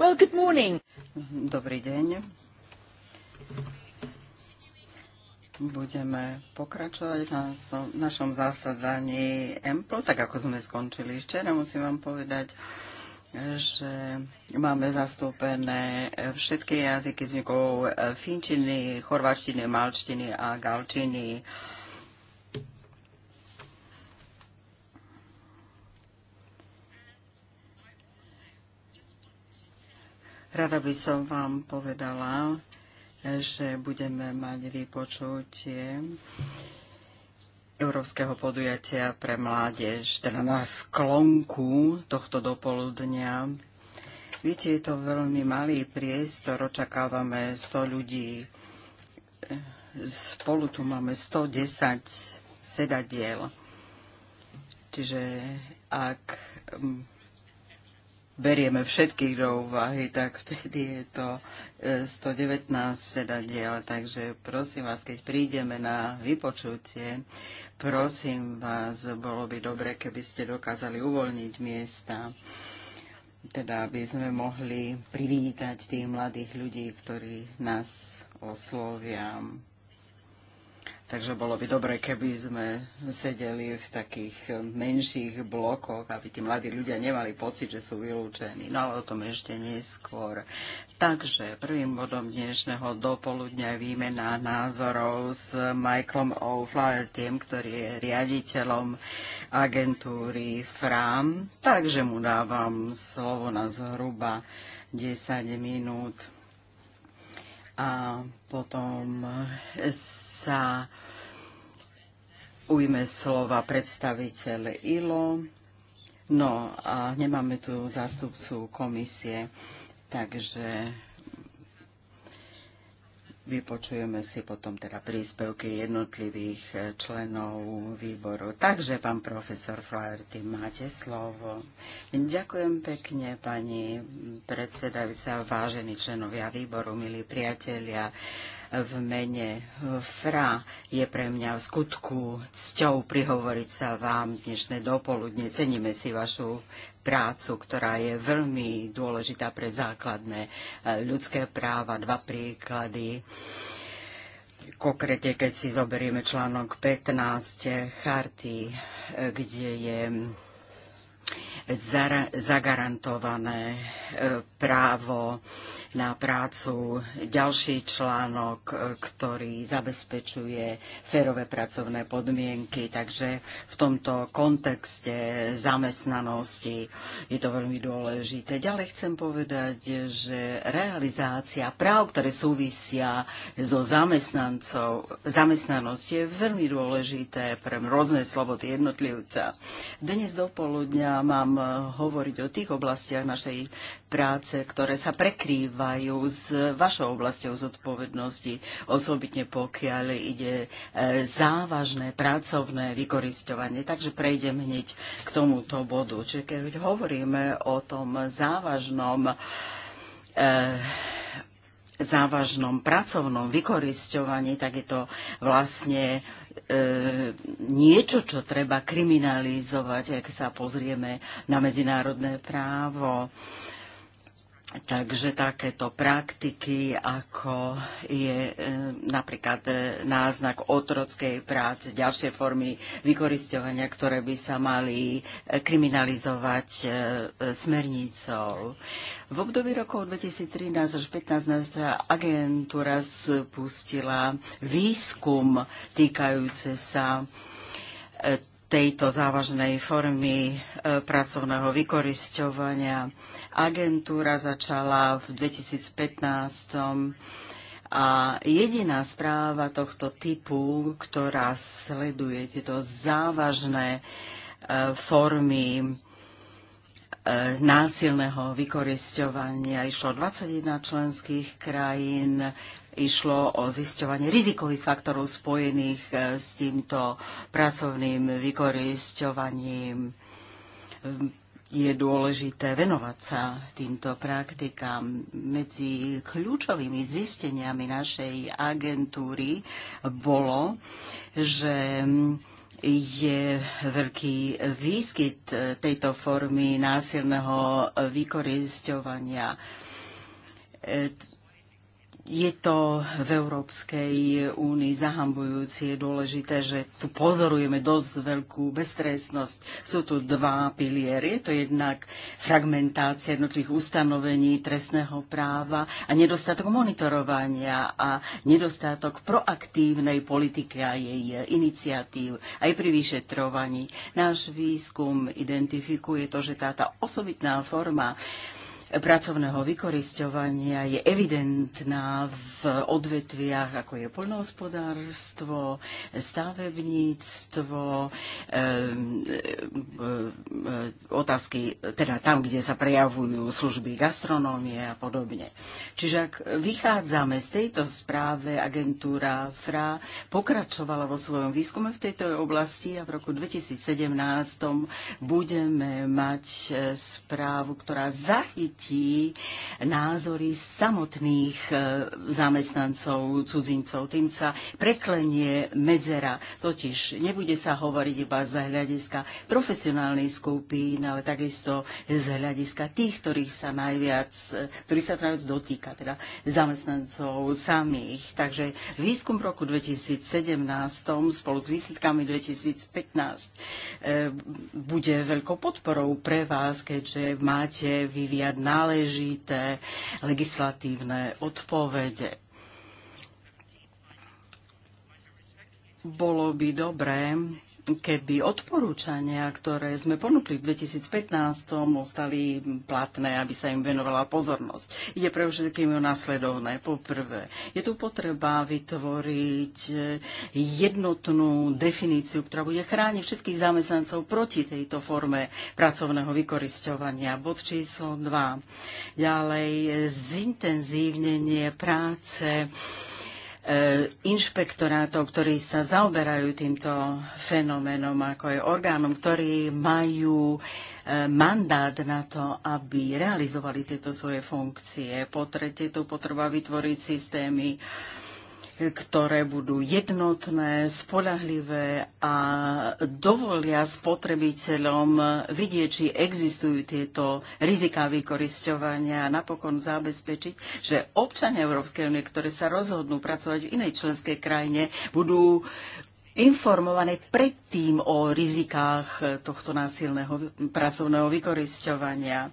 Well, good morning. Dobrý deň. Budeme pokračovať v našom zásadaní EMPLO, tak ako sme skončili včera. Musím vám povedať, že máme zastúpené všetky jazyky zvykov e, finčiny, chorváčtiny, malčtiny a galčiny. Uh, Rada by som vám povedala, že budeme mať vypočutie Európskeho podujatia pre mládež, teda na sklonku tohto dopoludnia. Viete, je to veľmi malý priestor, očakávame 100 ľudí. Spolu tu máme 110 sedadiel. Čiže ak berieme všetky do úvahy, tak vtedy je to 119 e, sedadiel. diel. Takže prosím vás, keď prídeme na vypočutie, prosím vás, bolo by dobre, keby ste dokázali uvoľniť miesta, teda aby sme mohli privítať tých mladých ľudí, ktorí nás oslovia. Takže bolo by dobre, keby sme sedeli v takých menších blokoch, aby tí mladí ľudia nemali pocit, že sú vylúčení. No ale o tom ešte neskôr. Takže prvým bodom dnešného dopoludňa je výmena názorov s Michaelom O'Flahertym, ktorý je riaditeľom agentúry FRAM. Takže mu dávam slovo na zhruba 10 minút. A potom sa ujme slova predstaviteľ ILO. No a nemáme tu zástupcu komisie, takže vypočujeme si potom teda príspevky jednotlivých e, členov výboru. Takže, pán profesor Flaherty, máte slovo. Ďakujem pekne, pani predsedajúca, vážení členovia výboru, milí priatelia v mene FRA. Je pre mňa v skutku cťou prihovoriť sa vám dnešné dopoludne. Ceníme si vašu prácu, ktorá je veľmi dôležitá pre základné e, ľudské práva. Dva príklady. Konkrétne, keď si zoberieme článok 15 charty, e, kde je zagarantované e, právo na prácu, ďalší článok, e, ktorý zabezpečuje férové pracovné podmienky. Takže v tomto kontexte zamestnanosti je to veľmi dôležité. Ďalej chcem povedať, že realizácia práv, ktoré súvisia so zamestnancov, zamestnanosť je veľmi dôležité pre rôzne slobody jednotlivca. Dnes dopoludňa mám E, hovoriť o tých oblastiach našej práce, ktoré sa prekrývajú s vašou oblasťou zodpovednosti, osobitne pokiaľ ide e, závažné pracovné vykoristovanie. Takže prejdem hneď k tomuto bodu. Čiže keď hovoríme o tom závažnom e, závažnom pracovnom vykoristovaní, tak je to vlastne E, niečo, čo treba kriminalizovať, ak sa pozrieme na medzinárodné právo. E, Takže takéto praktiky, ako je e, napríklad e, náznak otrockej práce, ďalšie formy vykoristovania, ktoré by sa mali e, kriminalizovať smernicou. V období rokov 2013 až 2015 agentúra spustila výskum týkajúce sa tejto závažnej formy e, pracovného vykorisťovania. Agentúra začala v 2015 a jediná správa tohto typu, ktorá sleduje tieto závažné e, formy e, násilného vykorisťovania. Išlo 21 členských krajín išlo o zisťovanie rizikových faktorov spojených e, s týmto pracovným vykorisťovaním. E, je dôležité venovať sa týmto praktikám. Medzi kľúčovými zisteniami našej agentúry bolo, že je veľký výskyt e, tejto formy násilného vykorisťovania je to v Európskej únii zahambujúci. Je dôležité, že tu pozorujeme dosť veľkú bestresnosť. Sú tu dva piliery. Je to jednak fragmentácia jednotlivých ustanovení trestného práva a nedostatok monitorovania a nedostatok proaktívnej politiky a jej iniciatív aj pri vyšetrovaní. Náš výskum identifikuje to, že táto osobitná forma pracovného vykorisťovania je evidentná v odvetviach, ako je poľnohospodárstvo, stavebníctvo, e, e, e, otázky, teda tam, kde sa prejavujú služby gastronómie a podobne. Čiže ak vychádzame z tejto správe, agentúra FRA pokračovala vo svojom výskume v tejto oblasti a v roku 2017 budeme mať eh, správu, ktorá zachytí platí názory samotných e, zamestnancov, cudzincov. Tým sa preklenie medzera, totiž nebude sa hovoriť iba z hľadiska profesionálnej skupín, ale takisto z hľadiska tých, ktorých sa najviac, e, ktorých sa najviac dotýka, teda zamestnancov samých. Takže výskum v roku 2017 spolu s výsledkami 2015 e, bude veľkou podporou pre vás, keďže máte vyviať náležité legislatívne odpovede. Bolo by dobré, keby odporúčania, ktoré sme ponúkli v 2015, ostali platné, aby sa im venovala pozornosť. Ide pre všetkým o následovné. Poprvé, je tu potreba vytvoriť jednotnú definíciu, ktorá bude chrániť všetkých zamestnancov proti tejto forme pracovného vykorisťovania. Bod číslo 2. Ďalej, zintenzívnenie práce E, inšpektorátov, ktorí sa zaoberajú týmto fenoménom, ako je orgánom, ktorí majú e, mandát na to, aby realizovali tieto svoje funkcie. Po tretie, tu potreba vytvoriť systémy ktoré budú jednotné, spolahlivé a dovolia spotrebiteľom vidieť, či existujú tieto riziká vykorisťovania a napokon zabezpečiť, že občania Európskej únie, ktoré sa rozhodnú pracovať v inej členskej krajine, budú informované predtým o rizikách tohto násilného pracovného vykorisťovania.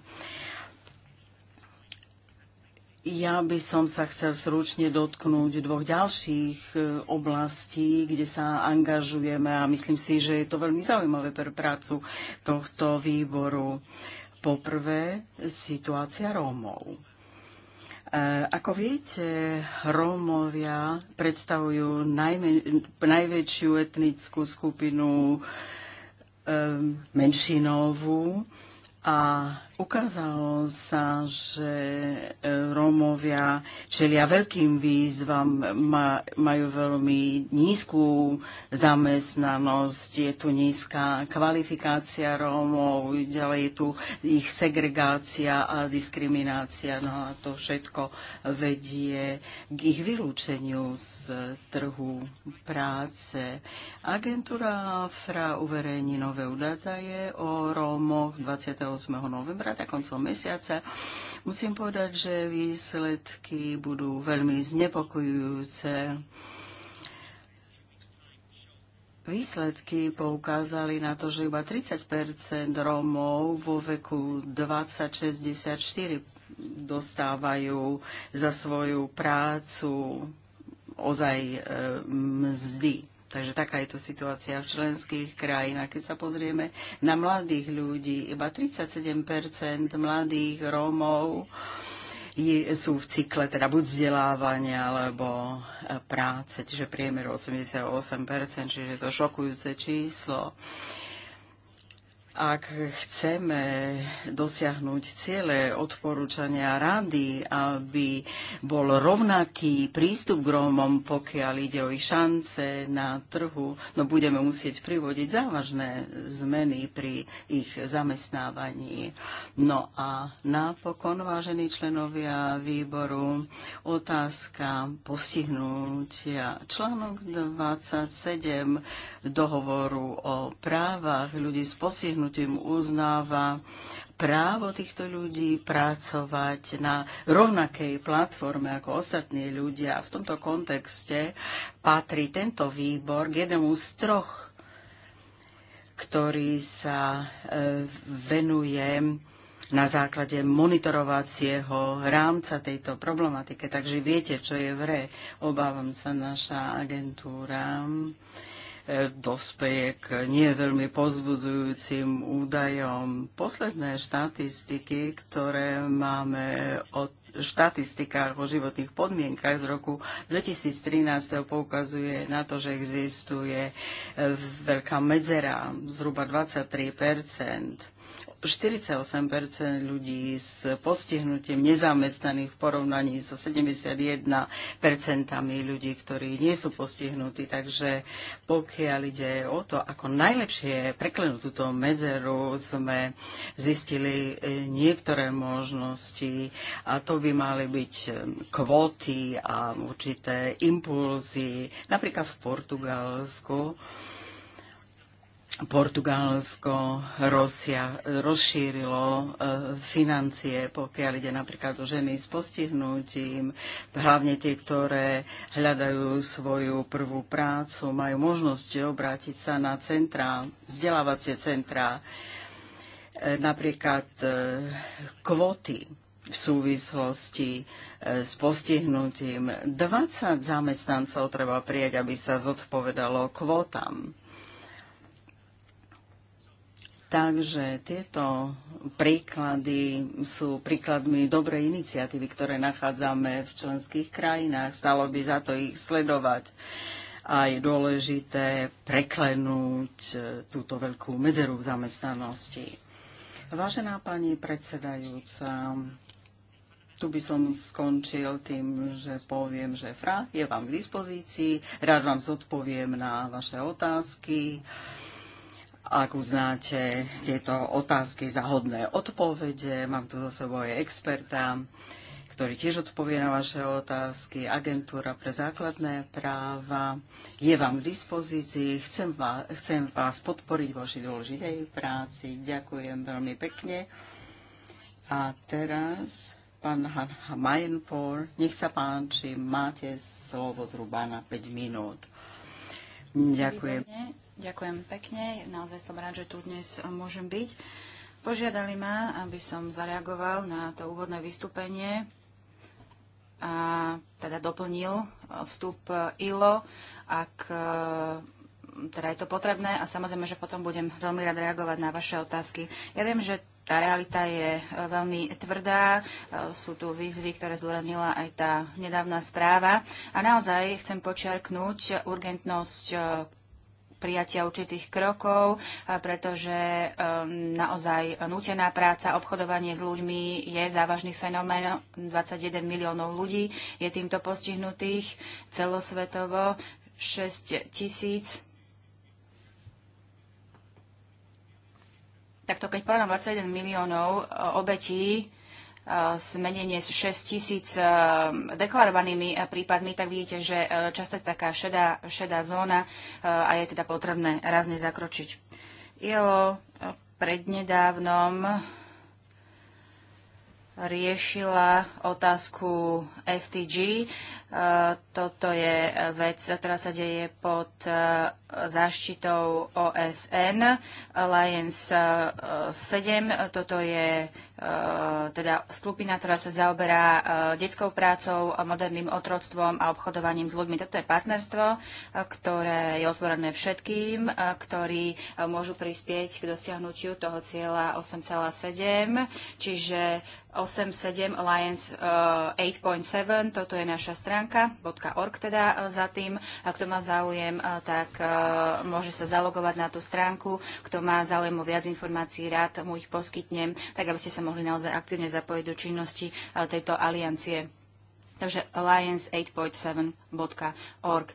Ja by som sa chcel sručne dotknúť dvoch ďalších e, oblastí, kde sa angažujeme a myslím si, že je to veľmi zaujímavé pre prácu tohto výboru. Poprvé, situácia Rómov. E, ako viete, Rómovia predstavujú najme, najväčšiu etnickú skupinu e, menšinovú a Ukázalo sa, že e, Rómovia čelia veľkým výzvam, majú veľmi nízku zamestnanosť, je tu nízka kvalifikácia Rómov, ďalej je tu ich segregácia a diskriminácia. No a to všetko vedie k ich vylúčeniu z trhu práce. Agentúra AFRA uverejní nové údaje o Rómoch 28. novembra a koncom mesiaca. Musím povedať, že výsledky budú veľmi znepokojujúce. Výsledky poukázali na to, že iba 30 Rómov vo veku 20-64 dostávajú za svoju prácu ozaj e, mzdy. Takže taká je to situácia v členských krajinách. Keď sa pozrieme na mladých ľudí, iba 37 mladých Rómov je, sú v cykle teda buď vzdelávania alebo e, práce, čiže priemer 88%, čiže je to šokujúce číslo. Uh, ak chceme dosiahnuť ciele odporúčania rady, aby bol rovnaký prístup k Rómom, pokiaľ ide o ich šance na trhu, no budeme musieť privodiť závažné zmeny pri ich zamestnávaní. No a napokon, vážení členovia výboru, otázka postihnutia článok 27 dohovoru o právach ľudí s postihnutím rozhodnutím uznáva právo týchto ľudí pracovať na rovnakej platforme ako ostatní ľudia. V tomto kontexte patrí tento výbor k jednému z troch, ktorý sa e, venuje na základe monitorovacieho rámca tejto problematike. Takže viete, čo je v re. Obávam sa, naša agentúra dospeje k nie veľmi pozbudzujúcim údajom. Posledné štatistiky, ktoré máme o štatistikách o životných podmienkach z roku 2013 poukazuje na to, že existuje veľká medzera, zhruba 23 48 ľudí s postihnutím nezamestnaných v porovnaní so 71 ľudí, ktorí nie sú postihnutí. Takže pokiaľ ide o to, ako najlepšie preklenúť túto medzeru, sme zistili e, niektoré možnosti a to by mali byť e, kvóty a určité impulzy. Napríklad v Portugalsku Portugalsko Rosia rozšírilo e, financie, pokiaľ ide napríklad o ženy s postihnutím, hlavne tie, ktoré hľadajú svoju prvú prácu, majú možnosť obrátiť sa na centra, vzdelávacie centra, e, napríklad e, kvóty v súvislosti s postihnutím. 20 zamestnancov treba prieť, aby sa zodpovedalo kvótam Takže tieto príklady sú príkladmi dobrej iniciatívy, ktoré nachádzame v členských krajinách. Stalo by za to ich sledovať. A je dôležité preklenúť e, túto veľkú medzeru v zamestnanosti. Vážená pani predsedajúca, tu by som skončil tým, že poviem, že FRA je vám k dispozícii. Rád vám zodpoviem na vaše otázky ak uznáte tieto otázky za hodné odpovede. Mám tu za sebou aj experta, ktorý tiež odpovie na vaše otázky. Agentúra pre základné práva je vám k dispozícii. Chcem vás, chcem vás podporiť vo vašej dôležitej práci. Ďakujem veľmi pekne. A teraz pán Majenpor, nech sa páči, máte slovo zhruba na 5 minút. Ďakujem. Výborné. Ďakujem pekne. Naozaj som rád, že tu dnes môžem byť. Požiadali ma, aby som zareagoval na to úvodné vystúpenie a teda doplnil vstup ILO, ak e, teda je to potrebné a samozrejme, že potom budem veľmi rád reagovať na vaše otázky. Ja viem, že tá realita je e, veľmi tvrdá. E, sú tu výzvy, ktoré zdôraznila aj tá nedávna správa. A naozaj chcem počiarknúť urgentnosť prijatia určitých krokov, e, pretože e, naozaj nutená práca, obchodovanie s ľuďmi je závažný fenomén. 21 miliónov ľudí je týmto postihnutých celosvetovo, 6 tisíc. Takto keď porovnám 21 miliónov e, obetí zmenenie s 6 tisíc eh, deklarovanými eh, prípadmi, tak vidíte, že eh, často je taká šedá, šedá zóna a je teda potrebné rázne zakročiť. ILO prednedávnom riešila otázku STG. Toto je vec, ktorá sa deje pod záštitou OSN Alliance 7. Toto je E, teda skupina, ktorá sa zaoberá e, detskou prácou, moderným otroctvom a obchodovaním s ľuďmi. Toto je partnerstvo, e, ktoré je otvorené všetkým, ktorí môžu prispieť k dosiahnutiu toho cieľa 8,7, čiže 87 Alliance 8.7, eh, toto je naša stránka, .org teda eh, za tým. A kto má záujem, eh, tak môže sa zalogovať na tú stránku. Kto má záujem o viac informácií, rád mu ich poskytnem, tak aby ste sa mohli naozaj aktívne zapojiť do činnosti tejto aliancie. Takže alliance8.7.org.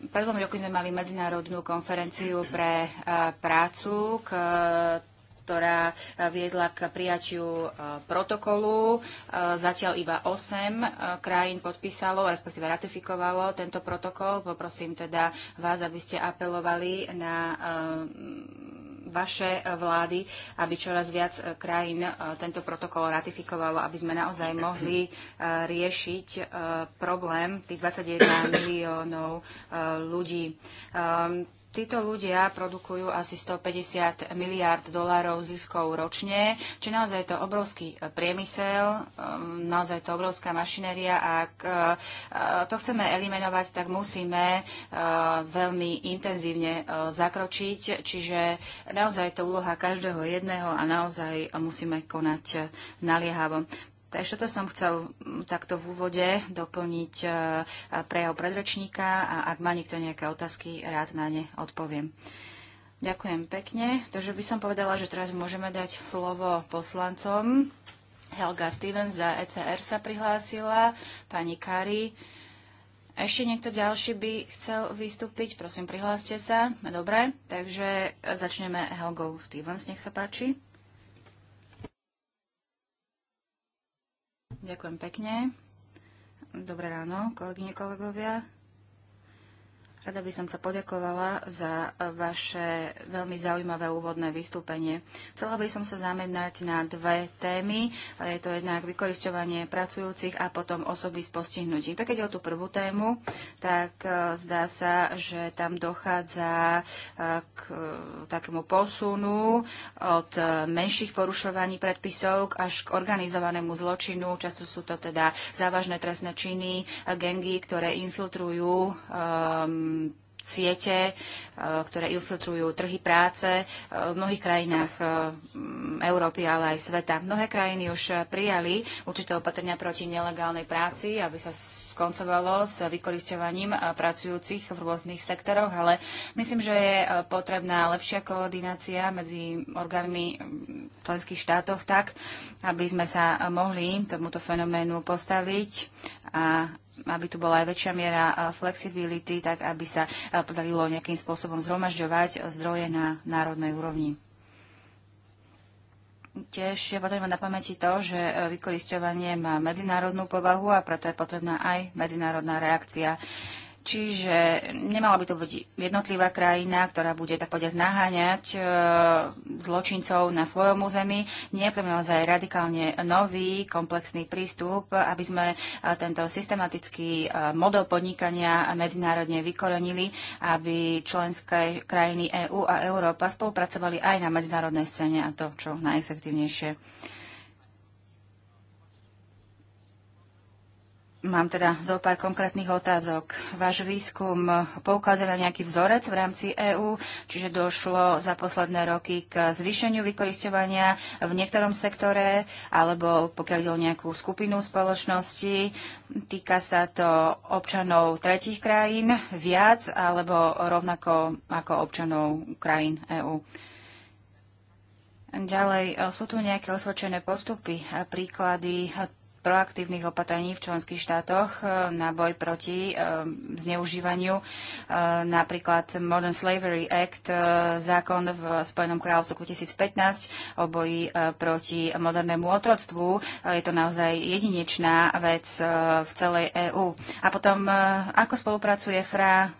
Pred dvomi roky sme mali medzinárodnú konferenciu pre prácu, k ktorá e, viedla k prijačiu e, protokolu. E, zatiaľ iba 8 krajín podpísalo, respektíve ratifikovalo tento protokol. Poprosím teda vás, aby ste apelovali na vaše vlády, aby čoraz viac krajín tento protokol ratifikovalo, aby sme naozaj mohli riešiť problém tých 21 miliónov ľudí. Títo ľudia produkujú asi 150 miliard dolárov ziskov ročne, či naozaj je to obrovský e, priemysel, um, naozaj je to obrovská mašinéria. Ak e, e, to chceme eliminovať, tak musíme veľmi intenzívne zakročiť, čiže naozaj je to úloha každého jedného a naozaj musíme konať naliehavo. Takže toto som chcel mm, takto v úvode doplniť e, jeho predrečníka a ak má niekto nejaké otázky, rád na ne odpoviem. Ďakujem pekne. Takže by som povedala, že teraz môžeme dať slovo poslancom. Helga Stevens za ECR sa prihlásila, pani Kari. Ešte niekto ďalší by chcel vystúpiť? Prosím, prihláste sa. Dobre, takže začneme Helgou Stevens, nech sa páči. Ďakujem pekne. Dobré ráno, kolegyne, kolegovia. Rada by som sa poďakovala za vaše veľmi zaujímavé úvodné vystúpenie. Chcela by som sa zamednať na dve témy. Je to jednak vykoristovanie pracujúcich a potom osoby s postihnutím. Keď je o tú prvú tému, tak e, zdá sa, že tam dochádza e, k e, takému posunu od menších porušovaní predpisov až k organizovanému zločinu. Často sú to teda závažné trestné činy, gengy, ktoré infiltrujú um, siete, e, ktoré infiltrujú trhy práce e, v mnohých krajinách e, Európy, ale aj sveta. Mnohé krajiny už prijali určité opatrenia proti nelegálnej práci, aby sa skoncovalo s vykoristovaním pracujúcich v rôznych sektoroch, ale myslím, že je potrebná lepšia koordinácia medzi orgánmi v členských štátoch tak, aby sme sa mohli tomuto fenoménu postaviť a aby tu bola aj väčšia miera flexibility, tak aby sa podarilo nejakým spôsobom zhromažďovať zdroje na národnej úrovni. Tiež je potrebné na pamäti to, že e, vykoristovanie má medzinárodnú povahu a preto je potrebná aj medzinárodná reakcia. Čiže nemala by to byť jednotlivá krajina, ktorá bude tak povedať naháňať e, zločincov na svojom území. Nie je pre mňa naozaj radikálne nový, komplexný prístup, aby sme e, tento systematický e, model podnikania medzinárodne vykorenili, aby členské krajiny EÚ a Európa spolupracovali aj na medzinárodnej scéne a to čo najefektívnejšie. Mám teda zo pár konkrétnych otázok. Váš výskum poukázal na nejaký vzorec v rámci EÚ, čiže došlo za posledné roky k zvýšeniu vykoristovania v niektorom sektore, alebo pokiaľ ide o nejakú skupinu spoločnosti, týka sa to občanov tretich krajín viac, alebo rovnako ako občanov krajín EÚ. Ďalej, sú tu nejaké osvočené postupy, príklady proaktívnych opatrení v členských štátoch eh, na boj proti eh, zneužívaniu. Eh, napríklad Modern Slavery Act, zákon v Spojenom kráľovstve 2015 o boji proti modernému otroctvu. Je to naozaj jedinečná vec v celej EÚ. A potom, ako spolupracuje FRA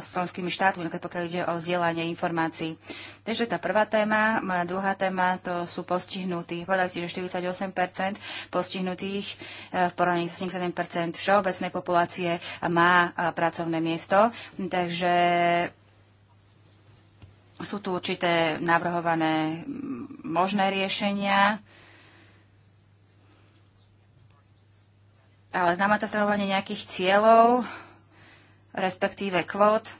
s členskými štátmi, napríklad pokiaľ ide o vzdielanie informácií. Takže to je tá prvá téma. Moja druhá téma to sú postihnutí. Povedali ste, že 48 postihnutých e, v porovnaní s 77 všeobecnej populácie má e, pracovné miesto. Takže sú tu určité navrhované možné riešenia. Ale znamená to stanovanie nejakých cieľov, respektíve kvót.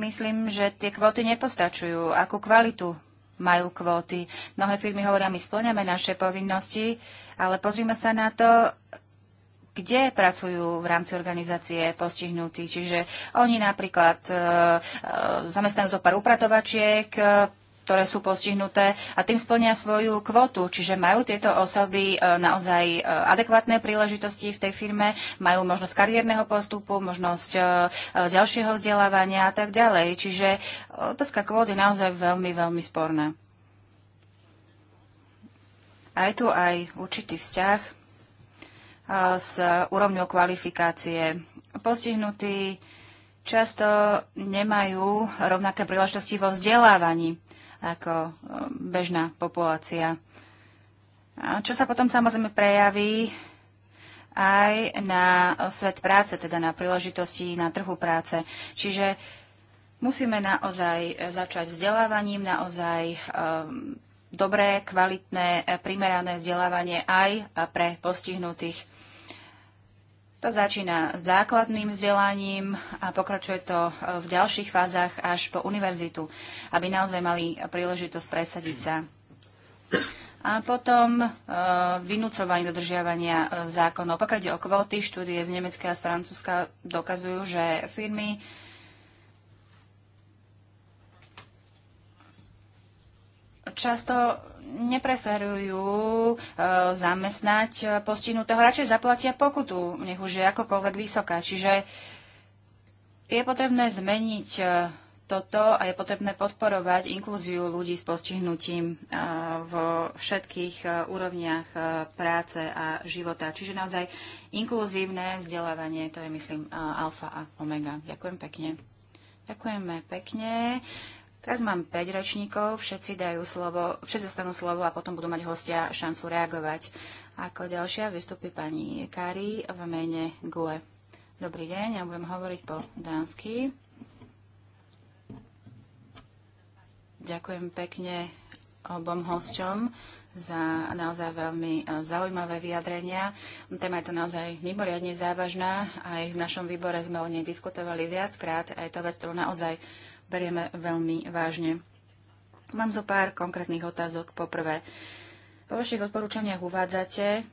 Myslím, že tie kvóty nepostačujú. Akú kvalitu majú kvóty? Mnohé firmy hovoria, my splňame naše povinnosti, ale pozrime sa na to, kde pracujú v rámci organizácie postihnutí. Čiže oni napríklad e, e, zamestnajú zo pár upratovačiek, e, ktoré sú postihnuté a tým splnia svoju kvotu. Čiže majú tieto osoby e, naozaj e, adekvátne príležitosti v tej firme, majú možnosť kariérneho postupu, možnosť e, ďalšieho vzdelávania a tak ďalej. Čiže otázka kvót je naozaj veľmi, veľmi sporná. A je tu aj určitý vzťah s úrovňou kvalifikácie. Postihnutí často nemajú rovnaké príležitosti vo vzdelávaní ako e, bežná populácia. A čo sa potom samozrejme prejaví aj na svet práce, teda na príležitosti na trhu práce. Čiže musíme naozaj začať vzdelávaním, naozaj e, dobré, kvalitné, primerané vzdelávanie aj pre postihnutých to začína základným vzdelaním a pokračuje to e, v ďalších fázach až po univerzitu, aby naozaj mali príležitosť presadiť sa. A potom e, vynúcovanie dodržiavania e, zákonov. Pokiaľ ide o kvóty, štúdie z Nemecka a z Francúzska dokazujú, že firmy často nepreferujú eh, zamestnať eh, postihnutého, radšej zaplatia pokutu, nech už je akokoľvek vysoká. Čiže je potrebné zmeniť eh, toto a je potrebné podporovať inklúziu ľudí s postihnutím vo všetkých úrovniach práce a života. Čiže naozaj inkluzívne vzdelávanie, to je myslím alfa a omega. Ďakujem pekne. Ďakujeme pekne. Teraz mám 5 ročníkov, všetci dajú slovo, všetci dostanú slovo a potom budú mať hostia šancu reagovať. Ako ďalšia vystupí pani Kari v mene GUE. Dobrý deň, ja budem hovoriť po dánsky. Ďakujem pekne obom hosťom za naozaj veľmi e, zaujímavé vyjadrenia. Téma je to naozaj mimoriadne závažná. Aj v našom výbore sme o nej diskutovali viackrát a je to vec, ktorú naozaj berieme veľmi vážne. Mám zo pár konkrétnych otázok. Poprvé, vo vašich odporúčaniach uvádzate,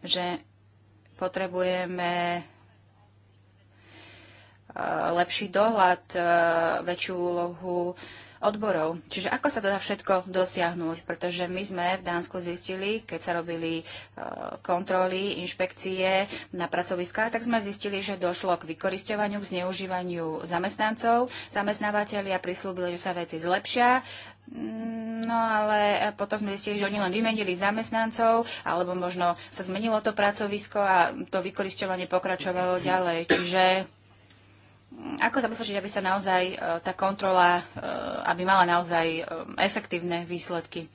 že potrebujeme eh, lepší dohľad, eh, väčšiu úlohu odborov. Čiže ako sa to dá všetko dosiahnuť? Pretože my sme v Dánsku zistili, keď sa robili e, kontroly, inšpekcie na pracoviskách, tak sme zistili, že došlo k vykoristovaniu, k zneužívaniu zamestnancov. Zamestnávateľia prislúbili, že sa veci zlepšia. Mm, no ale potom sme zistili, že oni len vymenili zamestnancov, alebo možno sa zmenilo to pracovisko a to vykoristovanie pokračovalo ďalej. Čiže ako zabezpečiť, aby sa naozaj e, tá kontrola, e, aby mala naozaj e, efektívne výsledky.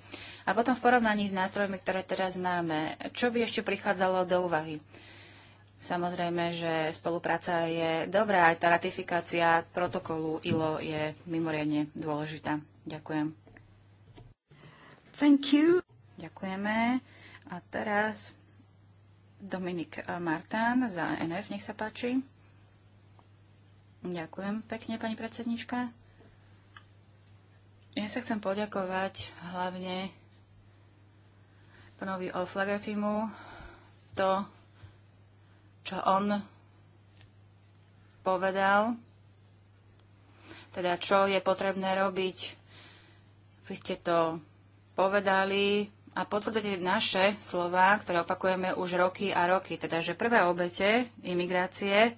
A potom v porovnaní s nástrojmi, ktoré teraz máme, čo by ešte prichádzalo do úvahy? Samozrejme, že spolupráca je dobrá, aj tá ratifikácia protokolu ILO je mimoriadne dôležitá. Ďakujem. Thank you. Ďakujeme. A teraz Dominik Martán za NF, nech sa páči. Ďakujem pekne, pani predsednička. Ja sa chcem poďakovať hlavne pánovi Oflagacimu to, čo on povedal, teda čo je potrebné robiť. Vy ste to povedali a potvrdzate naše slova, ktoré opakujeme už roky a roky, teda že prvé obete imigrácie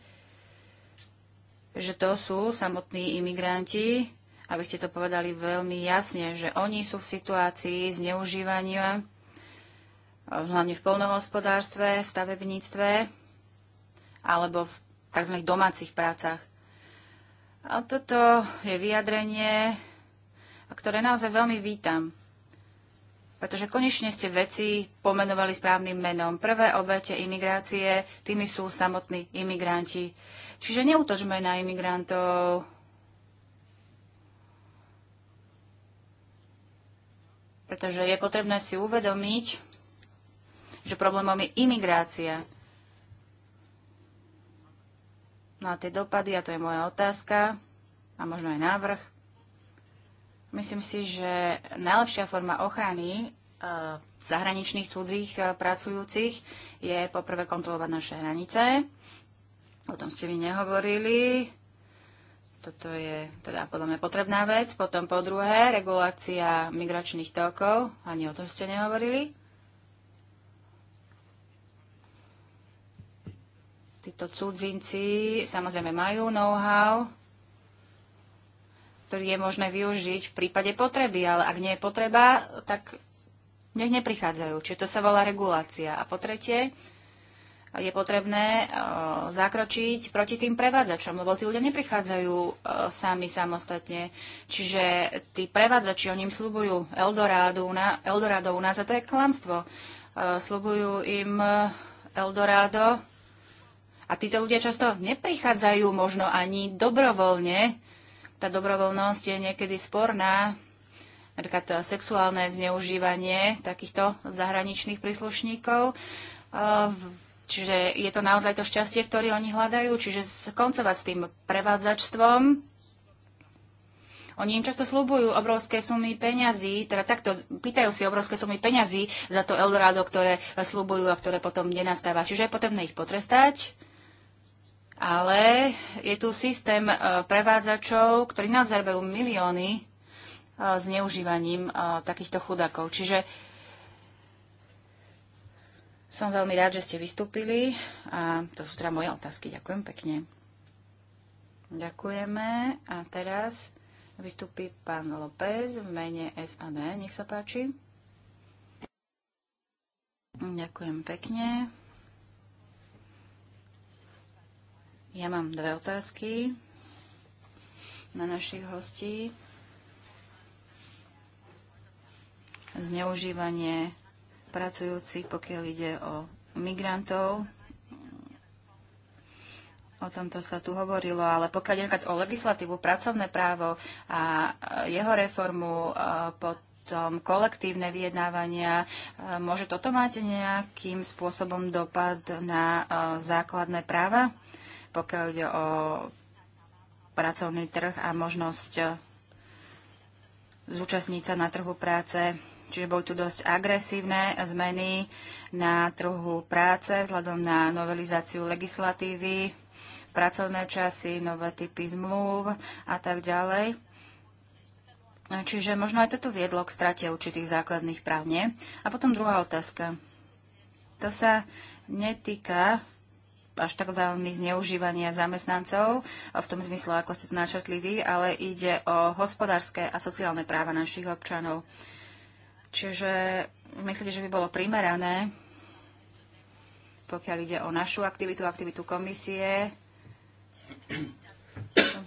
že to sú samotní imigranti, aby ste to povedali veľmi jasne, že oni sú v situácii zneužívania, eh, hlavne v polnohospodárstve, v stavebníctve alebo v tzv. domácich prácach. A toto je vyjadrenie, ktoré naozaj veľmi vítam. Pretože konečne ste veci pomenovali správnym menom. Prvé obete imigrácie, tými sú samotní imigranti. Čiže neutočme na imigrantov. Pretože je potrebné si uvedomiť, že problémom je imigrácia. No a tie dopady, a to je moja otázka, a možno aj návrh, Myslím si, že najlepšia forma ochrany eh, zahraničných cudzích eh, pracujúcich je poprvé kontrolovať naše hranice. O tom ste vy nehovorili. Toto je teda podľa mňa potrebná vec. Potom po druhé, regulácia migračných tokov. Ani o tom ste nehovorili. Títo cudzinci samozrejme majú know-how, ktorý je možné využiť v prípade potreby, ale ak nie je potreba, tak nech neprichádzajú. Čiže to sa volá regulácia. A po tretie, je potrebné e, zakročiť proti tým prevádzačom, lebo tí ľudia neprichádzajú e, sami samostatne. Čiže tí prevádzači, oni im slúbujú Eldorado, u nás a to je klamstvo. E, slúbujú im Eldorado a títo ľudia často neprichádzajú možno ani dobrovoľne, tá dobrovoľnosť je niekedy sporná, napríklad sexuálne zneužívanie takýchto zahraničných príslušníkov. Čiže je to naozaj to šťastie, ktoré oni hľadajú, čiže skoncovať s tým prevádzačstvom. Oni im často slúbujú obrovské sumy peňazí, teda takto pýtajú si obrovské sumy peňazí za to Eldorado, ktoré slúbujú a ktoré potom nenastáva. Čiže je potrebné ich potrestať ale je tu systém e, prevádzačov, ktorí nás zarbajú milióny e, neužívaním e, takýchto chudákov. Čiže som veľmi rád, že ste vystúpili a to sú teda moje otázky. Ďakujem pekne. Ďakujeme a teraz vystúpi pán López v mene SAD. Nech sa páči. Ďakujem pekne. Ja mám dve otázky na našich hostí. Zneužívanie pracujúcich, pokiaľ ide o migrantov. O tomto sa tu hovorilo, ale pokiaľ ide o legislatívu, pracovné právo a jeho reformu pod potom kolektívne vyjednávania. Môže toto mať nejakým spôsobom dopad na základné práva? pokiaľ ide o pracovný trh a možnosť eh, zúčastniť sa na trhu práce. Čiže boli tu dosť agresívne zmeny na trhu práce vzhľadom na novelizáciu legislatívy, pracovné časy, nové typy zmluv a tak ďalej. Čiže možno aj toto viedlo k strate určitých základných práv, nie? A potom druhá otázka. To sa netýka až tak veľmi zneužívania zamestnancov v tom zmysle, ako ste to načrtli vy, ale ide o hospodárske a sociálne práva našich občanov. Čiže myslíte, že by bolo primerané, pokiaľ ide o našu aktivitu, aktivitu komisie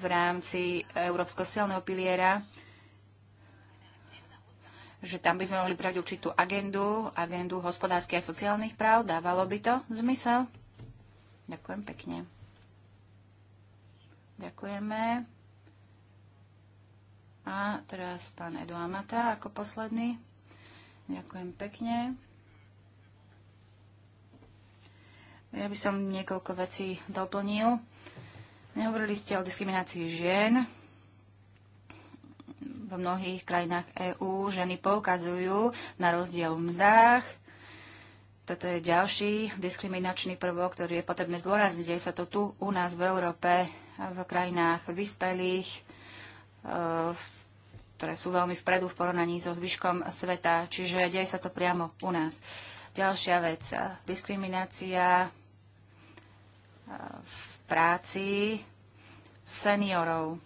v rámci Európskeho silného piliera, že tam by sme mohli brať určitú agendu, agendu hospodárskych a sociálnych práv. Dávalo by to zmysel? Ďakujem pekne. Ďakujeme. A teraz pán Edu Amata ako posledný. Ďakujem pekne. Ja by som niekoľko vecí doplnil. Nehovorili ste o diskriminácii žien. V mnohých krajinách EÚ ženy poukazujú na rozdiel v mzdách, toto je ďalší diskriminačný prvok, ktorý je potrebné zdôrazniť. Je sa to tu u nás v Európe, v krajinách vyspelých, eh, ktoré sú veľmi vpredu v porovnaní so zvyškom sveta. Čiže deje sa to priamo u nás. Ďalšia vec, eh, diskriminácia eh, v práci seniorov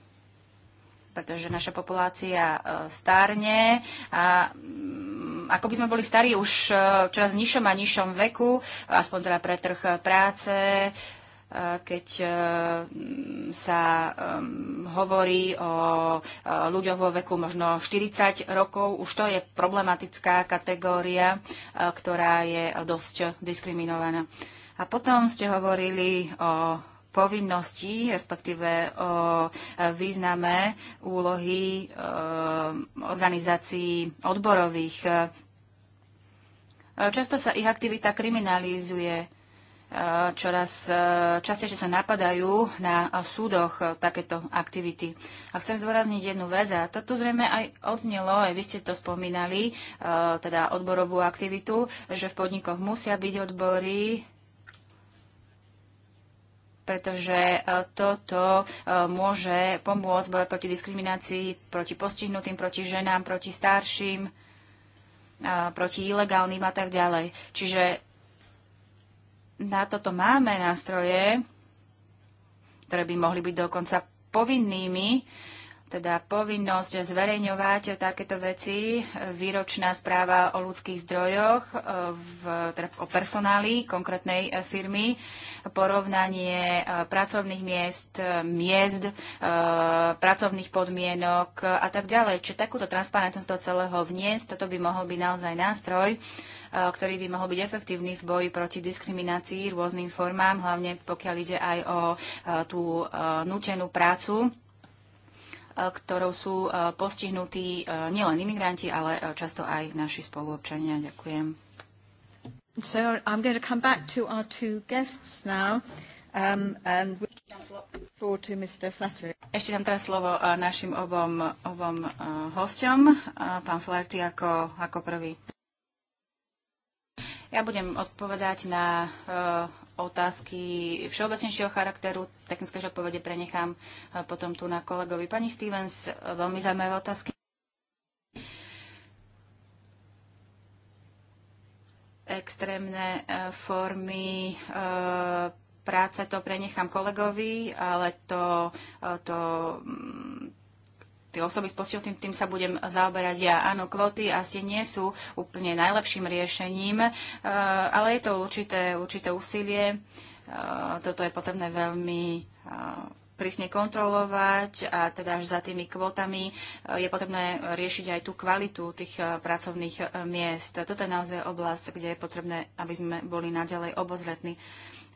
pretože naša populácia stárne a mm, ako by sme boli starí už e, čoraz nižšom a nižšom veku, aspoň teda pre trh e, práce, e, keď sa hovorí o ľuďoch vo veku možno 40 rokov. Už to je problematická kategória, ktorá je dosť diskriminovaná. A potom ste hovorili o povinností, respektíve o význame úlohy organizácií odborových. E, často sa ich aktivita kriminalizuje. E, čoraz e, častejšie sa napadajú na súdoch takéto aktivity. A chcem zdôrazniť jednu vec, a to tu zrejme aj odznelo, aj vy ste to spomínali, teda odborovú aktivitu, že v podnikoch musia byť odbory, pretože e, toto e, môže pomôcť boje proti diskriminácii, proti postihnutým, proti ženám, proti starším, e, proti ilegálnym a tak ďalej. Čiže na toto máme nástroje, ktoré by mohli byť dokonca povinnými teda povinnosť zverejňovať takéto veci, výročná správa o ľudských zdrojoch, e, v, teda o personáli konkrétnej e, firmy, porovnanie e, pracovných miest, miest, pracovných podmienok a tak ďalej. Čiže takúto transparentnosť do celého vniesť, toto by mohol byť naozaj nástroj, ktorý by mohol byť efektívny v boji proti diskriminácii rôznym formám, hlavne pokiaľ ide aj o tú nutenú prácu ktorou sú e, postihnutí e, nielen imigranti, ale e, často aj naši spoluobčania. Ďakujem. So I'm going to come back to our two guests now. Um, and floor to Mr. Flattery. Ešte dám teraz slovo našim obom, obom uh, hosťom. Uh, pán Flaherty ako, ako prvý. Ja budem odpovedať na uh, otázky všeobecnejšieho charakteru, technické odpovede prenechám e, potom tu na kolegovi. Pani Stevens, e, veľmi zaujímavé otázky. Extrémne e, formy práce to prenechám kolegovi, ale to, to mm, tie osoby s postihnutým, tým sa budem zaoberať ja. Áno, kvóty asi nie sú úplne najlepším riešením, e, ale je to určité, určité úsilie. E, toto je potrebné veľmi e, prísne kontrolovať a teda až za tými kvotami je potrebné riešiť aj tú kvalitu tých pracovných miest. Toto je naozaj oblasť, kde je potrebné, aby sme boli naďalej obozretní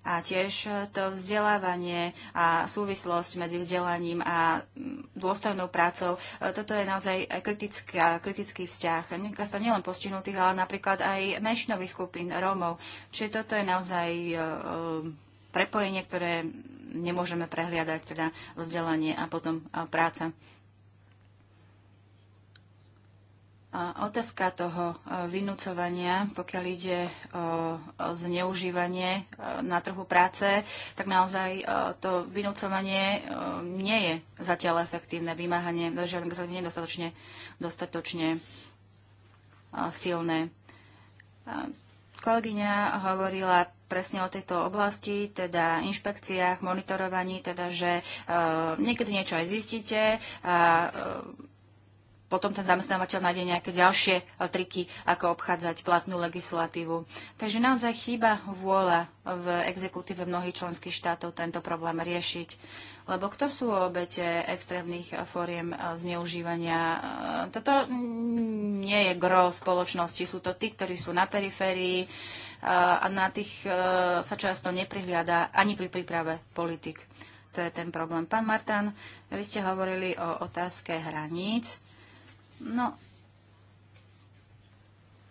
a tiež e, to vzdelávanie a súvislosť medzi vzdelaním a mm, dôstojnou prácou. E, toto je naozaj e, kritická, kritický vzťah. Netýka sa nielen postihnutých, ale napríklad aj menšinových skupín Rómov. Čiže toto je naozaj prepojenie, ktoré nemôžeme prehliadať, teda vzdelanie a potom práca. Otázka toho e, vynúcovania, pokiaľ ide o zneužívanie e, na trhu práce, tak naozaj e, to vynúcovanie nie je zatiaľ efektívne. Vymáhanie žiadnych nie je dostatočne, dostatočne silné. Kolegyňa hovorila presne o tejto oblasti, teda inšpekciách, monitorovaní, teda že niekedy niečo aj zistíte a potom ten zamestnávateľ nájde nejaké ďalšie e, triky, ako obchádzať platnú legislatívu. Takže naozaj chýba vôľa v exekutíve mnohých členských štátov tento problém riešiť. Lebo kto sú obete extrémnych fóriem e, zneužívania? E, toto nie je gro spoločnosti. Sú to tí, ktorí sú na periférii a na tých sa často neprihliada ani pri príprave politik. To je ten problém. Pán Martán, vy ste hovorili o otázke hraníc No,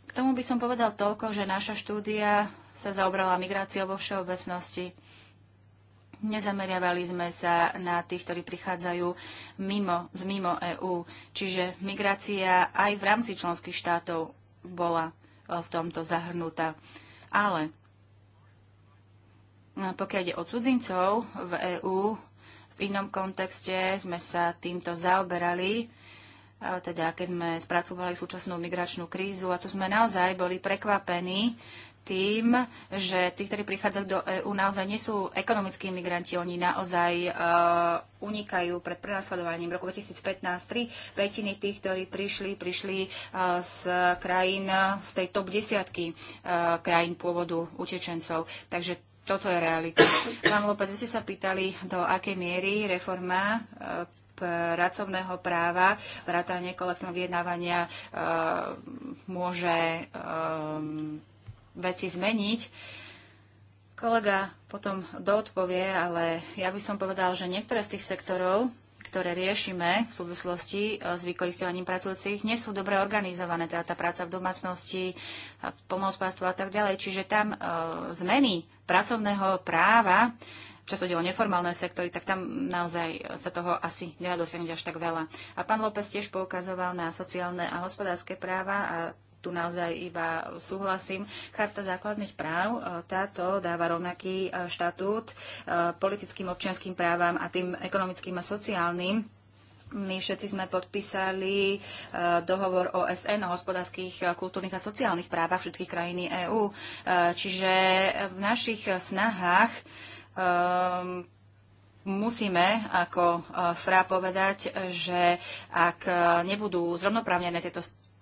k tomu by som povedal toľko, že naša štúdia sa zaobrala migráciou vo všeobecnosti. Nezameriavali sme sa na tých, ktorí prichádzajú mimo, z mimo EÚ. Čiže migrácia aj v rámci členských štátov bola e, v tomto zahrnutá. Ale no, pokiaľ ide o cudzincov v EÚ, v inom kontexte sme sa týmto zaoberali teda keď sme spracovali súčasnú migračnú krízu a tu sme naozaj boli prekvapení tým, že tí, ktorí prichádzajú do EÚ, naozaj nie sú ekonomickí migranti, oni naozaj uh, unikajú pred prenasledovaním. V roku 2015 tri petiny tých, ktorí prišli, prišli uh, z krajín, z tej top desiatky uh, krajín pôvodu utečencov. Takže toto je realita. Pán López, vy ste sa pýtali, do akej miery reforma uh, Eh, pracovného práva, vrátanie kolektívneho vyjednávania eh, môže eh, veci zmeniť. Kolega potom doodpovie, ale ja by som povedal, že niektoré z tých sektorov, ktoré riešime v súvislosti s vykoristovaním pracujúcich, nie sú dobre organizované, teda tá práca v domácnosti, pomoc a tak ďalej. Čiže tam zmeny pracovného práva často dielo neformálne sektory, tak tam naozaj sa toho asi nedá dosiahnuť až tak veľa. A pán López tiež poukazoval na sociálne a hospodárske práva a tu naozaj iba súhlasím. Charta základných práv, e, táto dáva rovnaký e, štatút e, politickým občianským právam a tým ekonomickým a sociálnym. My všetci sme podpísali dohovor OSN o hospodárskych, kultúrnych a sociálnych právach všetkých krajín EÚ. Čiže v našich snahách um, musíme ako e, FRA povedať, že ak e, nebudú zrovnoprávnené tieto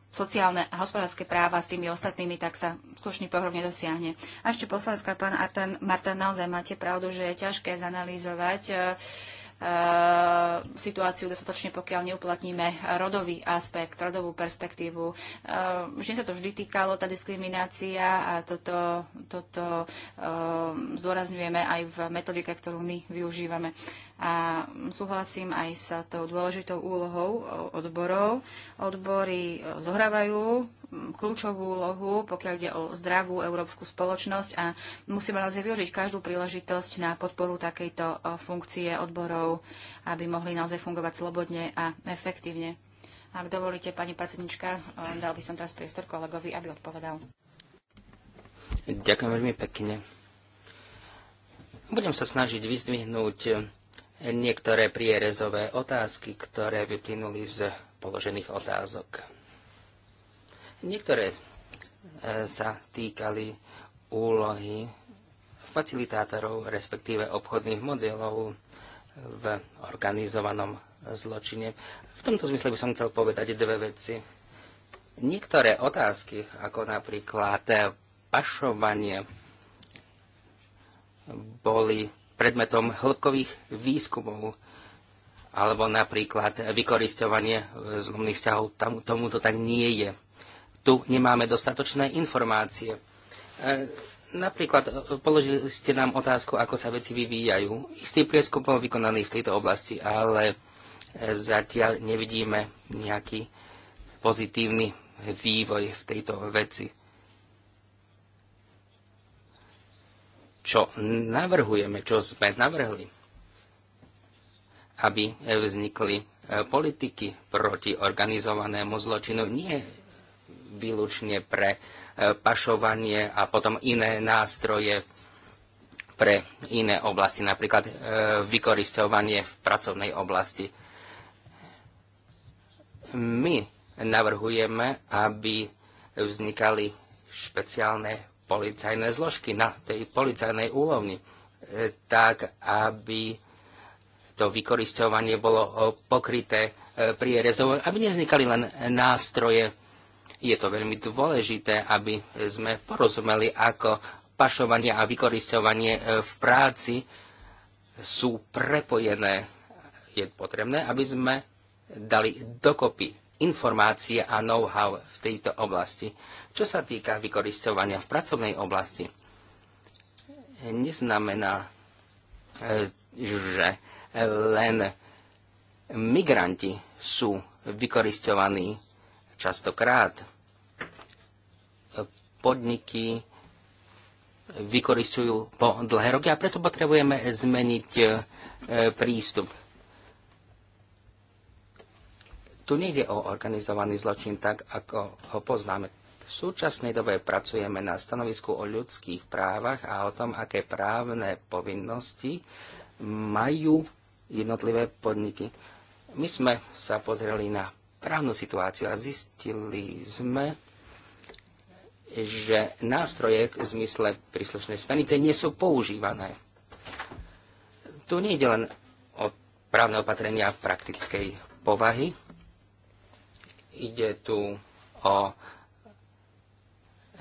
sociálne a hospodárske práva s tými ostatnými, tak sa skutočný pohrok nedosiahne. A ešte poslanecká, pán Artan, Martin, naozaj máte pravdu, že je ťažké zanalýzovať uh, E, situáciu dostatočne, pokiaľ neuplatníme rodový aspekt, rodovú perspektívu. vždy e, sa to vždy týkalo, tá diskriminácia a toto, toto e, zdôrazňujeme aj v metodike, ktorú my využívame a súhlasím aj s tou dôležitou úlohou odborov. Odbory e, zohrávajú kľúčovú úlohu, pokiaľ ide o zdravú európsku spoločnosť a musíme naozaj využiť každú príležitosť na podporu takejto e, funkcie odborov, aby mohli naozaj fungovať slobodne a efektívne. Ak dovolíte, pani predsednička, e, dal by som teraz priestor kolegovi, aby odpovedal. Ďakujem veľmi pekne. Budem sa snažiť vyzdvihnúť niektoré prierezové otázky, ktoré vyplynuli z položených otázok. Niektoré e, sa týkali úlohy facilitátorov, respektíve obchodných modelov v organizovanom zločine. V tomto zmysle by som chcel povedať dve veci. Niektoré otázky, ako napríklad pašovanie, boli predmetom hĺbkových výskumov alebo napríklad vykoristovanie e, zlomných vzťahov. Tam, tomu to tak nie je. Tu nemáme dostatočné informácie. E, napríklad e, položili ste nám otázku, ako sa veci vyvíjajú. Istý prieskum bol vykonaný v tejto oblasti, ale zatiaľ nevidíme nejaký pozitívny vývoj v tejto veci čo navrhujeme, čo sme navrhli, aby vznikli e, politiky proti organizovanému zločinu, nie výlučne pre e, pašovanie a potom iné nástroje pre iné oblasti, napríklad e, vykoristovanie v pracovnej oblasti. My navrhujeme, aby vznikali špeciálne policajné zložky na tej policajnej úlovni, e, tak aby to vykoristovanie bolo e, pokryté e, prierezov, aby nevznikali len nástroje. Je to veľmi dôležité, aby sme porozumeli, ako pašovanie a vykoristovanie v práci sú prepojené. Je potrebné, aby sme dali dokopy informácie a know-how v tejto oblasti. Čo sa týka vykoristovania v pracovnej oblasti, neznamená, e, že len migranti sú vykoristovaní častokrát. Podniky vykoristujú po dlhé roky a preto potrebujeme zmeniť e, prístup. Tu nejde o organizovaný zločin tak, ako ho poznáme v súčasnej dobe pracujeme na stanovisku o ľudských právach a o tom, aké právne povinnosti majú jednotlivé podniky. My sme sa pozreli na právnu situáciu a zistili sme, že nástroje v zmysle príslušnej smernice nie sú používané. Tu nie je len o právne opatrenia praktickej povahy. Ide tu o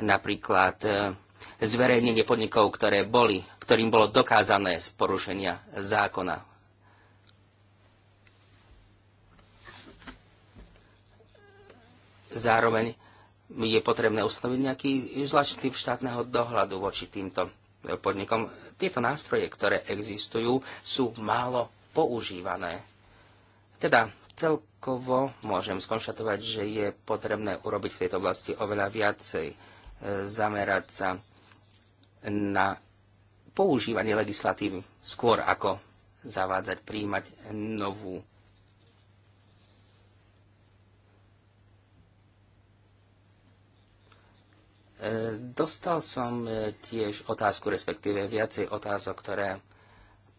Napríklad e, zverejnenie podnikov, ktoré boli, ktorým bolo dokázané z porušenia zákona. Zároveň je potrebné ustanoviť nejaký zvláštny štátneho dohľadu voči týmto podnikom. Tieto nástroje, ktoré existujú, sú málo používané. Teda celkovo môžem skonštatovať, že je potrebné urobiť v tejto oblasti oveľa viacej zamerať sa na používanie legislatívy skôr ako zavádzať, príjmať novú. E, dostal som e, tiež otázku, respektíve viacej otázok, ktoré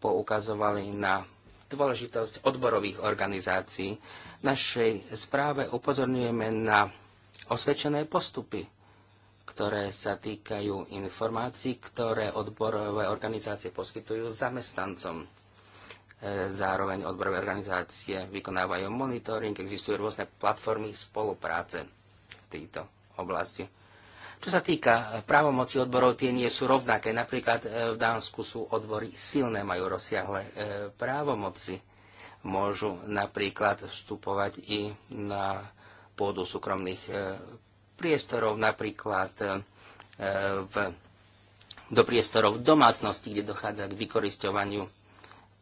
poukazovali na dôležitosť odborových organizácií. V našej správe upozorňujeme na osvedčené postupy ktoré sa týkajú informácií, ktoré odborové organizácie poskytujú zamestnancom. E, zároveň odborové organizácie vykonávajú monitoring, existujú rôzne platformy spolupráce v tejto oblasti. Čo sa týka právomoci odborov, tie nie sú rovnaké. Napríklad e, v Dánsku sú odbory silné, majú rozsiahle e, právomoci. Môžu napríklad vstupovať i na pôdu súkromných priestorov, napríklad e, v, do priestorov domácnosti, kde dochádza k vykoristovaniu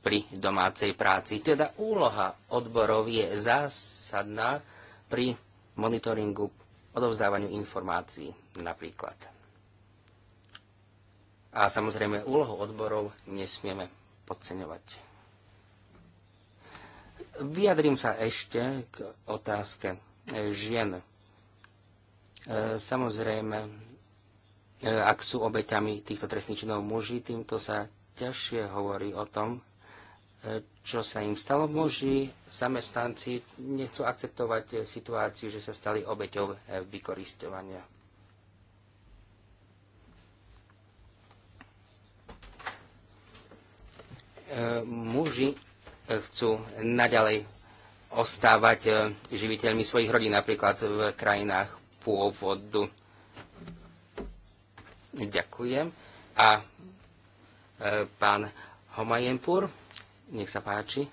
pri domácej práci. Teda úloha odborov je zásadná pri monitoringu, odovzdávaniu informácií napríklad. A samozrejme úlohu odborov nesmieme podceňovať. Vyjadrím sa ešte k otázke žien E, samozrejme, e, ak sú obeťami týchto trestných činov muži, týmto sa ťažšie hovorí o tom, e, čo sa im stalo. Muži, zamestnanci nechcú akceptovať situáciu, že sa stali obeťou vykoristovania. Muži chcú naďalej ostávať živiteľmi svojich rodín, napríklad v krajinách pôvodu. Ďakujem. A e, pán Homajempur, nech sa páči.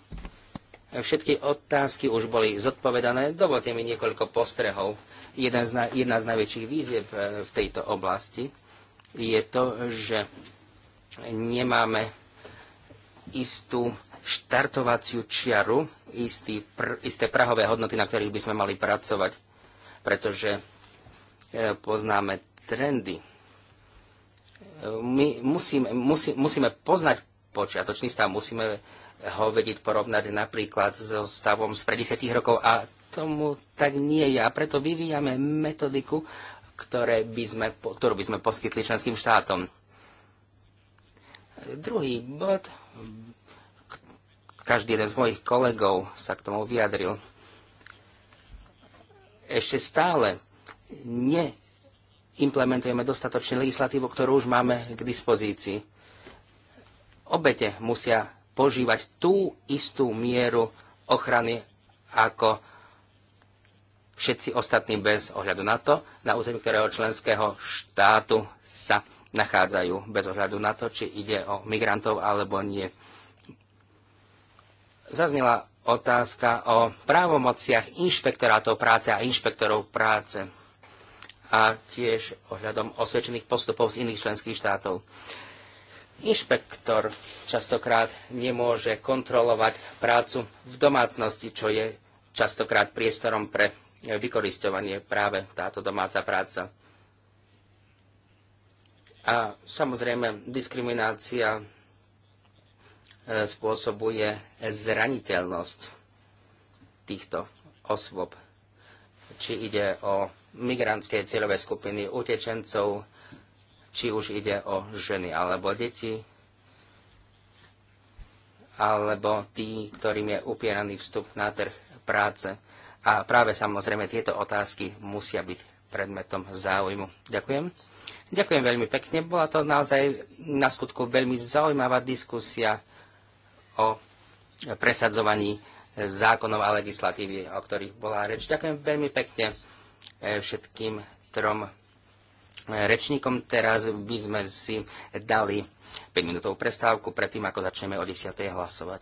E, všetky otázky už boli zodpovedané. Dovolte mi niekoľko postrehov. Jedna z, na, jedna z najväčších výziev e, v tejto oblasti je to, že nemáme istú štartovaciu čiaru, istý pr, isté prahové hodnoty, na ktorých by sme mali pracovať. Pretože E, poznáme trendy. E, my musíme, musí, musíme poznať počiatočný stav, musíme ho vedieť porovnať napríklad so stavom z 50 rokov a tomu tak nie je. A preto vyvíjame metodiku, ktoré by sme, ktorú by sme poskytli členským štátom. Druhý bod, každý jeden z mojich kolegov sa k tomu vyjadril. Ešte stále neimplementujeme dostatočne legislatívu, ktorú už máme k dispozícii. Obete musia požívať tú istú mieru ochrany ako všetci ostatní bez ohľadu na to, na území ktorého členského štátu sa nachádzajú, bez ohľadu na to, či ide o migrantov alebo nie. Zaznela otázka o právomociach inšpektorátov práce a inšpektorov práce a tiež ohľadom osvedčených postupov z iných členských štátov. Inšpektor častokrát nemôže kontrolovať prácu v domácnosti, čo je častokrát priestorom pre vykoristovanie práve táto domáca práca. A samozrejme, diskriminácia e, spôsobuje zraniteľnosť týchto osôb. Či ide o migrantské cieľové skupiny utečencov, či už ide o ženy alebo deti, alebo tí, ktorým je upieraný vstup na trh práce. A práve samozrejme tieto otázky musia byť predmetom záujmu. Ďakujem. Ďakujem veľmi pekne. Bola to naozaj na skutku veľmi zaujímavá diskusia o presadzovaní zákonov a legislatívy, o ktorých bola reč. Ďakujem veľmi pekne. E, všetkým trom e, rečníkom. Teraz by sme si dali 5 minútovú prestávku predtým, ako začneme o 10. hlasovať.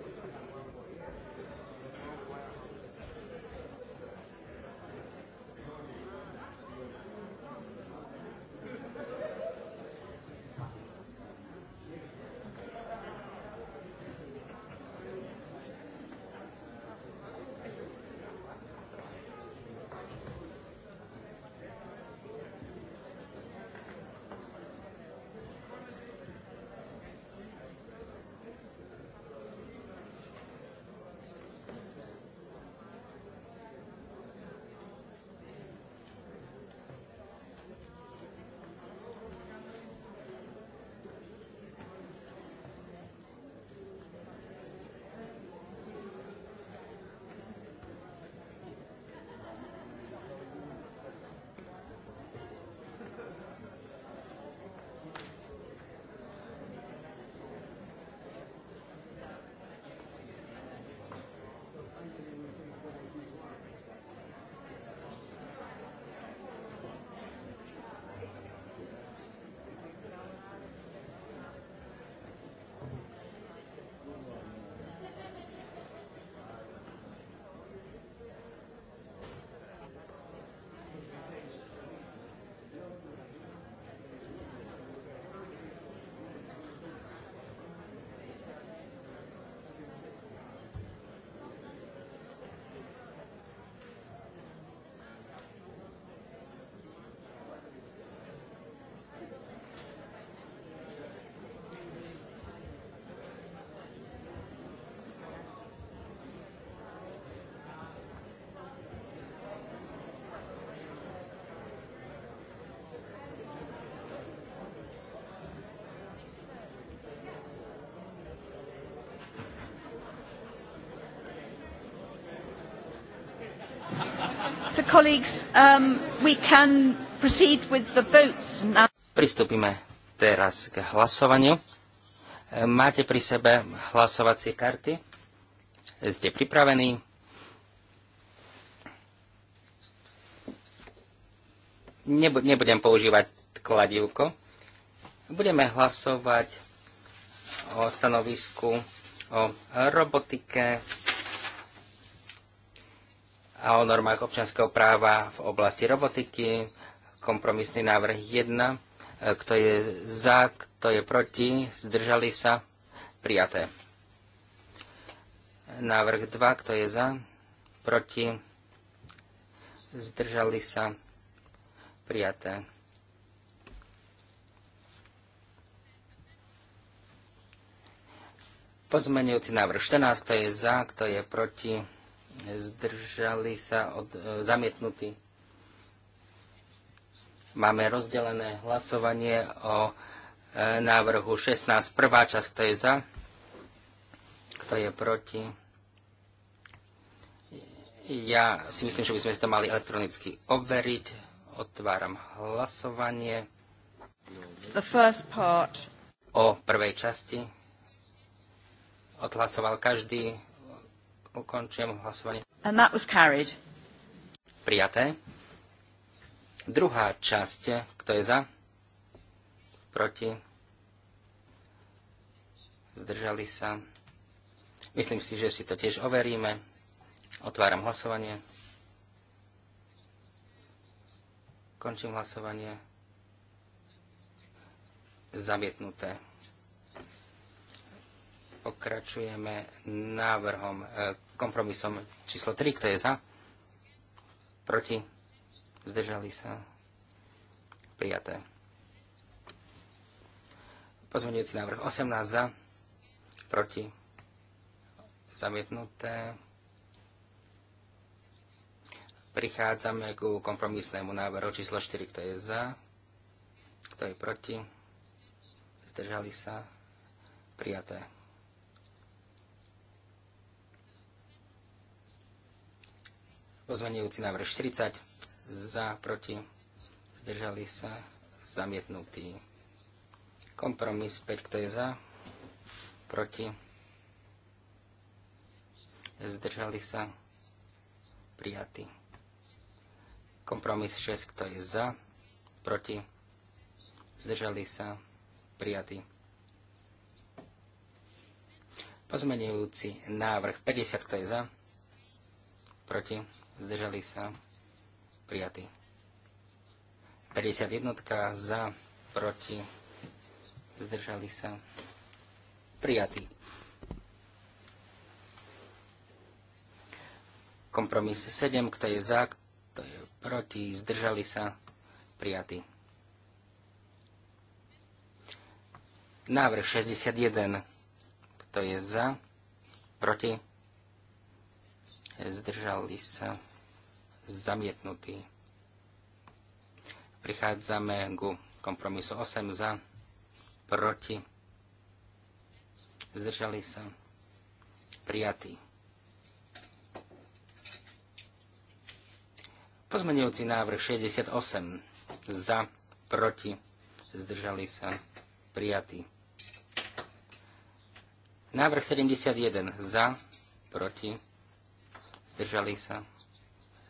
So colleagues, um, we can proceed with the votes now. Pristúpime teraz k hlasovaniu. E, máte pri sebe hlasovacie karty? Ste pripravení? Nebudem používať kladivko. Budeme hlasovať o stanovisku o robotike a o normách občanského práva v oblasti robotiky. Kompromisný návrh 1. E, kto je za, kto je proti, zdržali sa, prijaté. Návrh 2. Kto je za, proti, zdržali sa, prijaté. Pozmenujúci návrh 14. Kto je za, kto je proti, zdržali sa od, e, zamietnutí. Máme rozdelené hlasovanie o e, návrhu 16. Prvá časť, kto je za, kto je proti. Ja si myslím, že by sme to mali elektronicky overiť. Otváram hlasovanie. O prvej časti. Odhlasoval každý. Ukončujem hlasovanie. And that was carried. Prijaté. Druhá časť. Kto je za? Proti? Zdržali sa? Myslím si, že si to tiež overíme. Otváram hlasovanie. Končím hlasovanie. Zamietnuté pokračujeme návrhom, e, kompromisom číslo 3, kto je za? Proti? Zdržali sa? Prijaté. Pozmeňujúci návrh 18 za, proti, zamietnuté. Prichádzame ku kompromisnému návrhu číslo 4, kto je za, kto je proti, zdržali sa, prijaté. Pozmenujúci návrh 40 za, proti, zdržali sa, zamietnutý. Kompromis 5, kto je za, proti, zdržali sa, prijatý. Kompromis 6, kto je za, proti, zdržali sa, prijatý. Pozmenujúci návrh 50, kto je za, proti, zdržali sa, prijatý. 51 za, proti, zdržali sa, prijatý. Kompromis 7, kto je za, kto je proti, zdržali sa, prijatý. Návrh 61, kto je za, proti, zdržali sa, prijatý zamietnutý. Prichádzame ku kompromisu 8 za, proti, zdržali sa, prijatý. Pozmenujúci návrh 68 za, proti, zdržali sa, prijatý. Návrh 71 za, proti, zdržali sa,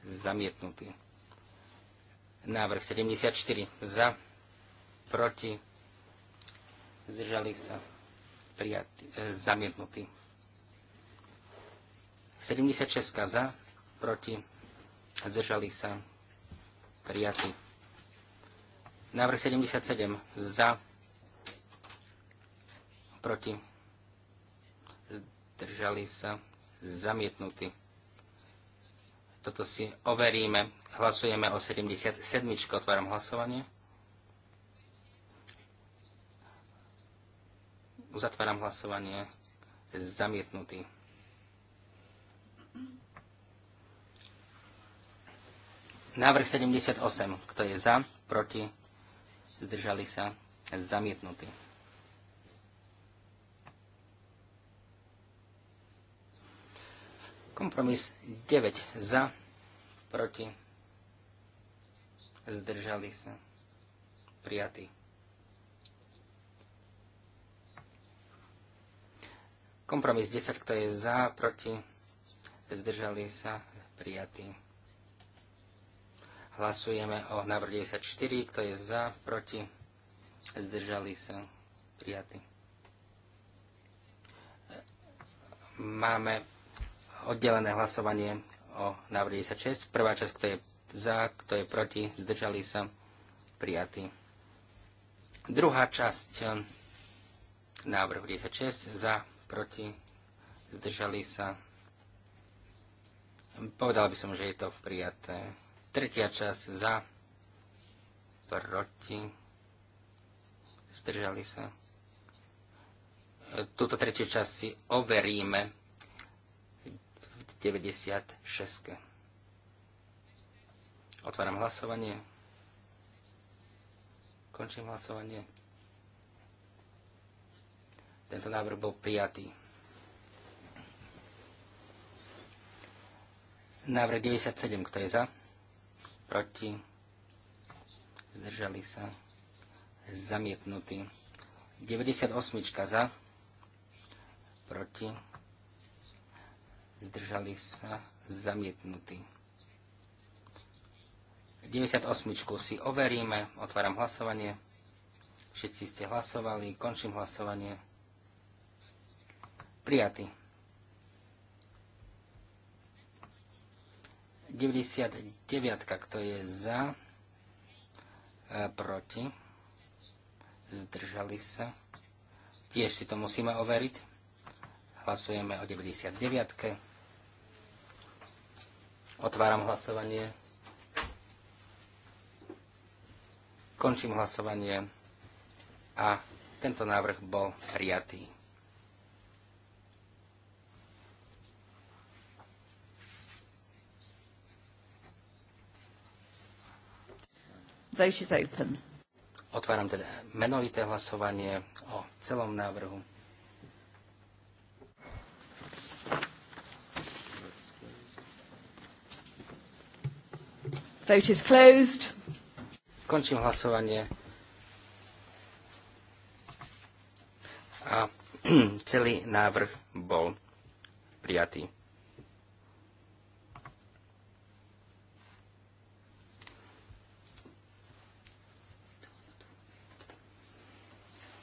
zamietnutý. Návrh 74 za, proti, zdržali sa, prijat, e, zamietnutý. 76 za, proti, zdržali sa, prijatý. Návrh 77 za, proti, zdržali sa, zamietnutý. Toto si overíme. Hlasujeme o 77. Otváram hlasovanie. Uzatváram hlasovanie. Zamietnutý. Návrh 78. Kto je za? Proti? Zdržali sa? Zamietnutý. Kompromis 9 za, proti, zdržali sa, prijatý. Kompromis 10, kto je za, proti, zdržali sa, prijatý. Hlasujeme o návrhu 94, kto je za, proti, zdržali sa, prijatý. Máme oddelené hlasovanie o návrh 96. Prvá časť, kto je za, kto je proti, zdržali sa, prijatí. Druhá časť eh, návrhu 96, za, proti, zdržali sa. Povedal by som, že je to prijaté. Tretia časť za, proti, zdržali sa. Eh, Tuto tretiu časť si overíme 96. Otváram hlasovanie. Končím hlasovanie. Tento návrh bol prijatý. Návrh 97, kto je za? Proti? Zdržali sa? Zamietnutý. 98 za? Proti? zdržali sa, zamietnutí. 98 si overíme, otváram hlasovanie. Všetci ste hlasovali, končím hlasovanie. Prijatý. 99, kto je za, e, proti, zdržali sa. Tiež si to musíme overiť. Hlasujeme o 99. Otváram hlasovanie. Končím hlasovanie. A tento návrh bol prijatý. Vote is open. Otváram teda menovité hlasovanie o celom návrhu. Vote is closed. Končím hlasovanie. A celý návrh bol prijatý.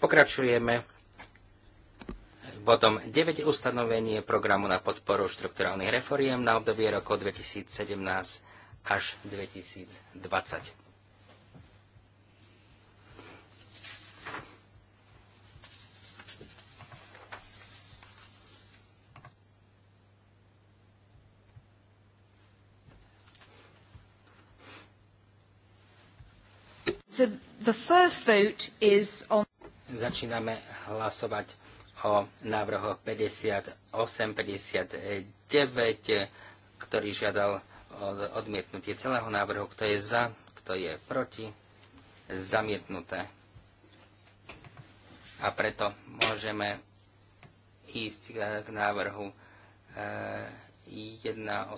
Pokračujeme bodom 9 ustanovenie programu na podporu štrukturálnych reforiem na obdobie roku 2017 až 2020. So the first vote is on... Začíname hlasovať o návrhu 58-59, ktorý žiadal odmietnutie celého návrhu. Kto je za, kto je proti, zamietnuté. A preto môžeme ísť e, k návrhu 187 e,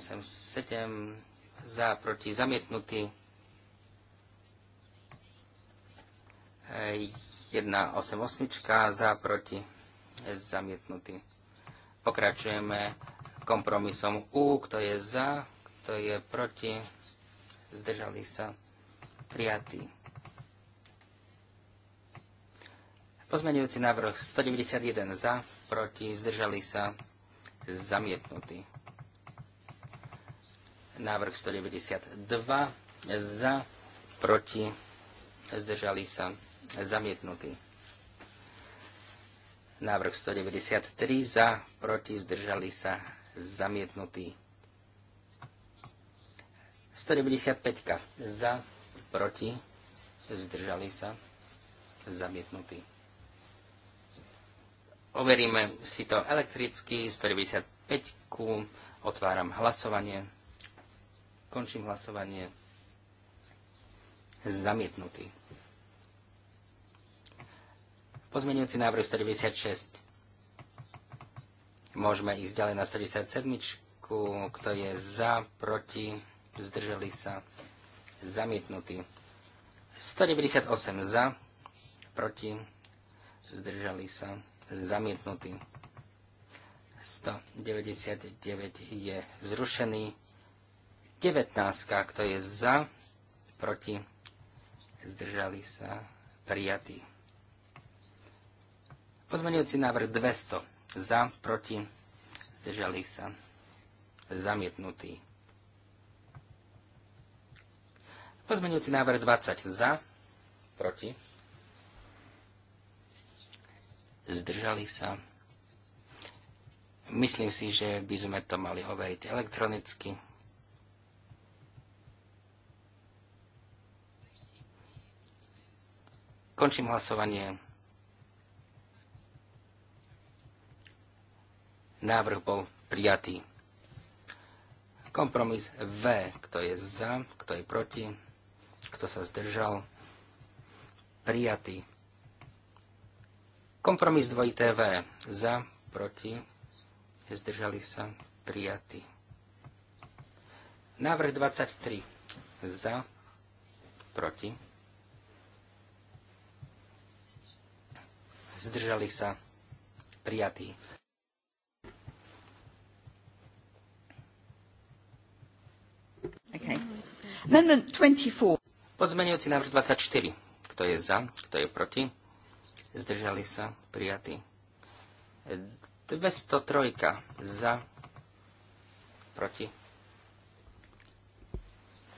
za, proti, zamietnutý. 188 e, za, proti, zamietnutý. Pokračujeme kompromisom U, kto je za, kto je proti, zdržali sa, prijatí. Pozmenujúci návrh 191 za, proti, zdržali sa, zamietnutý. Návrh 192 za, proti, zdržali sa, zamietnutý. Návrh 193 za, proti, zdržali sa, zamietnutý. 195 za, proti, zdržali sa, zamietnutí? Overíme si to elektricky, 195, otváram hlasovanie, končím hlasovanie, zamietnutý. Pozmenujúci návrh 196. Môžeme ísť ďalej na 197. Kto je za, proti, zdržali sa, zamietnutí. 198 za, proti, zdržali sa, zamietnutí. 199 je zrušený. 19, kto je za, proti, zdržali sa, prijatí. Pozmeňujúci návrh 200, za, proti, zdržali sa, zamietnutí. Pozmeňujúci návrh 20 za, proti. Zdržali sa. Myslím si, že by sme to mali overiť elektronicky. Končím hlasovanie. Návrh bol prijatý. Kompromis V. Kto je za, kto je proti? Kto sa zdržal? Prijatý. Kompromis 2TV. Za, proti, zdržali sa, prijatý. Návrh 23. Za, proti, zdržali sa, prijatý. Okay. Amendment 24. Pozmeňujúci návrh 24. Kto je za? Kto je proti? Zdržali sa? Prijatí. 203. Za? Proti?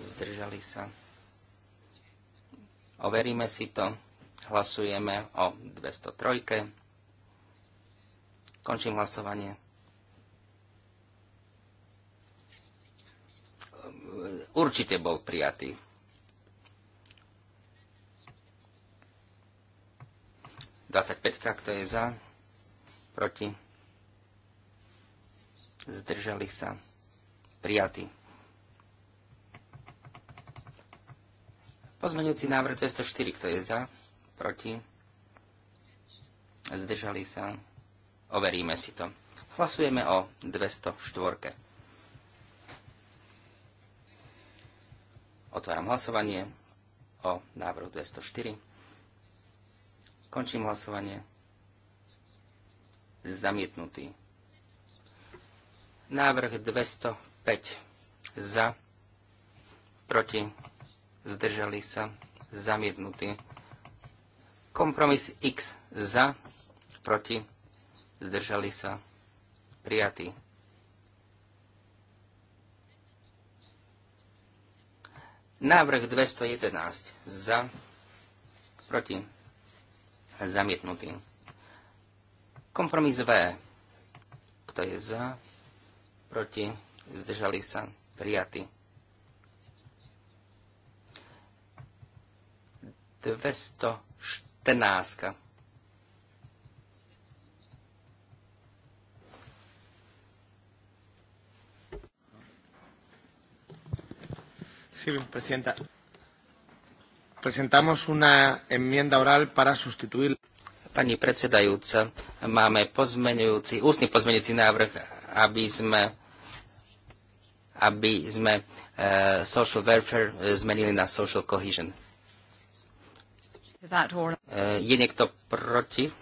Zdržali sa? Overíme si to. Hlasujeme o 203. Končím hlasovanie. Určite bol prijatý. 25, kto je za, proti, zdržali sa, Prijatí. Pozmeňujúci návrh 204, kto je za, proti, zdržali sa, overíme si to. Hlasujeme o 204. Otváram hlasovanie o návrhu 204. Končím hlasovanie. Zamietnutý. Návrh 205 za, proti, zdržali sa, zamietnutý. Kompromis X za, proti, zdržali sa, prijatý. Návrh 211 za, proti, zamietnutý. Kompromis V. Kto je za? Proti? Zdržali sa? Prijatý. 214. Sí, presidenta. Presentamos una enmienda oral para sustituir... Pani predsedajúca, máme pozmenujúci, ústny pozmenujúci návrh, aby sme, aby sme e, social welfare e, zmenili na social cohesion. E, je niekto proti?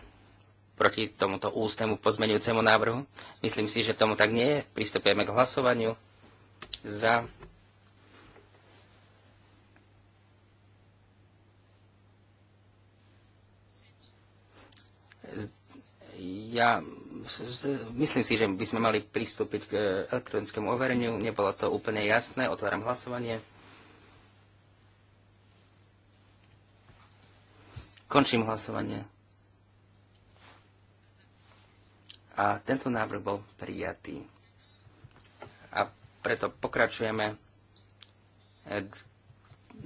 proti tomuto ústnemu pozmeňujúcemu návrhu? Myslím si, že tomu tak nie je. Pristupujeme k hlasovaniu. Za ja myslím si, že by sme mali pristúpiť k e, elektronickému overeniu. Nebolo to úplne jasné. Otváram hlasovanie. Končím hlasovanie. A tento návrh bol prijatý. A preto pokračujeme e, k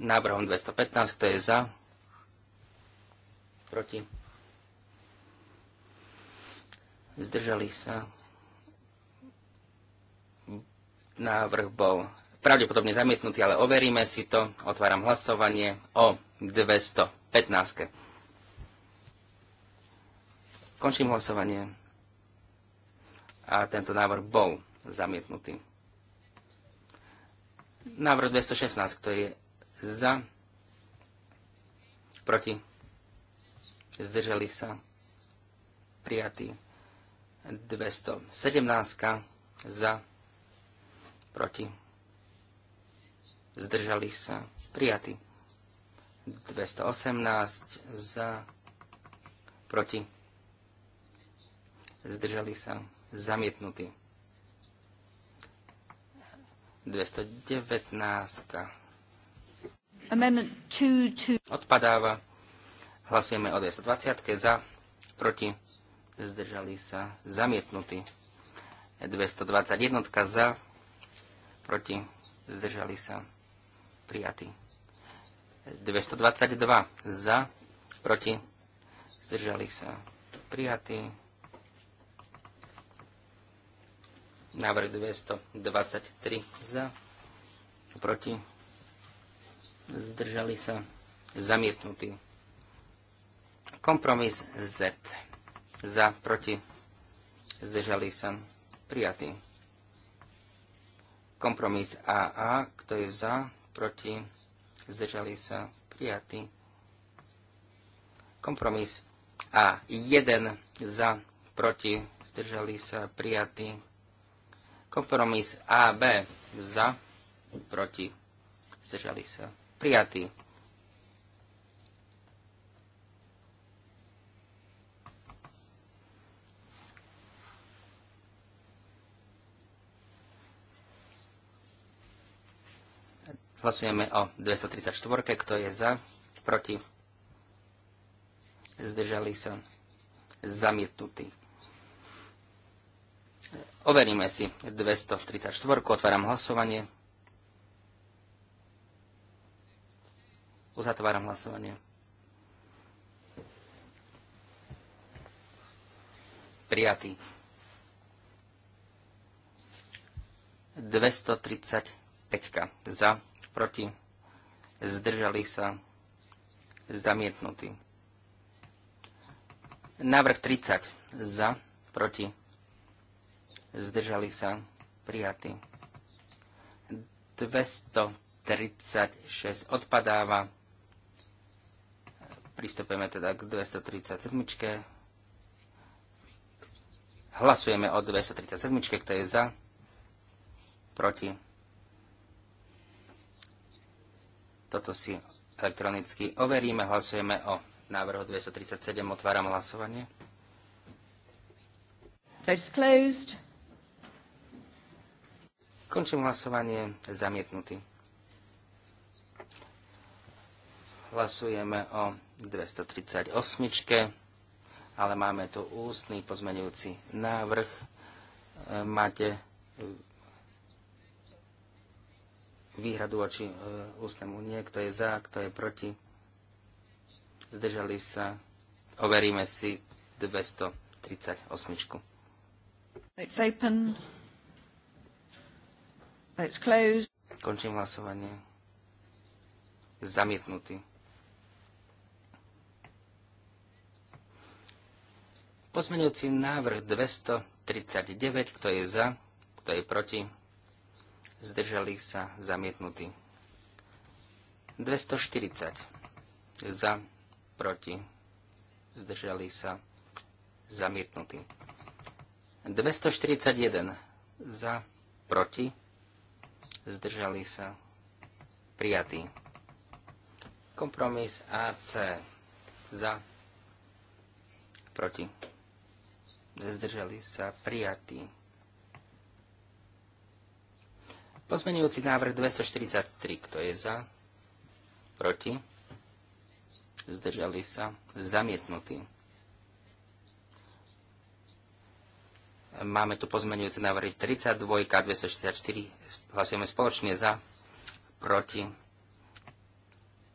návrhom 215. Kto je za? Proti? zdržali sa. Návrh bol pravdepodobne zamietnutý, ale overíme si to. Otváram hlasovanie o 215. Končím hlasovanie. A tento návrh bol zamietnutý. Návrh 216, kto je za, proti, zdržali sa, prijatý. 217 za, proti, zdržali sa, prijatí. 218 za, proti, zdržali sa, zamietnutí. 219 odpadáva. Hlasujeme o 220 za, proti, zdržali sa, zamietnutí. 221 za, proti, zdržali sa, prijatí. 222 za, proti, zdržali sa, prijatí. Návrh 223 za, proti, zdržali sa, zamietnutí, Kompromis Z za, proti, zdržali sa, prijatý. Kompromis AA, kto je za, proti, zdržali sa, prijatý. Kompromis A1 za, proti, zdržali sa, prijatý. Kompromis AB za, proti, zdržali sa, prijatý Hlasujeme o 234, kto je za, proti, zdržali sa, zamietnutí. Overíme si 234, otváram hlasovanie. Uzatváram hlasovanie. Prijatý. 235 za, proti, zdržali sa, zamietnutí Návrh 30 za, proti, zdržali sa, prijatí 236 odpadáva. Pristupujeme teda k 237. Hlasujeme o 237, kto je za, proti, Toto si elektronicky overíme. Hlasujeme o návrhu 237. Otváram hlasovanie. closed. Končím hlasovanie. Zamietnutý. Hlasujeme o 238. Ale máme tu ústny pozmenujúci návrh. E, máte výhradu voči e, ústnemu Niekto kto je za, kto je proti. Zdržali sa. Overíme si 238. Končím hlasovanie. Zamietnutý. Pozmeňujúci návrh 239, kto je za, kto je proti, zdržali sa zamietnutí. 240 za, proti, zdržali sa zamietnutí. 241 za, proti, zdržali sa prijatí. Kompromis AC za, proti, zdržali sa prijatí. Pozmenujúci návrh 243. Kto je za? Proti? Zdržali sa? Zamietnutý. Máme tu pozmenujúce návrhy 32 a 244. Hlasujeme spoločne za? Proti?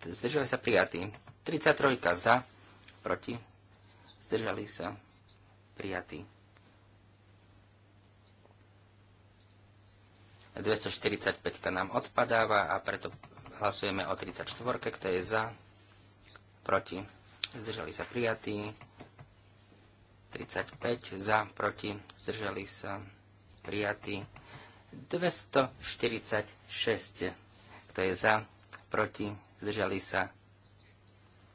Zdržali sa prijatí. 33 za? Proti? Zdržali sa prijatí. 245 nám odpadáva a preto hlasujeme o 34, kto je za, proti, zdržali sa prijatí, 35 za, proti, zdržali sa prijatí, 246, kto je za, proti, zdržali sa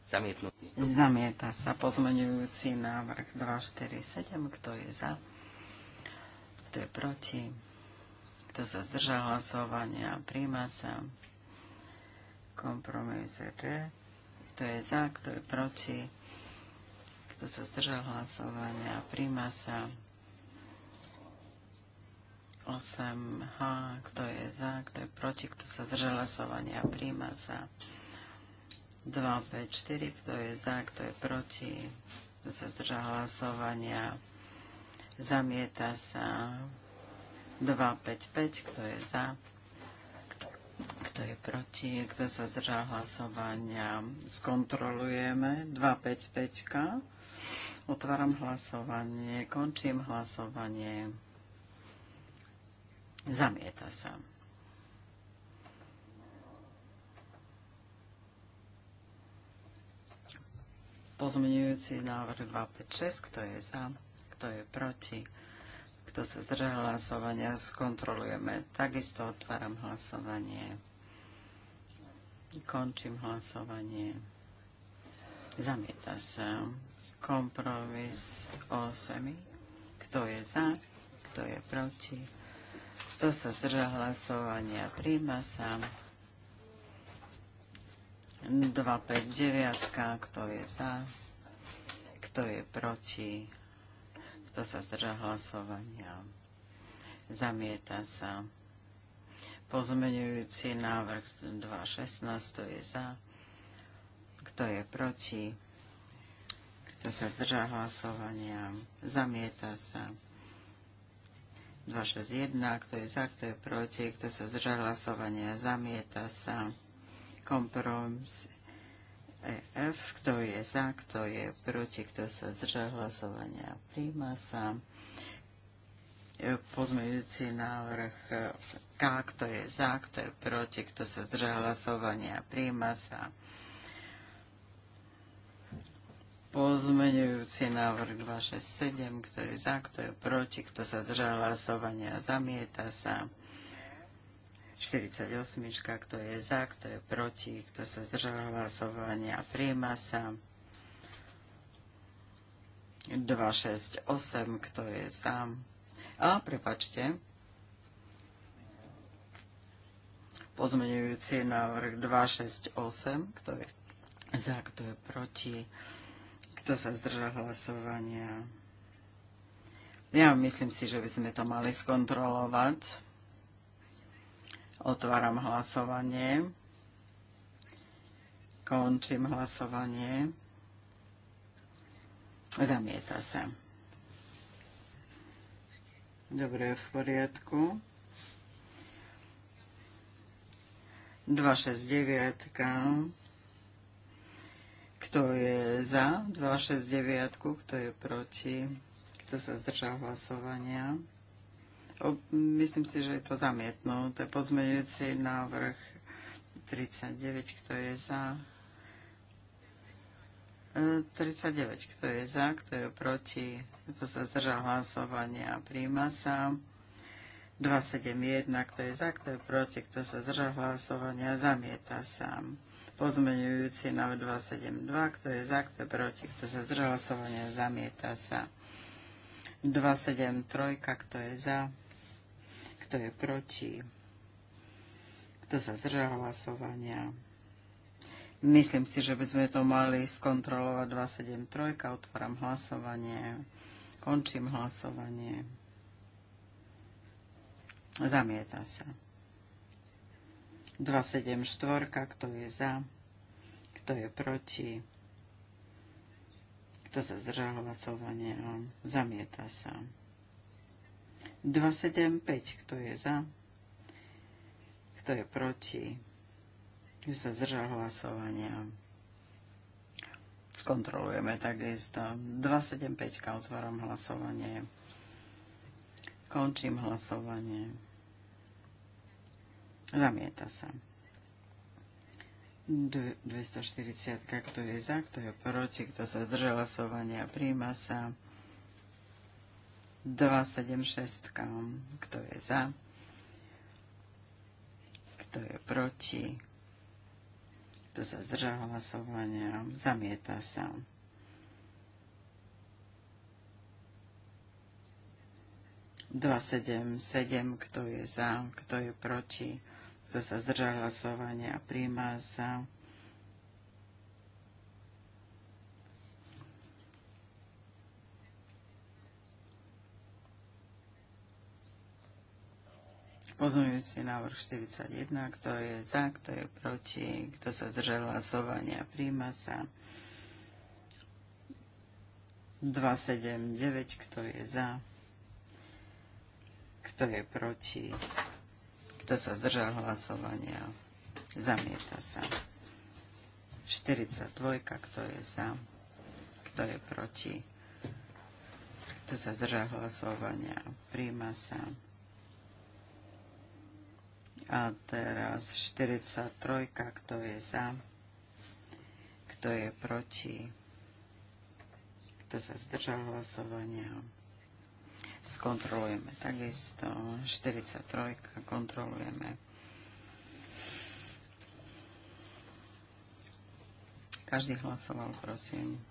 zamietnutí. Zamieta sa pozmeňujúci návrh 247, kto je za, kto je proti, kto sa zdržal hlasovania? Príjma sa. Kompromis že Kto je za? Kto je proti? Kto sa zdržal hlasovania? Príjma sa. 8H. Kto je za? Kto je proti? Kto sa zdržal hlasovania? Príjma sa. 2, 5, 4, kto je za, kto je proti, kto sa zdržal hlasovania, zamieta sa 255, kto je za, kto, kto je proti, kto sa zdržal hlasovania. Skontrolujeme 255. Otváram hlasovanie, končím hlasovanie. Zamieta sa. Pozmenujúci návrh 256, kto je za, kto je proti kto sa zdržal hlasovania, skontrolujeme. Takisto otváram hlasovanie. Končím hlasovanie. Zamieta sa kompromis 8. Kto je za, kto je proti, kto sa zdržal hlasovania, príjma sa. 2 9. kto je za, kto je proti, kto sa zdržal hlasovania? Zamieta sa. Pozmeňujúci návrh 2.16. To je za. Kto je proti? Kto sa zdržal hlasovania? Zamieta sa. 261, kto je za, kto je proti, kto sa zdržal hlasovania, zamieta sa. Kompromis EF, kto je za, kto je proti, kto sa zdržal hlasovania, príjma sa. E, pozmeňujúci návrh e, K, kto je za, kto je proti, kto sa zdržal hlasovania, príjma sa. Pozmeňujúci návrh 267, kto je za, kto je proti, kto sa zdržal hlasovania, zamieta sa. 48, kto je za, kto je proti, kto sa zdržal hlasovania, prijíma sa. 268, kto je za. A prepačte. Pozmeňujúci návrh 268, kto je za, kto je proti, kto sa zdržal hlasovania. Ja myslím si, že by sme to mali skontrolovať. Otváram hlasovanie. Končím hlasovanie. Zamieta sa. Dobre, v poriadku. 269. Kto je za 269, kto je proti, kto sa zdržal hlasovania. Myslím si, že je to To je Pozmeňujúci návrh 39, kto je za? 39, e, kto je za, kto je proti, kto sa zdrža hlasovania a príjma sa. 271, kto je za, kto je proti, kto sa zdržal hlasovania, zamieta sa. Pozmeňujúci návrh 272, kto je za, kto je proti, kto sa zdržal hlasovania, zamieta sa. 273, kto je za, kto je proti? Kto sa zdržal hlasovania? Myslím si, že by sme to mali skontrolovať 273. Otváram hlasovanie. Končím hlasovanie. Zamieta sa. 274. Kto je za? Kto je proti? Kto sa zdržal hlasovania? Zamieta sa. 275. Kto je za? Kto je proti? Kto sa zdržal hlasovania? Skontrolujeme takisto. 275. Otváram hlasovanie. Končím hlasovanie. Zamieta sa. 240. Kto je za? Kto je proti? Kto sa zdržal hlasovania? Príjma sa. 276. Kto je za? Kto je proti? Kto sa zdržal hlasovania? Zamieta sa. 277, kto je za, kto je proti, kto sa zdržal hlasovania, príjma sa Pozmeňujúci návrh 41, kto je za, kto je proti, kto sa zdržal hlasovania, príjma sa. 279, kto je za, kto je proti, kto sa zdržal hlasovania, zamieta sa. 42, kto je za, kto je proti, kto sa zdržal hlasovania, príjma sa. A teraz 43, kto je za, kto je proti, kto sa zdržal hlasovania. Skontrolujeme takisto. 43, kontrolujeme. Každý hlasoval, prosím.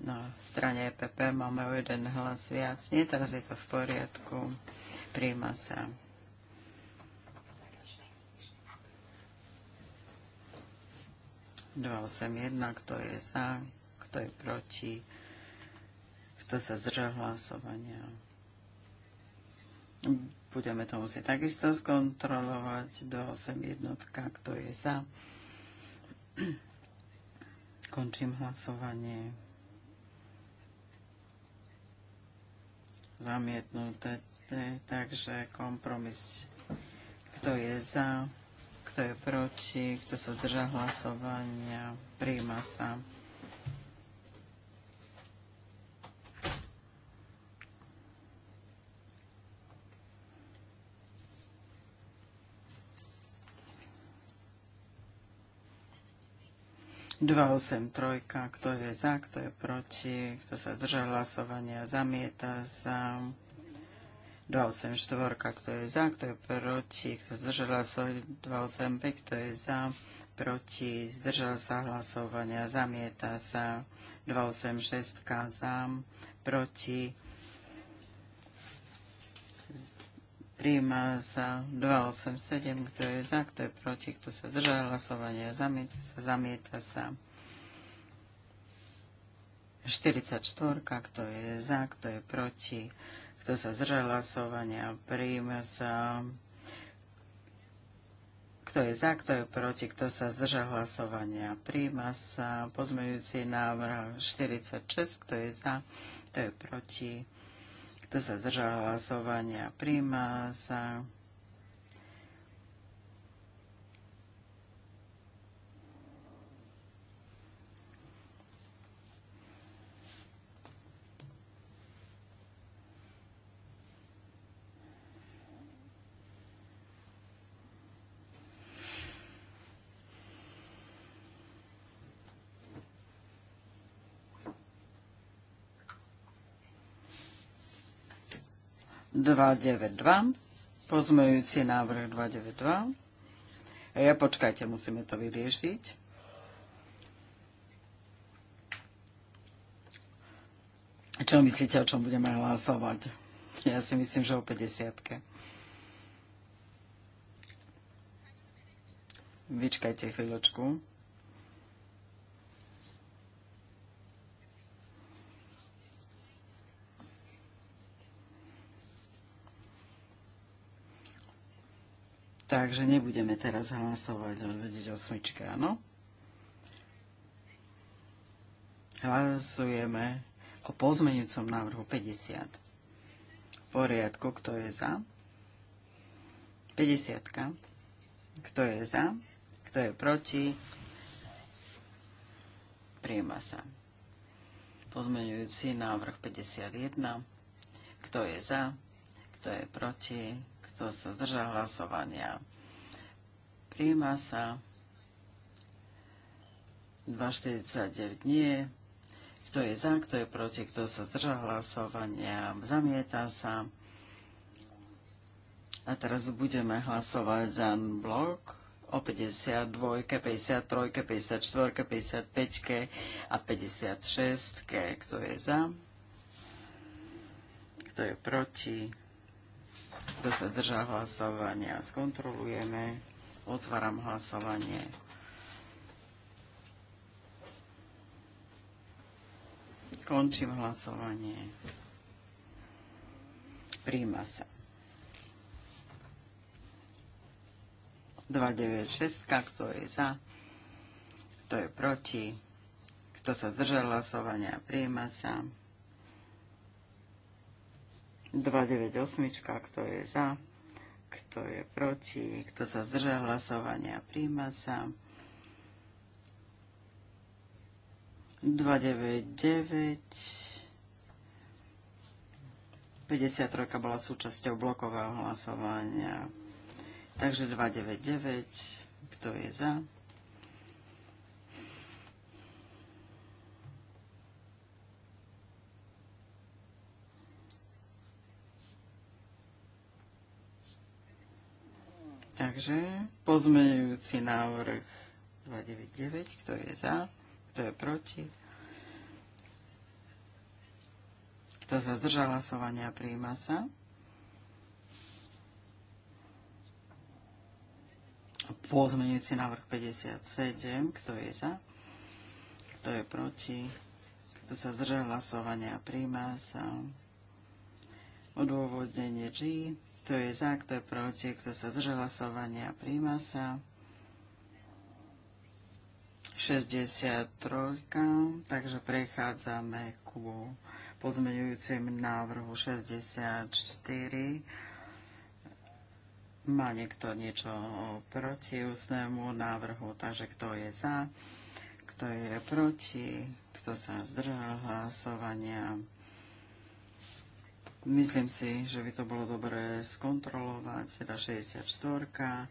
Na strane EPP máme o jeden hlas viac. Nie, teraz je to v poriadku. Príjma sa. Dva osem jedna, kto je za, kto je proti, kto sa zdržal hlasovania. Budeme to musieť takisto skontrolovať. jednotka, kto je za. Končím hlasovanie. Zamietnuté prijaté, takže kompromis. Kto je za, kto je proti, kto sa zdržal hlasovania, príjma sa. Dva, osem, trojka, kto je za, kto je proti, kto sa zdržal hlasovania, zamieta sa. Za 284, kto je za, kto je proti, kto zdržala sa 285, kto je za, proti, zdržal sa hlasovania, zamieta sa 286, za, proti, Príjma sa 287, kto je za, kto je proti, kto sa zdržal hlasovania, zamieta sa, zamieta sa. 44, kto je za, kto je proti, kto sa zdržal hlasovania? Príjme sa. Kto je za, kto je proti, kto sa zdržal hlasovania? Príjma sa pozmeňujúci návrh 46, kto je za, kto je proti, kto sa zdržal hlasovania? Príjma sa 292, pozmejúci návrh 292. A ja počkajte, musíme to vyriešiť. Čo myslíte, o čom budeme hlasovať? Ja si myslím, že o 50. Vyčkajte chvíľočku. Takže nebudeme teraz hlasovať o 28, áno? Hlasujeme o pozmeňujúcom návrhu 50. V poriadku, kto je za? 50. Kto je za? Kto je proti? Prijema sa. Pozmeňujúci návrh 51. Kto je za? Kto je proti? Kto sa zdržal hlasovania? Príjma sa. 249 nie. Kto je za, kto je proti, kto sa zdržal hlasovania? Zamieta sa. A teraz budeme hlasovať za blok o 52, 53, 54, 55 a 56. Kto je za? Kto je proti? Kto sa zdržal hlasovania? Skontrolujeme. Otváram hlasovanie. Končím hlasovanie. Príjma sa. 296, kto je za, kto je proti, kto sa zdržal hlasovania, príjma sa. 298, kto je za, kto je proti, kto sa zdržal hlasovania, príjma sa. 299. 53 bola súčasťou blokového hlasovania. Takže 299. Kto je za? Takže pozmeňujúci návrh 299, kto je za, kto je proti, kto sa zdržal hlasovania, prijíma sa. Pozmeňujúci návrh 57, kto je za, kto je proti, kto sa zdržal hlasovania, prijíma sa. Odôvodnenie G, kto je za, kto je proti, kto sa zdržal hlasovania, príjma sa. 63, takže prechádzame ku pozmeňujúcim návrhu 64. Má niekto niečo proti ústnemu návrhu, takže kto je za, kto je proti, kto sa zdržal hlasovania, Myslím si, že by to bolo dobré skontrolovať, teda 64.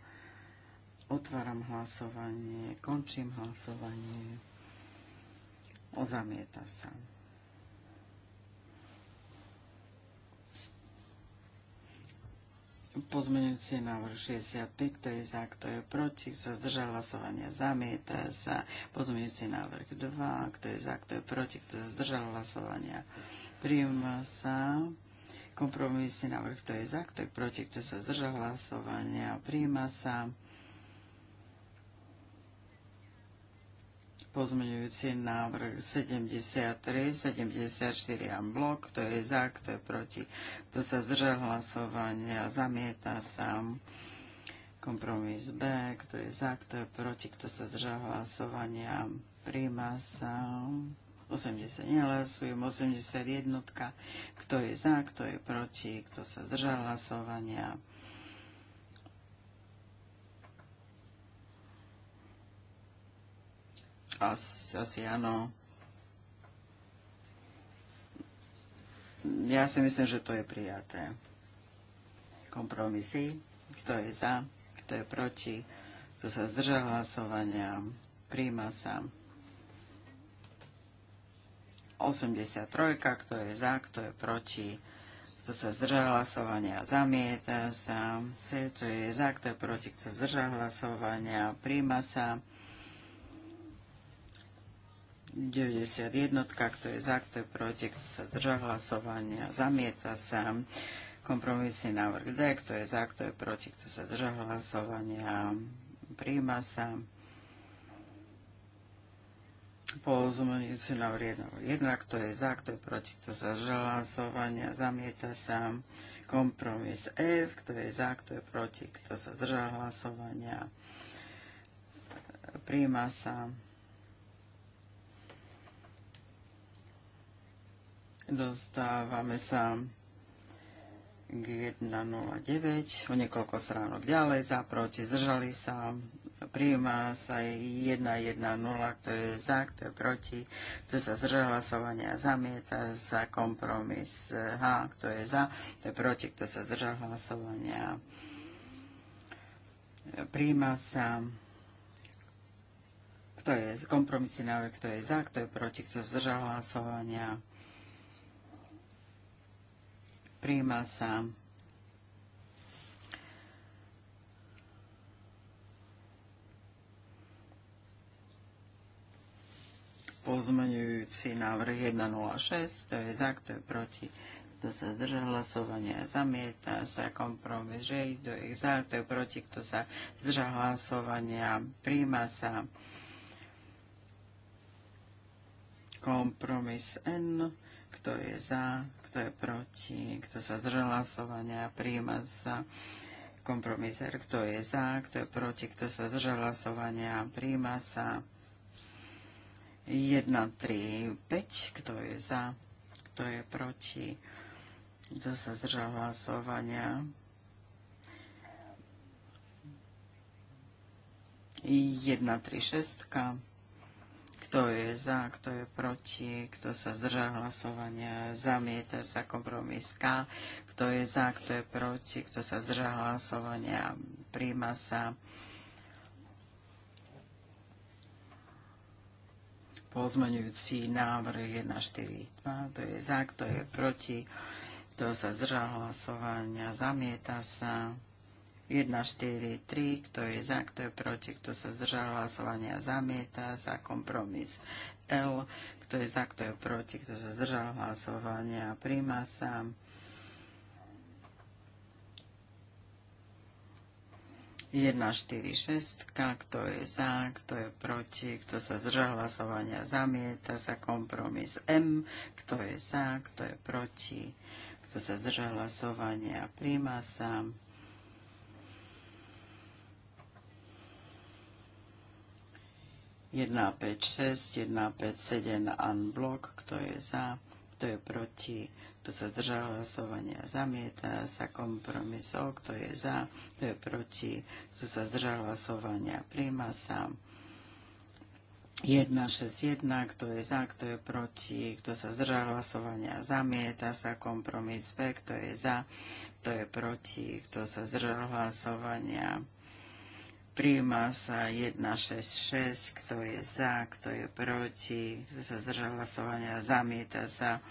Otváram hlasovanie, končím hlasovanie. Ozamieta sa. Pozmeňujúci návrh 65, kto je za, kto je proti, kto sa zdržal hlasovania, zamieta sa. Pozmeňujúci návrh 2, kto je za, kto je proti, kto sa zdržal hlasovania, prijíma sa. Kompromisný návrh, kto je za, kto je proti, kto sa zdržal hlasovania, príjma sa. Pozmeňujúci návrh 73, 74 a blok, kto je za, kto je proti, kto sa zdržal hlasovania, zamieta sa. Kompromis B, kto je za, kto je proti, kto sa zdržal hlasovania, príjma sa. 80 nehlasujem, 81, kto je za, kto je proti, kto sa zdržal hlasovania. Asi, asi áno. Ja si myslím, že to je prijaté. Kompromisy, kto je za, kto je proti, kto sa zdržal hlasovania, príjma sa. 83, kto je za, kto je proti, kto sa zdržal hlasovania, zamieta sa. kto je za, kto je proti, kto sa zdržal hlasovania, príjma sa. 91, kto je za, kto je proti, kto sa zdržal hlasovania, zamieta sa. Kompromisný návrh D, kto je za, kto je proti, kto sa zdržal hlasovania, príjma sa pozmeňujúci návrh 1. jednak Kto je za, kto je proti, kto sa zdržal zamieta sa. Kompromis F. Kto je za, kto je proti, kto sa zdržal hlasovania, príjma sa. Dostávame sa k 1.09, o niekoľko stránok ďalej, za, proti, zdržali sa, Prijíma sa nula, kto je za, kto je proti, kto sa zdržal hlasovania, zamieta sa kompromis H, kto je za, kto je proti, kto sa zdržal hlasovania. Prijíma sa kto je kompromisný návrh, kto je za, kto je proti, kto zdržal hlasovania. Prijíma sa pozmenujúci návrh 106, to je za, kto je proti, kto sa zdržal hlasovania, zamieta sa kompromis, že kto je za, kto je proti, kto sa zdržal hlasovania, príjma sa kompromis N, kto je za, kto je proti, kto sa zdržal hlasovania, príjma sa kompromis R, kto je za, kto je proti, kto sa zdržal hlasovania, príjma sa 1, 3, 5. Kto je za? Kto je proti? Kto sa zdržal hlasovania? 1, 3, 6. Kto je za, kto je proti, kto sa zdržal hlasovania, zamieta sa kompromis K. Kto je za, kto je proti, kto sa zdržal hlasovania, príjma sa Pozmeňujúci návrh 142, to je za, kto je proti, kto sa zdržal hlasovania, zamieta sa. 1, 4, 3, kto je za, kto je proti, kto sa zdržal hlasovania, zamieta sa kompromis L, kto je za, kto je proti, kto sa zdržal hlasovania, príjma sa. 1, 4, 6, kto je za, kto je proti, kto sa zdržal hlasovania, zamieta sa kompromis M, kto je za, kto je proti, kto sa zdržal hlasovania, príjma sa. jedna, päť, šesť, jedna, päť, sedem, unblock, kto je za, kto je proti, kto sa zdržal hlasovania, zamieta sa kompromisov, kto je za, kto je proti, kto sa zdržal hlasovania, príjma sa 1, kto je za, kto je proti, kto sa zdržal hlasovania, zamieta sa kompromis B, kto je za, kto je proti, kto sa zdržal hlasovania, Príjma sa 166, kto je za, kto je proti, kto sa zdržal hlasovania, zamieta sa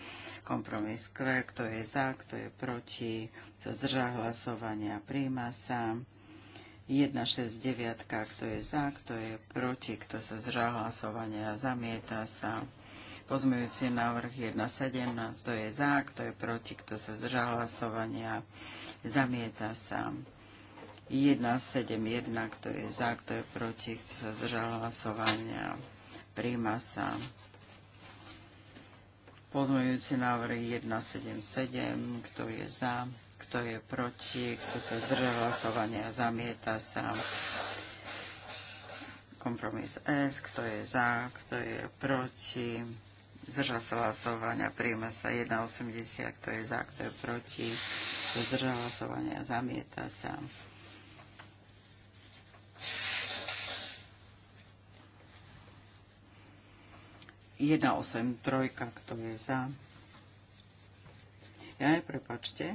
kompromis Q, kto je za, kto je proti, kto sa zdržal hlasovania, príjma sa 169, kto je za, kto je proti, kto sa zdržal hlasovania, zamieta sa pozmejúci návrh 1.17, kto je za, kto je proti, kto sa zdržal hlasovania, zamieta sa. 171, kto je za, kto je proti, kto sa zdržal hlasovania. Príjma sa pozmeňujúci návrh 177, kto je za, kto je proti, kto sa zdržal hlasovania, zamieta sa. Kompromis S, kto je za, kto je proti, zdržal sa hlasovania, príjma sa 1,80, kto je za, kto je proti, kto zdržal hlasovania, zamieta sa. 183, kto je za. Ja, prepačte.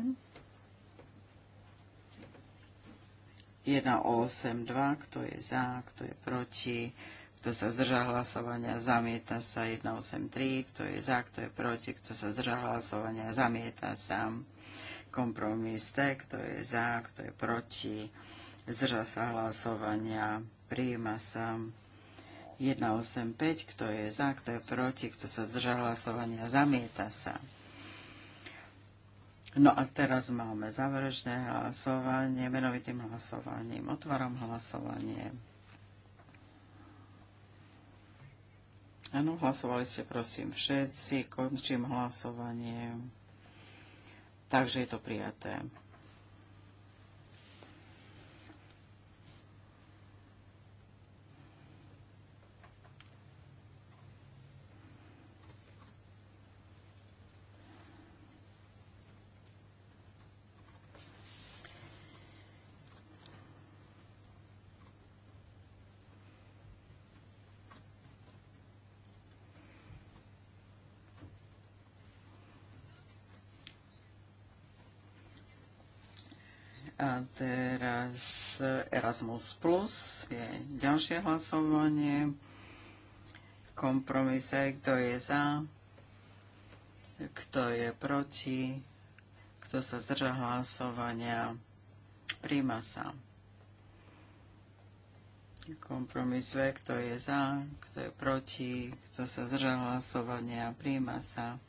182, kto je za, kto je proti, kto sa zdržal hlasovania, zamieta sa 183, kto je za, kto je proti, kto sa zdržal hlasovania, zamieta sa kompromis T, kto je za, kto je proti, zdržal sa hlasovania, prijíma sa 185, kto je za, kto je proti, kto sa zdržal hlasovania, zamieta sa. No a teraz máme záverečné hlasovanie, menovitým hlasovaním. Otváram hlasovanie. Áno, hlasovali ste prosím všetci, končím hlasovanie. Takže je to prijaté. A teraz Erasmus Plus je ďalšie hlasovanie. Kompromise, kto je za, kto je proti, kto sa zdrža hlasovania, príjma sa. Kompromis ve, kto je za, kto je proti, kto sa zdrža hlasovania, príjma sa.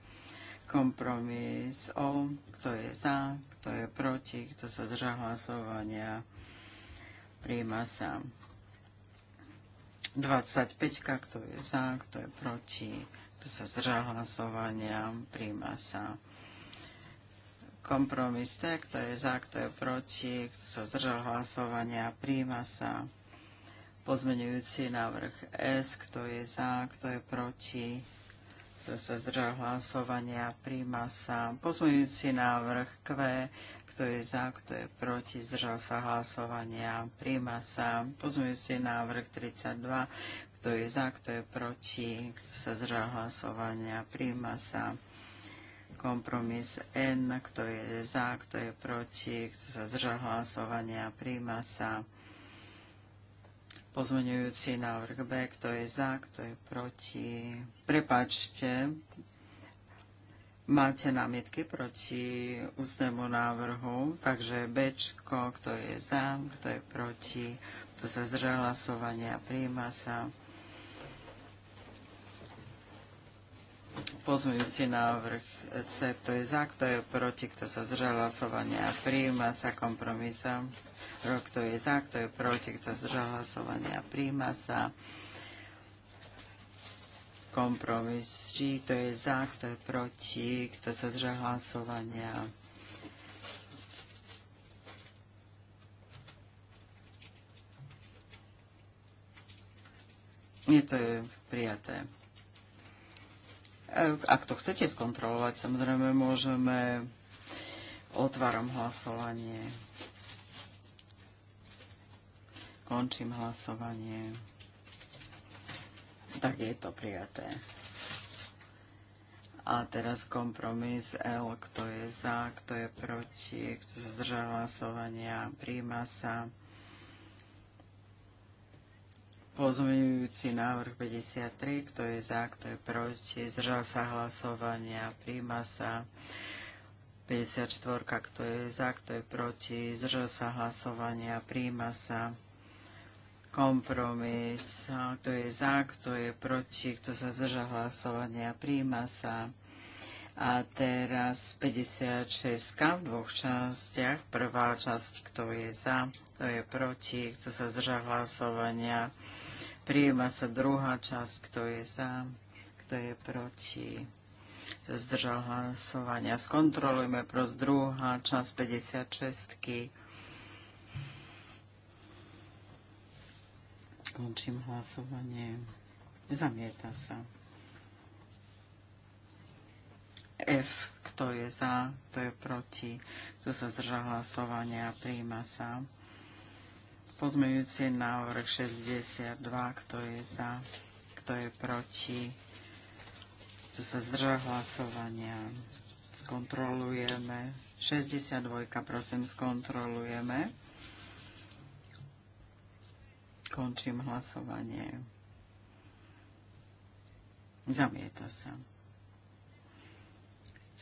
Kompromis O, kto je za, kto je proti, kto sa zdržal hlasovania, príjma sa. 25, kto je za, kto je proti, kto sa zdržal hlasovania, príjma sa. Kompromis T, kto je za, kto je proti, kto sa zdržal hlasovania, príjma sa. Pozmenujúci návrh S, kto je za, kto je proti, kto sa zdržal hlasovania, príjma sa pozmeňujúci návrh Q, kto je za, kto je proti, zdržal sa hlasovania, príjma sa pozmeňujúci návrh 32, kto je za, kto je proti, kto sa zdržal hlasovania, príjma sa kompromis N, kto je za, kto je proti, kto sa zdržal hlasovania, príjma sa Pozmeňujúci návrh B, kto je za, kto je proti. Prepačte, máte námietky proti ústnemu návrhu, takže B, kto je za, kto je proti, kto sa zdržal hlasovania, príjma sa. Pozmeňujúci návrh C, kto je za, kto je proti, kto sa zdržal hlasovania, príjma sa kompromisom. Rok, kto je za, kto je proti, kto zdržal hlasovania, príjma sa kompromis. Či kto je za, kto je proti, kto sa zdržal hlasovania, Nie, to je prijaté. Ak to chcete skontrolovať, samozrejme môžeme. Otváram hlasovanie. Končím hlasovanie. Tak je to prijaté. A teraz kompromis L, kto je za, kto je proti, kto sa zdržal hlasovania, príjma sa. Pozmeňujúci návrh 53, kto je za, kto je proti, zdržal sa hlasovania, príjma sa 54, kto je za, kto je proti, zdržal sa hlasovania, príjma sa kompromis, kto je za, kto je proti, kto sa zdržal hlasovania, príjma sa. A teraz 56 v dvoch častiach. Prvá časť, kto je za, kto je proti, kto sa zdržal hlasovania, prijíma sa druhá časť, kto je za, kto je proti. Zdržal hlasovania. Skontrolujme pros druhá časť 56. Končím hlasovanie. Zamieta sa. F, kto je za, kto je proti, kto sa zdržal hlasovania, Prijíma sa. Pozmeňujúci návrh 62, kto je za, kto je proti, kto sa zdržal hlasovania. Skontrolujeme. 62, prosím, skontrolujeme. Končím hlasovanie. Zamieta sa.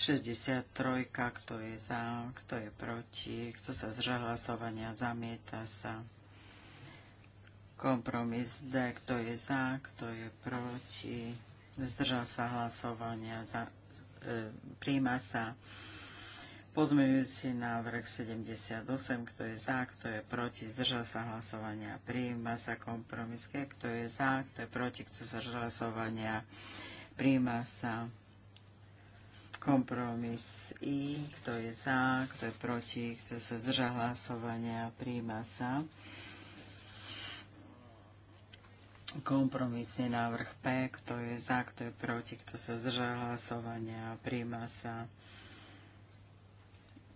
63, kto je za, kto je proti, kto sa zdržal hlasovania, zamieta sa. Kompromis D, kto je za, kto je proti, zdržal sa hlasovania, za, e, príjma sa pozmejúci návrh 78, kto je za, kto je proti, zdržal sa hlasovania, príjma sa kompromis G, kto je za, kto je proti, kto sa hlasovania, príjma sa kompromis I, kto je za, kto je proti, kto sa zdrža hlasovania, príjma sa. Kompromisný návrh P, kto je za, kto je proti, kto sa zdržal hlasovania, príjma sa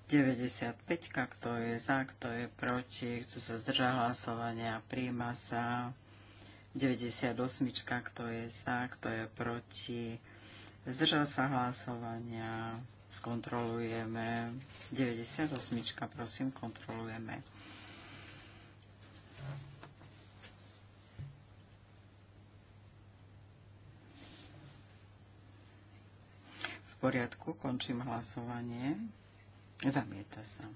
95, kto je za, kto je proti, kto sa zdržal hlasovania, príjma sa 98, kto je za, kto je proti, zdržal sa hlasovania, skontrolujeme 98, prosím, kontrolujeme. poriadku, končím hlasovanie. Zamieta sa.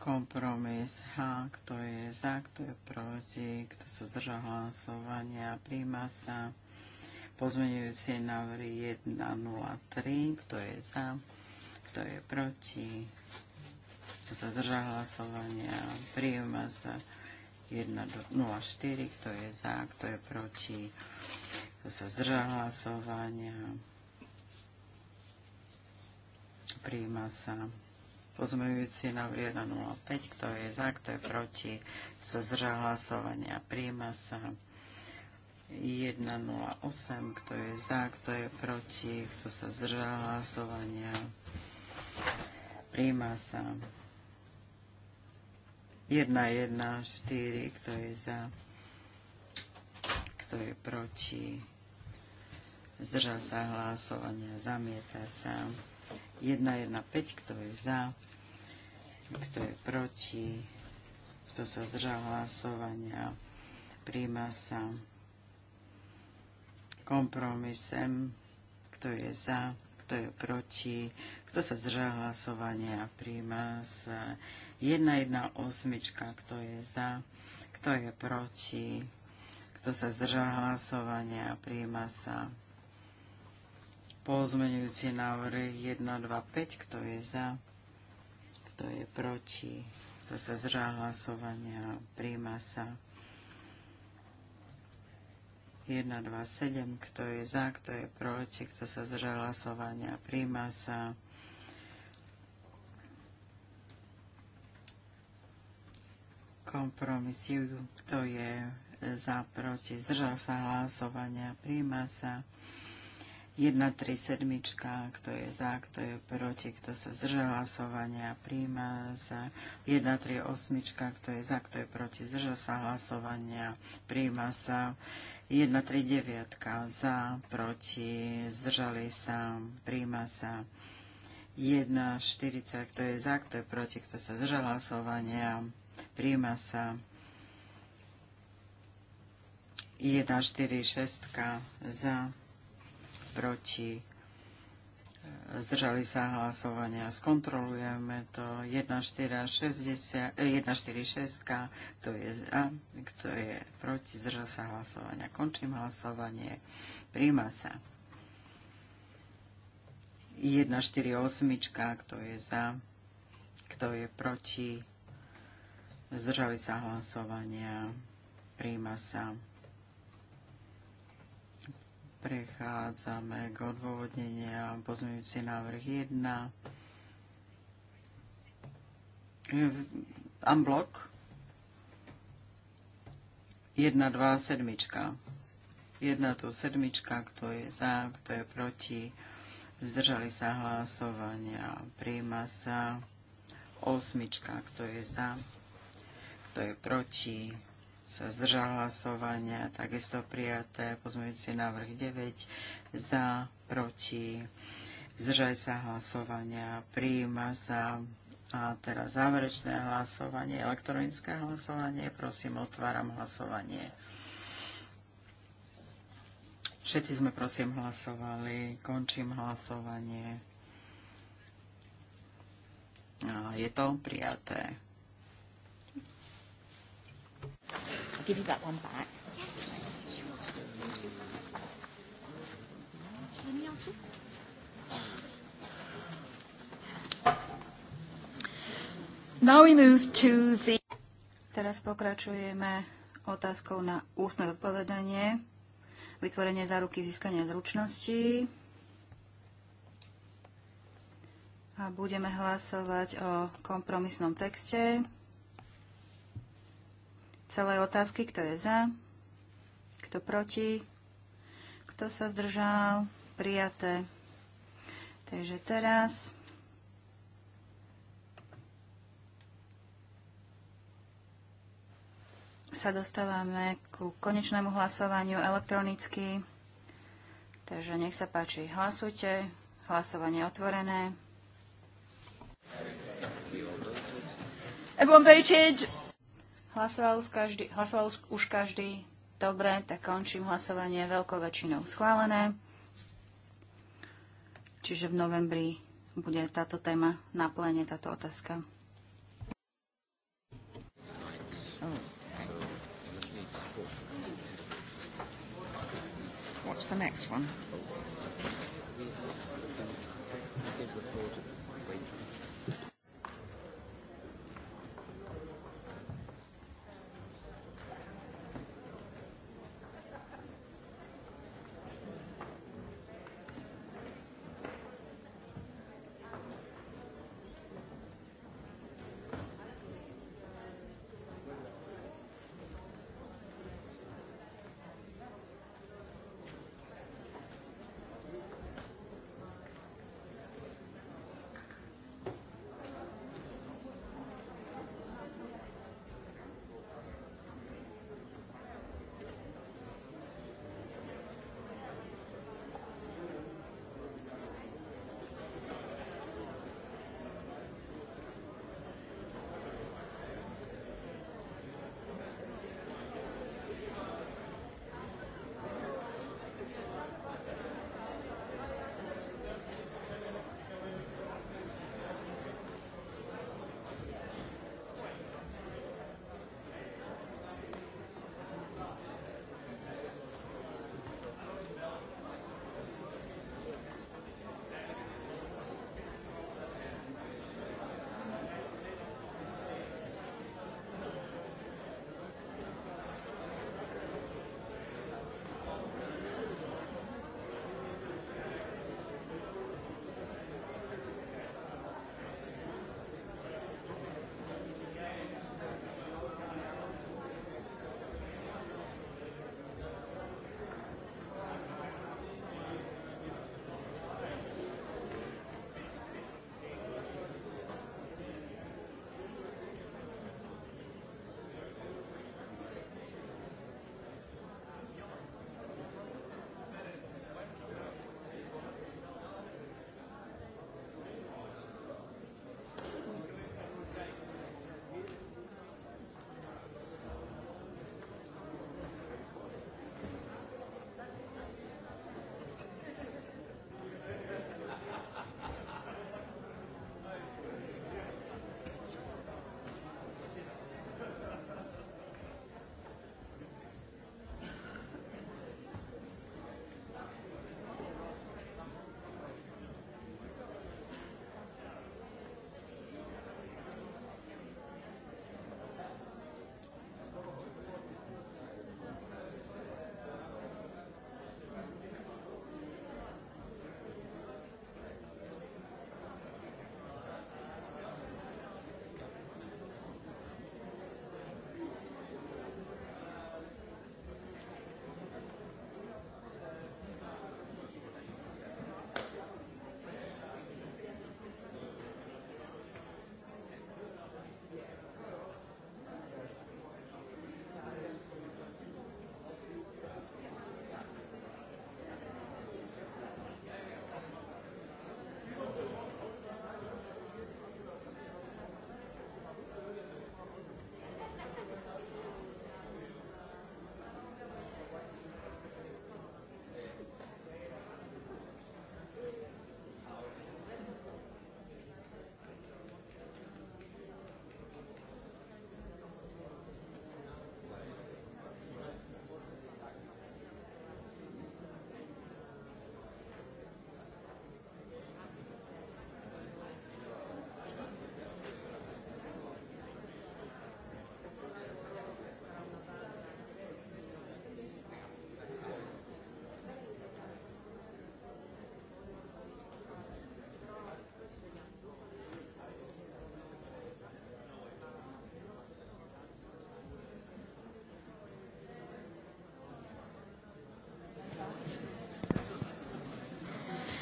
Kompromis H, kto je za, kto je proti, kto sa zdržal hlasovania, príjma sa. Pozmeňujúci návrh 103, kto je za, kto je proti, kto sa zdržal hlasovania, príjma sa. 104, kto je za, kto je proti, kto sa zdržal hlasovania? Príjma sa pozmejúci na 105. Kto je za, kto je proti? Kto sa zdržal hlasovania? Príjma sa 108. Kto je za, kto je proti? Kto sa zdržal hlasovania? Príjma sa 114. Kto je za? Kto je proti? zdržal sa hlasovania, zamieta sa. 1, 1, 5, kto je za, kto je proti, kto sa zdržal hlasovania, príjma sa kompromisem, kto je za, kto je proti, kto sa zdržal hlasovania, príjma sa 1, 1, 8, kto je za, kto je proti, kto sa zdržal hlasovania, príjma sa Pozmenujúci návrh 1, 2, 5. Kto je za? Kto je proti? Kto sa zrá hlasovania? Príjma sa. 1, 2, 7. Kto je za? Kto je proti? Kto sa zrá hlasovania? Príjma sa. kompromisiu, kto je za, proti, zdržal sa hlasovania, príjma sa. 1, 3, 7, kto je za, kto je proti, kto sa zdržal hlasovania, príjma sa 1, 3, 8, kto je za, kto je proti, zdržal sa hlasovania, príjma sa 1, 3, 9, za, proti, zdržali sa, príjma sa 1, 40, kto je za, kto je proti, kto sa zdržal hlasovania, príjma sa 1, 4, 6, za, proti, zdržali sa hlasovania. Skontrolujeme to 1,46, eh, kto je za, kto je proti, zdržal sa hlasovania. Končím hlasovanie, príjma sa. 1,48, kto je za, kto je proti, zdržali sa hlasovania, príjma sa. Prechádzame k odôvodneniu pozmeňujúci návrh 1. Amblok 1, 2, 7. 1 to 7, kto je za, kto je proti. Zdržali sa hlasovania. Príjma sa 8, kto je za, kto je proti sa zdržal hlasovania, takisto prijaté pozmeňujúci návrh 9 za, proti, zdržaj sa hlasovania, prijíma sa a teraz záverečné hlasovanie, elektronické hlasovanie, prosím, otváram hlasovanie. Všetci sme prosím hlasovali, končím hlasovanie. A je to prijaté. I'll give you that one back. Now we move to the... Teraz pokračujeme otázkou na ústne odpovedanie. Vytvorenie záruky získania zručností. A budeme hlasovať o kompromisnom texte celej otázky. Kto je za? Kto proti? Kto sa zdržal? Prijaté. Takže teraz sa dostávame ku konečnému hlasovaniu elektronicky. Takže nech sa páči, hlasujte. Hlasovanie otvorené. Everyone voted. Hlasoval už každý? Hlasoval už každý? Dobre, tak končím hlasovanie veľkou väčšinou schválené. Čiže v novembri bude táto téma na plene, táto otázka. What's the next one?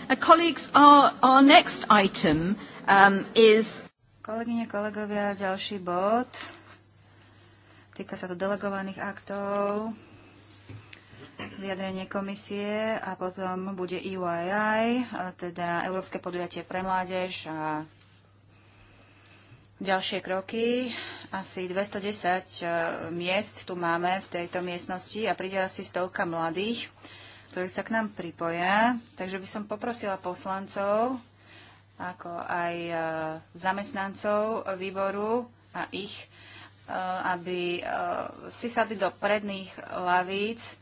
Uh, colleagues, our, our next item um, is... Kolegyne, kolegovia, ďalší bod. Týka sa to delegovaných aktov, vyjadrenie komisie a potom bude EYI, teda Európske podujatie pre mládež a ďalšie kroky. Asi 210 uh, miest tu máme v tejto miestnosti a príde asi stovka mladých ktorí sa k nám pripoja. Takže by som poprosila poslancov, ako aj e, zamestnancov výboru a ich, e, aby e, si sadli do predných lavíc.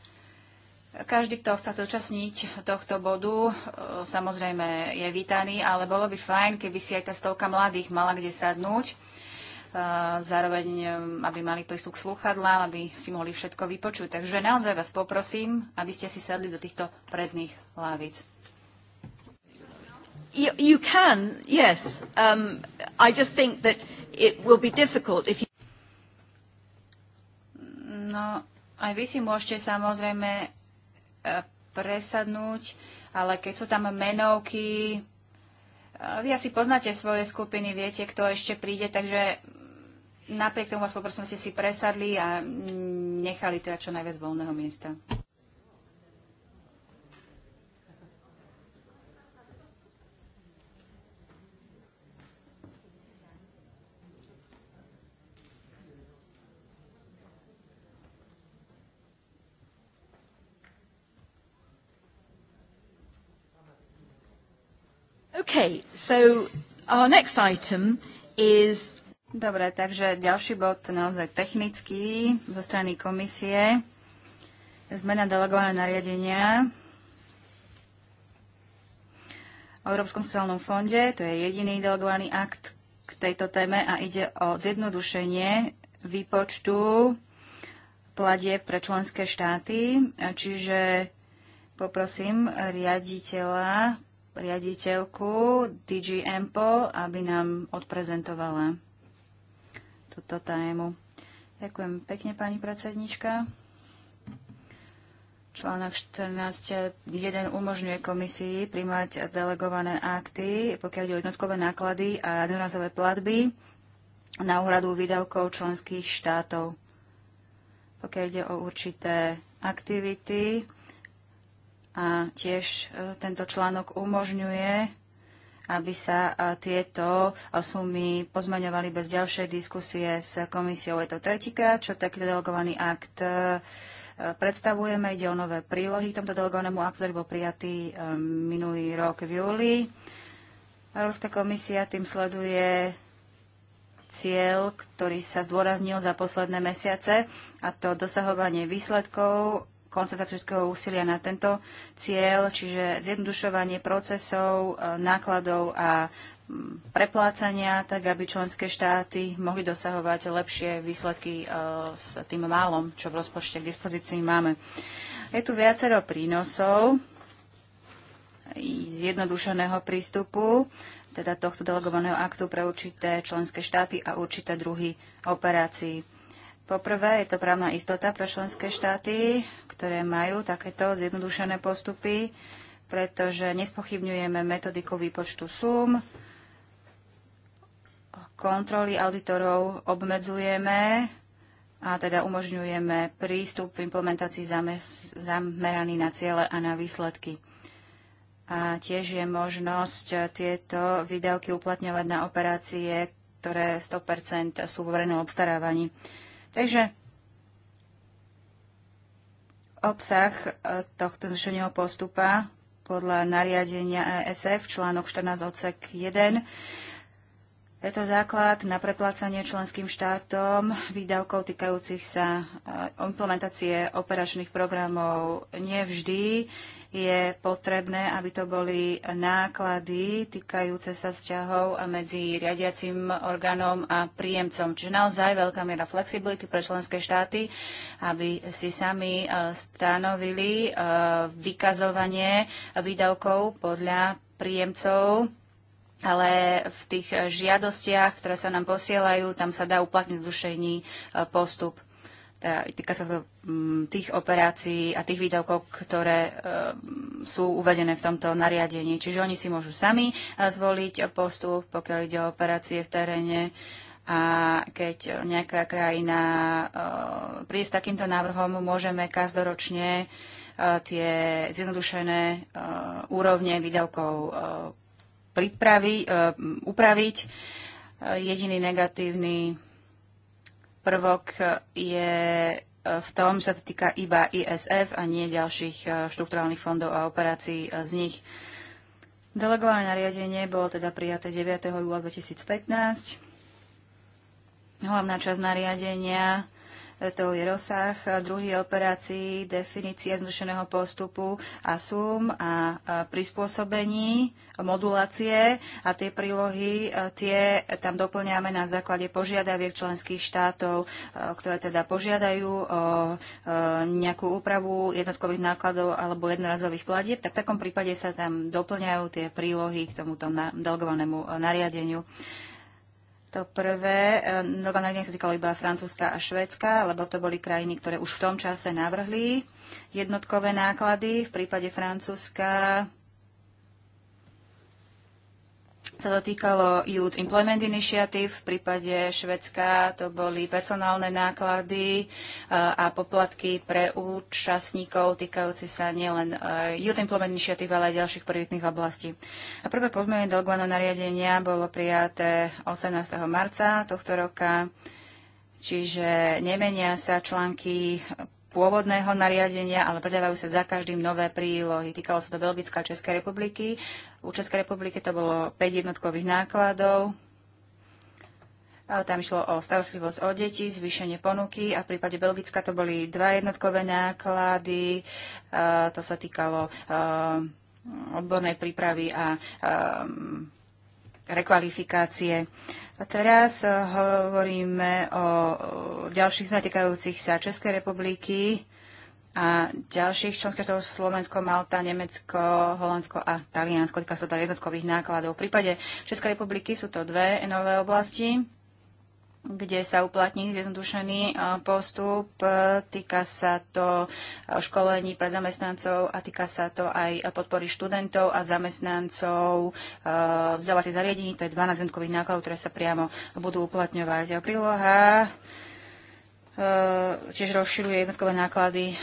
Každý, kto sa chce zúčastniť tohto bodu, samozrejme je vítaný, ale bolo by fajn, keby si aj tá stovka mladých mala kde sadnúť zároveň aby mali prístup k sluchadlám, aby si mohli všetko vypočuť. Takže naozaj vás poprosím, aby ste si sedli do týchto predných lávic. You, you can, yes. Um, I just think that it will be difficult if you... No, aj vy si môžete samozrejme e, presadnúť, ale keď sú tam menovky, e, vy asi poznáte svoje skupiny, viete, kto ešte príde, takže napriek tomu vás poprosím, ste si presadli a nechali teda čo najviac voľného miesta. Okay, so our next item is Dobre, takže ďalší bod naozaj technický zo strany komisie. Zmena delegované nariadenia o Európskom sociálnom fonde. To je jediný delegovaný akt k tejto téme a ide o zjednodušenie výpočtu platie pre členské štáty. Čiže poprosím riaditeľa, riaditeľku DG Ample, aby nám odprezentovala túto tému. Ďakujem pekne, pani predsednička. Článok 14.1 umožňuje komisii príjmať delegované akty, pokiaľ ide o jednotkové náklady a jednorazové platby na úhradu výdavkov členských štátov. Pokiaľ ide o určité aktivity a tiež e, tento článok umožňuje aby sa tieto sumy pozmaňovali bez ďalšej diskusie s komisiou. Je to tretíkrát, čo takýto delegovaný akt e, predstavujeme. Ide o nové prílohy k tomto delegovanému aktu, ktorý bol prijatý e, minulý rok v júli. Európska komisia tým sleduje cieľ, ktorý sa zdôraznil za posledné mesiace, a to dosahovanie výsledkov koncentráciu všetkého úsilia na tento cieľ, čiže zjednodušovanie procesov, e, nákladov a mm, preplácania, tak aby členské štáty mohli dosahovať lepšie výsledky e, s tým málom, čo v rozpočte k dispozícii máme. Je tu viacero prínosov zjednodušeného prístupu, teda tohto delegovaného aktu pre určité členské štáty a určité druhy operácií. Poprvé je to právna istota pre členské štáty, ktoré majú takéto zjednodušené postupy, pretože nespochybňujeme metodiku výpočtu sum, kontroly auditorov obmedzujeme a teda umožňujeme prístup v implementácii zameraný na ciele a na výsledky. A tiež je možnosť tieto výdavky uplatňovať na operácie, ktoré 100% sú vo verejnom obstarávaní. Takže Obsah e, tohto zrušeného postupa podľa nariadenia ESF, článok 14 odsek 1, je to základ na preplácanie členským štátom výdavkov týkajúcich sa e, implementácie operačných programov. Nevždy je potrebné, aby to boli náklady týkajúce sa vzťahov medzi riadiacim orgánom a príjemcom. Čiže naozaj veľká miera flexibility pre členské štáty, aby si sami e, stanovili e, vykazovanie výdavkov podľa príjemcov ale v tých žiadostiach, ktoré sa nám posielajú, tam sa dá uplatniť zdušení e, postup. Týka sa to mm, tých operácií a tých výdavkov, ktoré e, sú uvedené v tomto nariadení. Čiže oni si môžu sami e, zvoliť postup, pokiaľ ide o operácie v teréne. A keď nejaká krajina e, príde s takýmto návrhom, môžeme každoročne tie zjednodušené úrovne výdavkov pripravi, upraviť. Jediný negatívny prvok je e, v tom, že sa to týka iba ISF a nie ďalších e, štrukturálnych fondov a operácií e, z nich. Delegované nariadenie bolo teda prijaté 9. júla 2015. Hlavná časť nariadenia to je rozsah druhý operácií, definícia zrušeného postupu a sum a prispôsobení, modulácie a tie prílohy, tie tam doplňame na základe požiadaviek členských štátov, ktoré teda požiadajú o nejakú úpravu jednotkových nákladov alebo jednorazových platieb, tak v takom prípade sa tam doplňajú tie prílohy k tomuto delgovanému nariadeniu. To prvé, e, nová nariadenie sa týkalo iba Francúzska a Švédska, lebo to boli krajiny, ktoré už v tom čase navrhli jednotkové náklady. V prípade Francúzska sa to týkalo Youth Employment Initiative, v prípade Švedska to boli personálne náklady eh, a poplatky pre účastníkov týkajúci sa nielen eh, Youth Employment Initiative, ale aj ďalších prioritných oblastí. A prvé podmienenie Dolguano nariadenia bolo prijaté 18. marca tohto roka, čiže nemenia sa články pôvodného nariadenia, ale predávajú sa za každým nové prílohy. Týkalo sa to Belgická a Českej republiky. U Českej republiky to bolo 5 jednotkových nákladov. tam išlo o starostlivosť o deti, zvýšenie ponuky a v prípade Belgicka to boli dva jednotkové náklady. to sa týkalo odbornej prípravy a rekvalifikácie. A teraz eh, hovoríme o ďalších znatekajúcich sa Českej republiky a ďalších členských štátov Slovensko, Malta, Nemecko, Holandsko a Taliansko. Týka sa to jednotkových nákladov. V prípade Českej republiky sú to dve nové oblasti kde sa uplatní zjednodušený e, postup. E, týka sa to e, školení pre zamestnancov a týka sa to aj podpory študentov a zamestnancov vzdelávacích zariadení. To je 12 zjednodušených nákladov, ktoré sa priamo budú uplatňovať. Príloha Eh, tiež rozširuje jednotkové náklady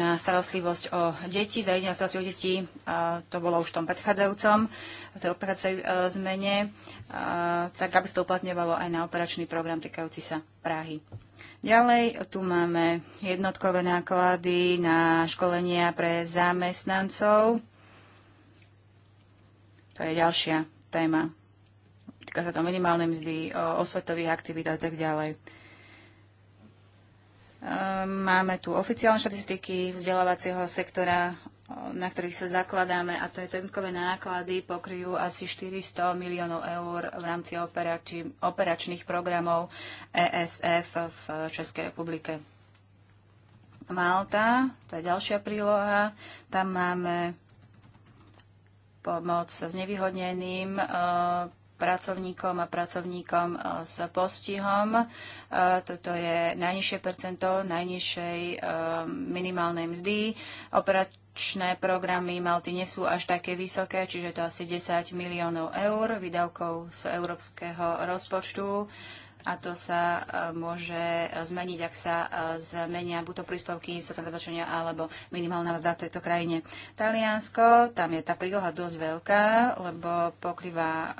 na starostlivosť o deti, zariadenia starostlivosti o deti, to bolo už v tom predchádzajúcom, v tej operácej eh, zmene, eh, tak aby sa to uplatňovalo aj na operačný program týkajúci sa Prahy. Ďalej tu máme jednotkové náklady na školenia pre zamestnancov. To je ďalšia téma. Týka sa to minimálnej mzdy, osvetových aktivít a tak ďalej. Máme tu oficiálne štatistiky vzdelávacieho sektora, na ktorých sa zakladáme, a to je tenkové náklady pokryjú asi 400 miliónov eur v rámci operači, operačných programov ESF v Českej republike. Malta, to je ďalšia príloha, tam máme pomoc s nevyhodneným pracovníkom a pracovníkom eh, s postihom. Eh, toto je najnižšie percento najnižšej eh, minimálnej mzdy. Operačné programy Malty nie sú až také vysoké, čiže to asi 10 miliónov eur výdavkov z európskeho rozpočtu a to sa e, môže e, zmeniť, ak sa e, zmenia buď to príspevky sociálne zabezpečenia alebo minimálna mzda v tejto krajine. Taliansko, tam je tá príloha dosť veľká, lebo pokrýva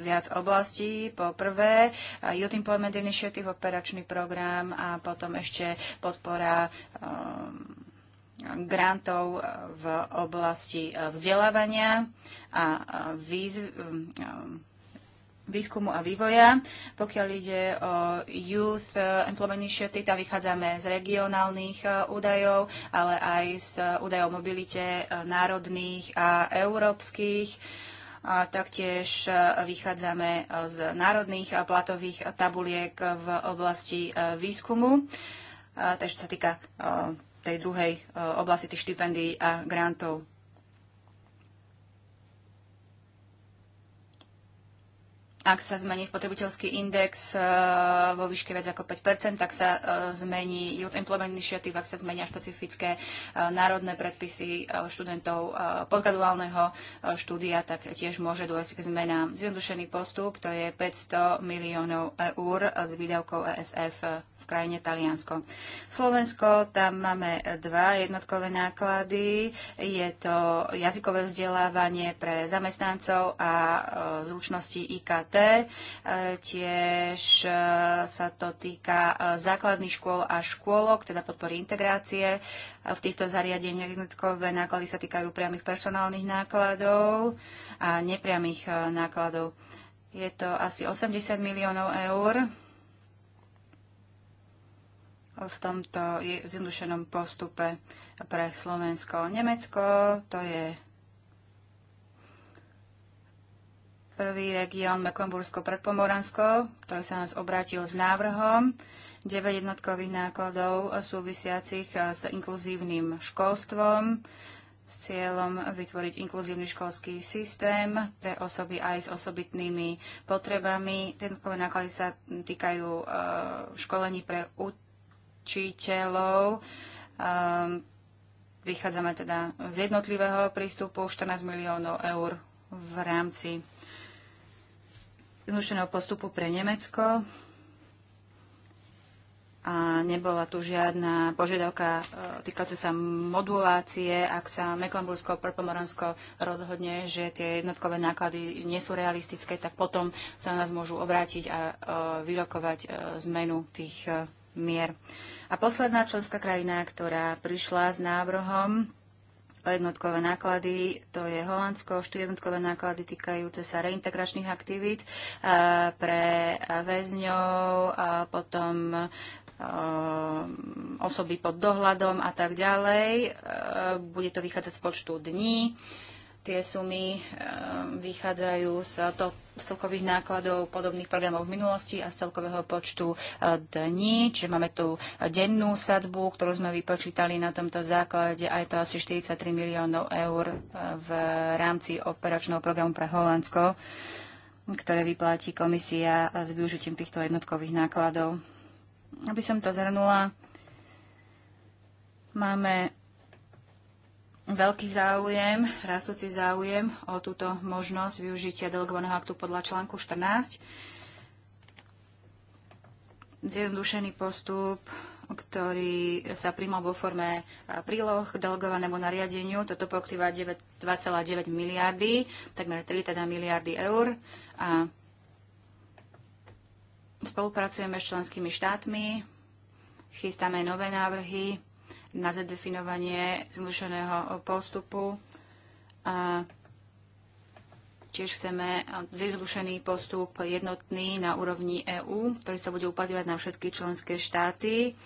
viac oblastí. Po prvé, Youth Employment Initiative, operačný program a potom ešte podpora grantov v oblasti vzdelávania a výzv, výskumu a vývoja. Pokiaľ ide o Youth eh, Employment Initiative, tam vychádzame z regionálnych eh, údajov, ale aj z údajov o mobilite eh, národných a európskych. A taktiež vychádzame z národných platových tabuliek v oblasti výskumu. Takže sa týka tej druhej oblasti tých štipendií a grantov. Ak sa zmení spotrebiteľský index e, vo výške viac ako 5 tak sa e, zmení Youth Employment Initiative, ak sa zmenia špecifické e, národné predpisy študentov podgraduálneho štúdia, tak tiež môže dôjsť k zmenám. Zjednodušený postup, to je 500 miliónov eur s výdavkou ESF v krajine Taliansko. Slovensko, tam máme dva jednotkové náklady. Je to jazykové vzdelávanie pre zamestnancov a zručnosti IKT dôležité. E, tiež e, sa to týka e, základných škôl a škôlok, teda podpory integrácie. V týchto zariadeniach jednotkové náklady sa týkajú priamých personálnych nákladov a nepriamých nákladov. Je to asi 80 miliónov eur v tomto zjednodušenom postupe pre Slovensko. Nemecko to je Prvý región Mecklenbursko predpomoransko, ktorý sa nás obrátil s návrhom 9 jednotkových nákladov súvisiacich eh, s inkluzívnym školstvom s cieľom vytvoriť inkluzívny školský systém pre osoby aj s osobitnými potrebami. Jednotkové náklady sa týkajú eh, školení pre učiteľov. Ehm, vychádzame teda z jednotlivého prístupu 14 miliónov eur v rámci zrušeného postupu pre Nemecko a nebola tu žiadna požiadavka e, týkajúca sa modulácie, ak sa Mecklenbursko, Prpomoransko rozhodne, že tie jednotkové náklady nie sú realistické, tak potom sa nás môžu obrátiť a e, vyrokovať e, zmenu tých mier. A posledná členská krajina, ktorá prišla s návrhom jednotkové náklady, to je Holandsko, 4 jednotkové náklady týkajúce sa reintegračných aktivít e, pre väzňov, a potom e, osoby pod dohľadom a tak ďalej. E, bude to vychádzať z počtu dní. Tie sumy vychádzajú z toho z celkových nákladov podobných programov v minulosti a z celkového počtu e, dní. Čiže máme tu dennú sadzbu, ktorú sme vypočítali na tomto základe a je to asi 43 miliónov eur e, v rámci operačného programu pre Holandsko, ktoré vyplatí komisia s využitím týchto jednotkových nákladov. Aby som to zhrnula, máme veľký záujem, rastúci záujem o túto možnosť využitia delegovaného aktu podľa článku 14. Zjednodušený postup, ktorý sa príjmal vo forme e, príloh k delegovanému nariadeniu. Toto pokrýva 2,9 miliardy, takmer 3 teda miliardy eur. A spolupracujeme s členskými štátmi, chystáme nové návrhy na zadefinovanie zlušeného postupu a tiež chceme zjednodušený postup jednotný na úrovni EÚ, ktorý sa bude uplatňovať na všetky členské štáty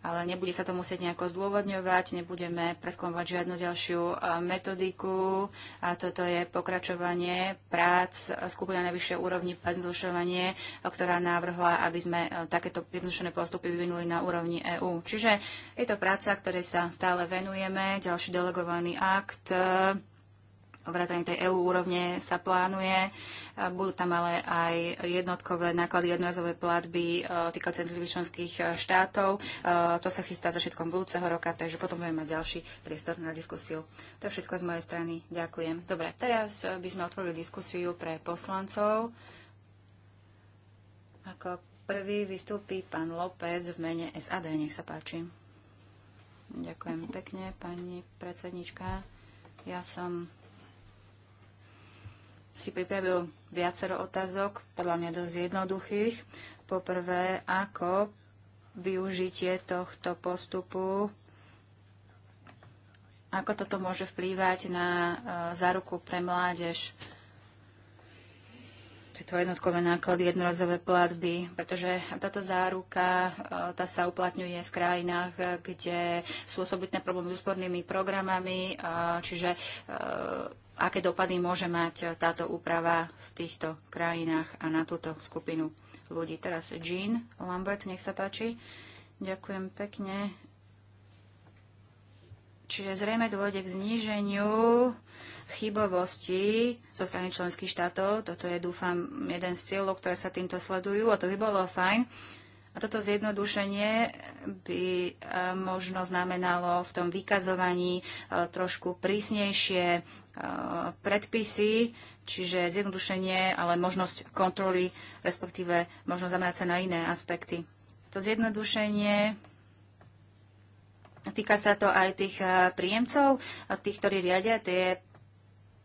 ale nebude sa to musieť nejako zdôvodňovať, nebudeme preskúmovať žiadnu ďalšiu e, metodiku a toto je pokračovanie prác skupina na vyššej úrovni pre zjednodušovanie, e, ktorá návrhla, aby sme e, takéto jednodušené postupy vyvinuli na úrovni EÚ. Čiže je to práca, ktorej sa stále venujeme, ďalší delegovaný akt, vrátane tej EU úrovne sa plánuje. Budú tam ale aj jednotkové náklady, jednorazové platby e, týka jednotlivých členských e, štátov. E, to sa chystá za všetkom budúceho roka, takže potom budeme mať ďalší priestor na diskusiu. To je všetko z mojej strany. Ďakujem. Dobre, teraz by sme otvorili diskusiu pre poslancov. Ako prvý vystúpi pán López v mene SAD. Nech sa páči. Ďakujem pekne, pani predsednička. Ja som si pripravil viacero otázok, podľa mňa dosť jednoduchých. Poprvé, ako využitie tohto postupu, ako toto môže vplývať na e, záruku pre mládež, tieto jednotkové náklady, jednorazové platby, pretože táto záruka, e, tá sa uplatňuje v krajinách, e, kde sú osobitné problémy s úspornými programami, čiže aké dopady môže mať táto úprava v týchto krajinách a na túto skupinu ľudí. Teraz Jean Lambert, nech sa páči. Ďakujem pekne. Čiže zrejme dôjde k zníženiu chybovosti zo strany členských štátov. Toto je, dúfam, jeden z cieľov, ktoré sa týmto sledujú a to by bolo fajn. A toto zjednodušenie by e, možno znamenalo v tom vykazovaní e, trošku prísnejšie e, predpisy, čiže zjednodušenie, ale možnosť kontroly, respektíve možnosť zamerať sa na iné aspekty. To zjednodušenie týka sa to aj tých príjemcov, tých, ktorí riadia tie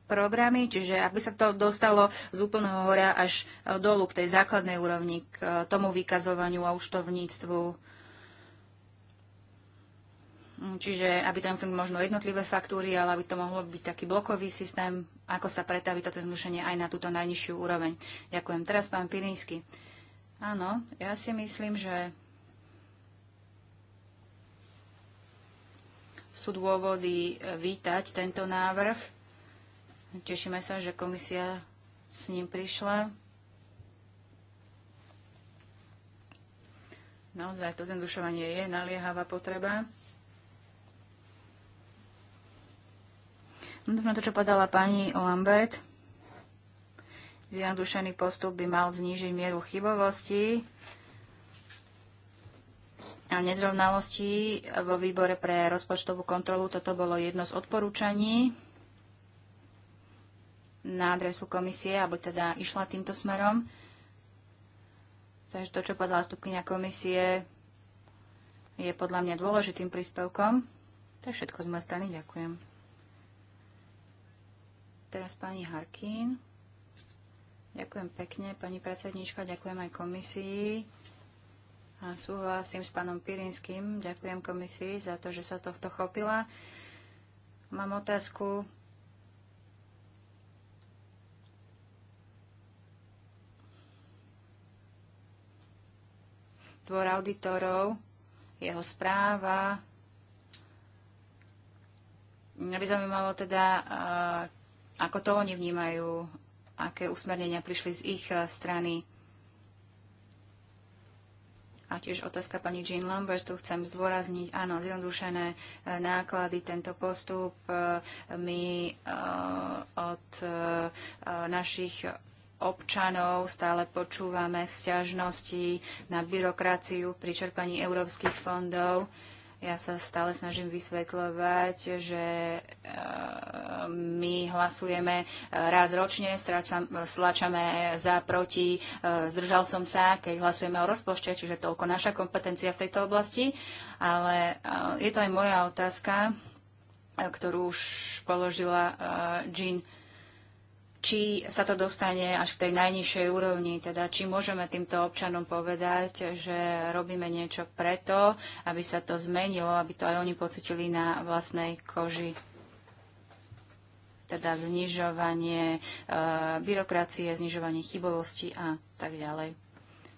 programy, čiže aby sa to dostalo z úplného hora až e, dolu k tej základnej úrovni, k e, tomu vykazovaniu a uštovníctvu. Mm, čiže aby tam sú možno jednotlivé faktúry, ale aby to mohlo byť taký blokový systém, ako sa pretaví toto zrušenie aj na túto najnižšiu úroveň. Ďakujem. Teraz pán Pirinsky. Áno, ja si myslím, že sú dôvody e, vítať tento návrh Tešíme sa, že komisia s ním prišla. Naozaj to zendušovanie je naliehavá potreba. Na to, čo povedala pani Lambert, zjednodušený postup by mal znížiť mieru chybovosti a nezrovnalosti vo výbore pre rozpočtovú kontrolu. Toto bolo jedno z odporúčaní na adresu komisie, aby teda išla týmto smerom. Takže to, čo povedala stupkynia komisie, je podľa mňa dôležitým príspevkom. To je všetko z mojej strany. Ďakujem. Teraz pani Harkín. Ďakujem pekne, pani predsednička, ďakujem aj komisii. A súhlasím s pánom Pirinským. Ďakujem komisii za to, že sa tohto chopila. Mám otázku dvor auditorov, jeho správa. Mňa by zaujímalo teda, ako to oni vnímajú, aké usmernenia prišli z ich strany. A tiež otázka pani Jean Lambert, tu chcem zdôrazniť, áno, zjednodušené e, náklady, tento postup. E, my e, od našich občanov, stále počúvame sťažnosti na byrokraciu pri čerpaní európskych fondov. Ja sa stále snažím vysvetľovať, že eh, my hlasujeme eh, raz ročne, stlačame za proti, eh, zdržal som sa, keď hlasujeme o rozpočte, čiže toľko naša kompetencia v tejto oblasti. Ale je to aj moja otázka, ktorú už položila Jean či sa to dostane až k tej najnižšej úrovni, teda či môžeme týmto občanom povedať, že robíme niečo preto, aby sa to zmenilo, aby to aj oni pocitili na vlastnej koži teda znižovanie e, byrokracie, znižovanie chybovosti a tak ďalej.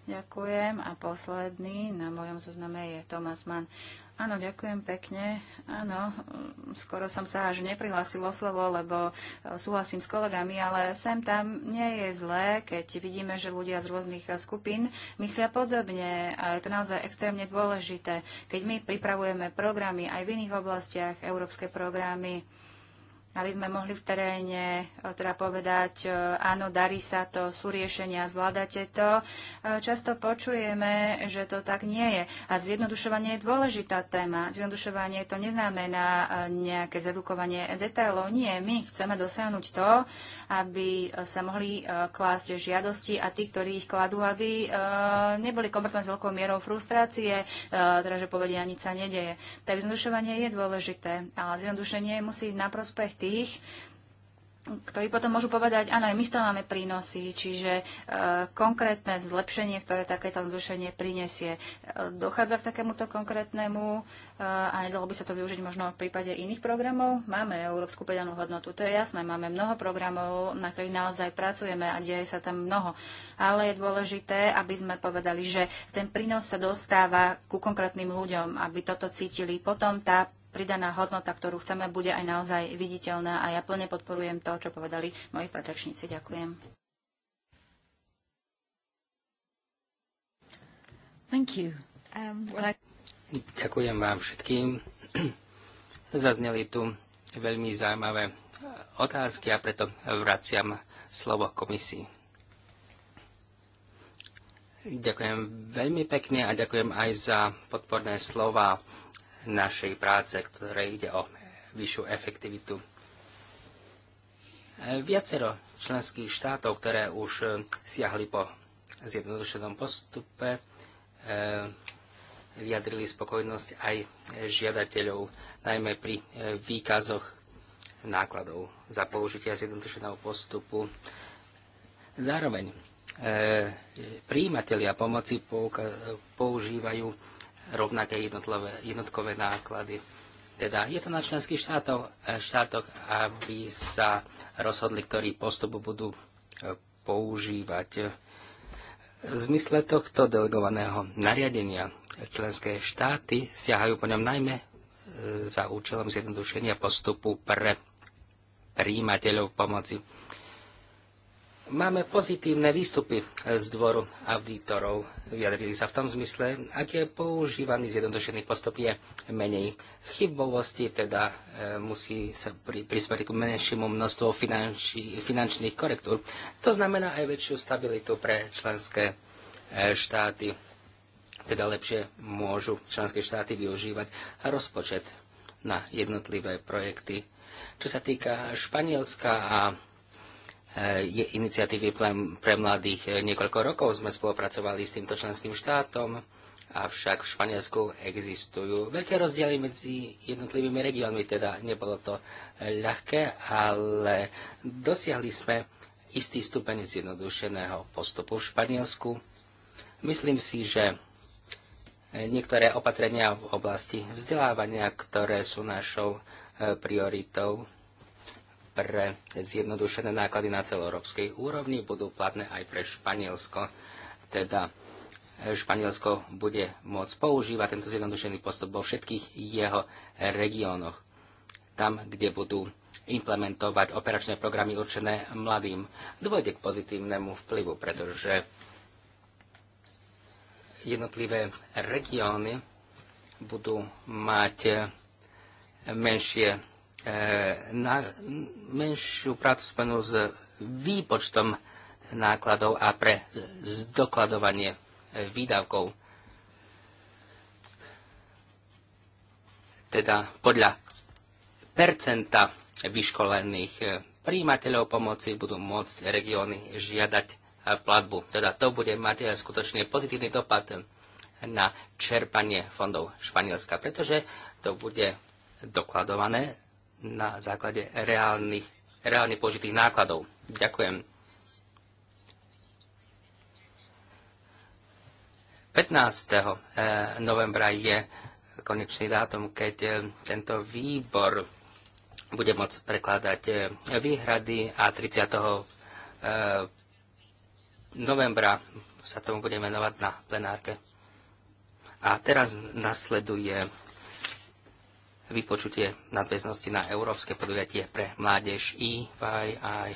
Ďakujem. A posledný na mojom zozname je Thomas Mann. Áno, ďakujem pekne. Áno, skoro som sa až neprihlásil o slovo, lebo e, súhlasím s kolegami, ale sem tam nie je zlé, keď vidíme, že ľudia z rôznych e, skupín myslia podobne a je to naozaj extrémne dôležité. Keď my pripravujeme programy aj v iných oblastiach, európske programy, aby sme mohli v teréne e, teda povedať, e, áno, darí sa to, sú riešenia, zvládate to. E, často počujeme, že to tak nie je. A zjednodušovanie je dôležitá téma. Zjednodušovanie to neznamená nejaké zedukovanie detailov. Nie, my chceme dosiahnuť to, aby sa mohli klásť žiadosti a tí, ktorí ich kladú, aby neboli kompletné s veľkou mierou frustrácie, teda že povedia, nič sa nedeje. Tak zjednodušovanie je dôležité, ale zjednodušenie musí ísť na prospech tých, ktorí potom môžu povedať, áno, aj my z toho máme prínosy, čiže e, konkrétne zlepšenie, ktoré takéto zrušenie prinesie. E, dochádza k takémuto konkrétnemu e, a nedalo by sa to využiť možno v prípade iných programov. Máme európsku pridanú hodnotu, to je jasné, máme mnoho programov, na ktorých naozaj pracujeme a deje sa tam mnoho. Ale je dôležité, aby sme povedali, že ten prínos sa dostáva ku konkrétnym ľuďom, aby toto cítili. Potom tá pridaná hodnota, ktorú chceme, bude aj naozaj viditeľná a ja plne podporujem to, čo povedali moji predrečníci. Ďakujem. Thank you. Um, I... Ďakujem vám všetkým. Zazneli tu veľmi zaujímavé otázky a preto vraciam slovo komisii. Ďakujem veľmi pekne a ďakujem aj za podporné slova našej práce, ktoré ide o vyššiu efektivitu. E, viacero členských štátov, ktoré už e, siahli po zjednodušenom postupe, e, vyjadrili spokojnosť aj žiadateľov, najmä pri výkazoch nákladov za použitia zjednodušeného postupu. Zároveň príjimatelia pomoci používajú rovnaké jednotkové náklady. Teda je to na členských štátoch, e, štátoch aby sa rozhodli, ktorý postup budú e, používať. E, v zmysle tohto delegovaného nariadenia členské štáty siahajú po ňom najmä za účelom zjednodušenia postupu pre príjimateľov pomoci. Máme pozitívne výstupy z dvoru auditorov. Vyjadrili sa v tom zmysle, ak je používaný zjednodušený postup je menej chybovosti, teda e, musí sa pri, prispieť k menšiemu množstvu finanči, finančných korektúr. To znamená aj väčšiu stabilitu pre členské e, štáty. Teda lepšie môžu členské štáty využívať rozpočet na jednotlivé projekty. Čo sa týka Španielska a iniciatívy pre mladých e, niekoľko rokov sme spolupracovali s týmto členským štátom, avšak v Španielsku existujú veľké rozdiely medzi jednotlivými regiónmi, teda nebolo to e, ľahké, ale dosiahli sme istý stupeň zjednodušeného postupu v Španielsku. Myslím si, že e, niektoré opatrenia v oblasti vzdelávania, ktoré sú našou prioritou, pre zjednodušené náklady na celoeurópskej úrovni budú platné aj pre Španielsko. Teda e, Španielsko bude môcť používať tento zjednodušený postup vo všetkých jeho regiónoch. Tam, kde budú implementovať operačné programy určené mladým, dôjde k pozitívnemu vplyvu, pretože jednotlivé regióny budú mať menšie E, na menšiu prácu spojenú s výpočtom nákladov a pre zdokladovanie e, výdavkov. Teda podľa percenta vyškolených e, príjimateľov pomoci budú môcť regióny žiadať platbu. Teda to bude mať skutočne pozitívny dopad na čerpanie fondov Španielska, pretože to bude dokladované na základe reálnych, reálne požitých nákladov. Ďakujem. 15. Eh, novembra je konečný dátum, keď eh, tento výbor bude môcť prekladať eh, výhrady a 30. novembra sa tomu bude venovať na plenárke. A teraz nasleduje vypočutie nadväznosti na Európske podujatie pre mládež EYI.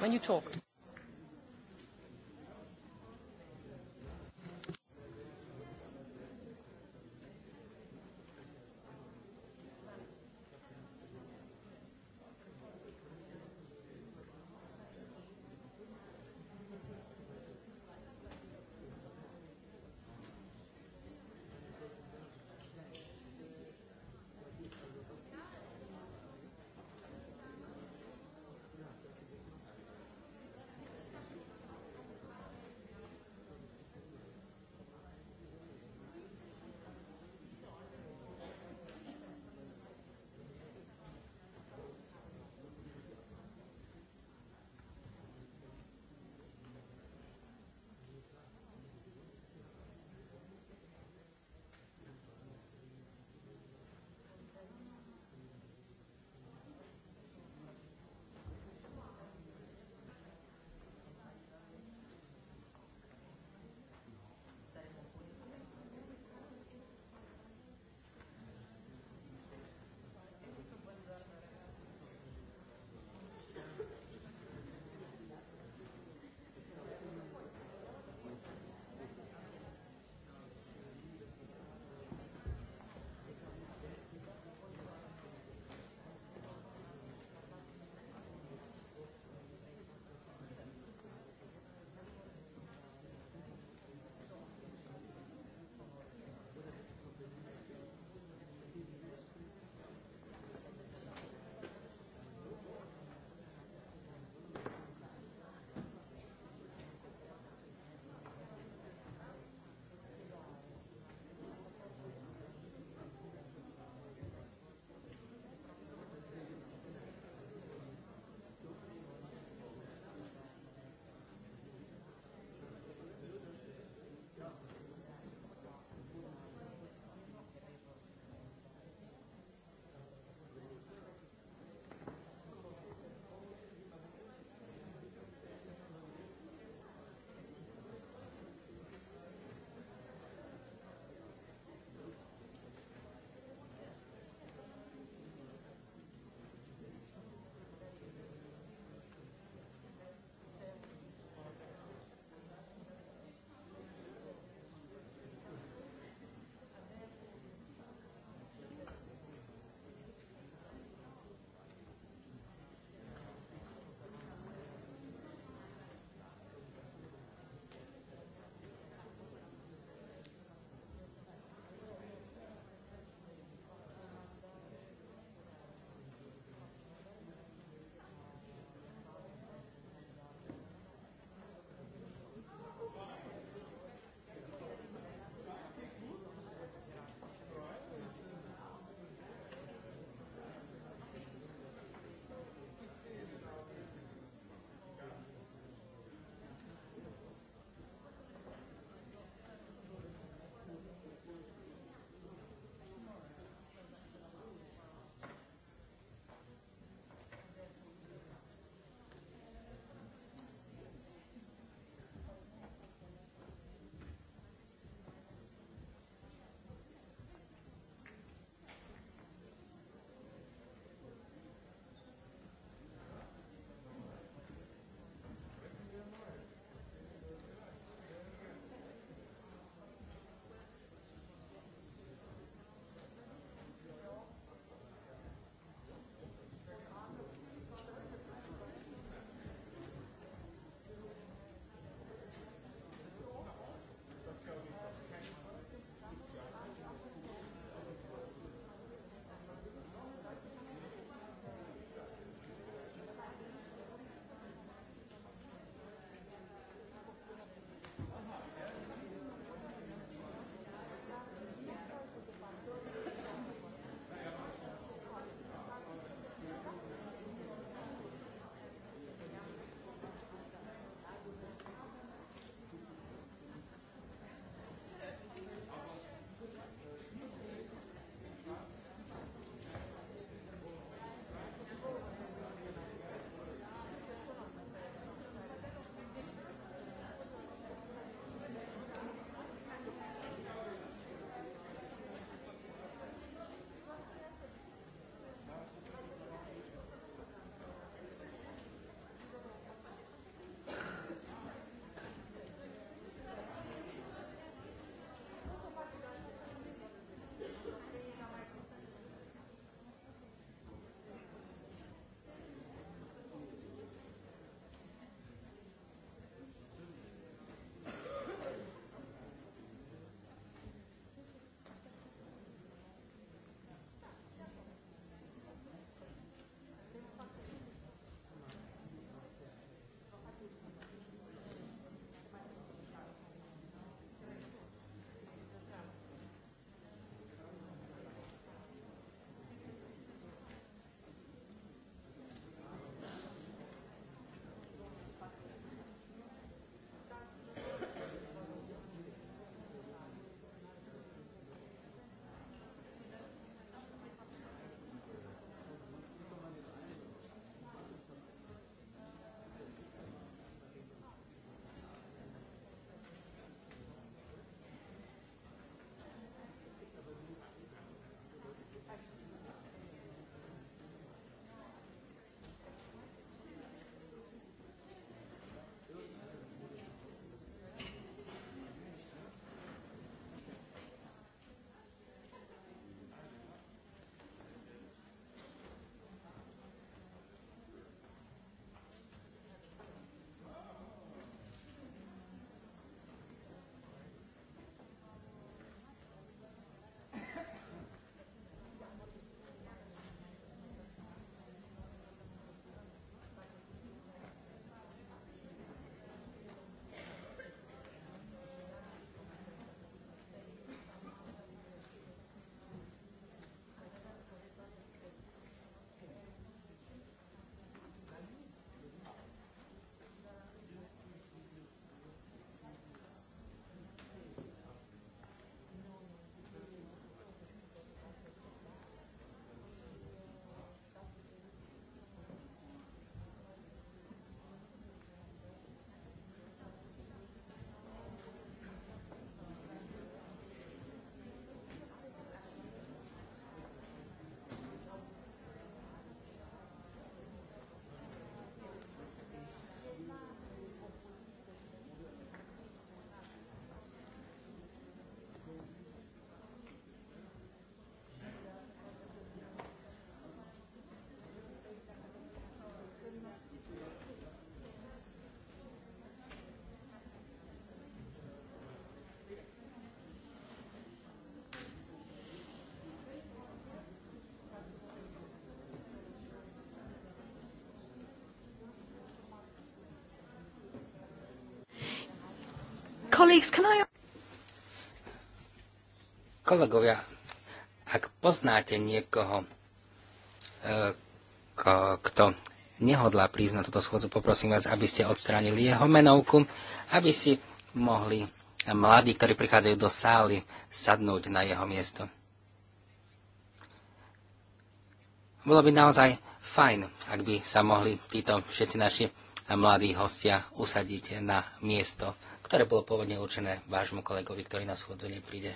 when you talk. colleagues, can I... Kolegovia, ak poznáte niekoho, e, kto nehodlá prísť na túto schôdzu, poprosím vás, aby ste odstránili jeho menovku, aby si mohli mladí, ktorí prichádzajú do sály, sadnúť na jeho miesto. Bolo by naozaj fajn, ak by sa mohli títo všetci naši mladí hostia usadiť na miesto, ktoré bolo pôvodne určené vášmu kolegovi, ktorý na schôdzu nepríde.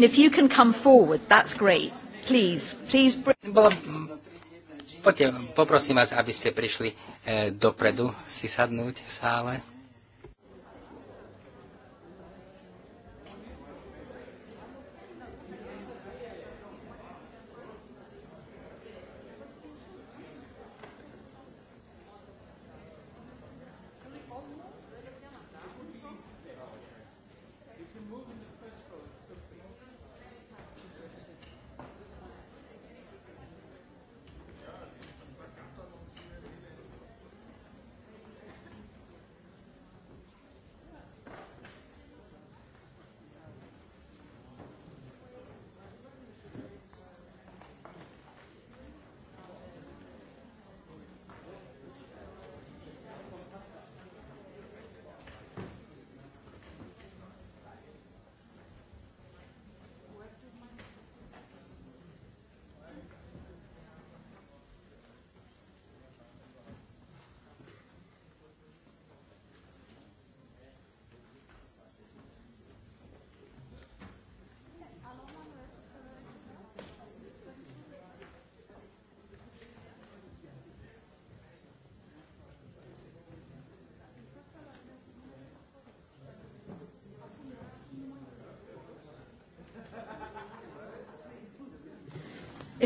mean, if you can come forward, that's great. Please, please bring... poďte, poprosím vás, aby ste prišli eh, dopredu si sadnúť v sále.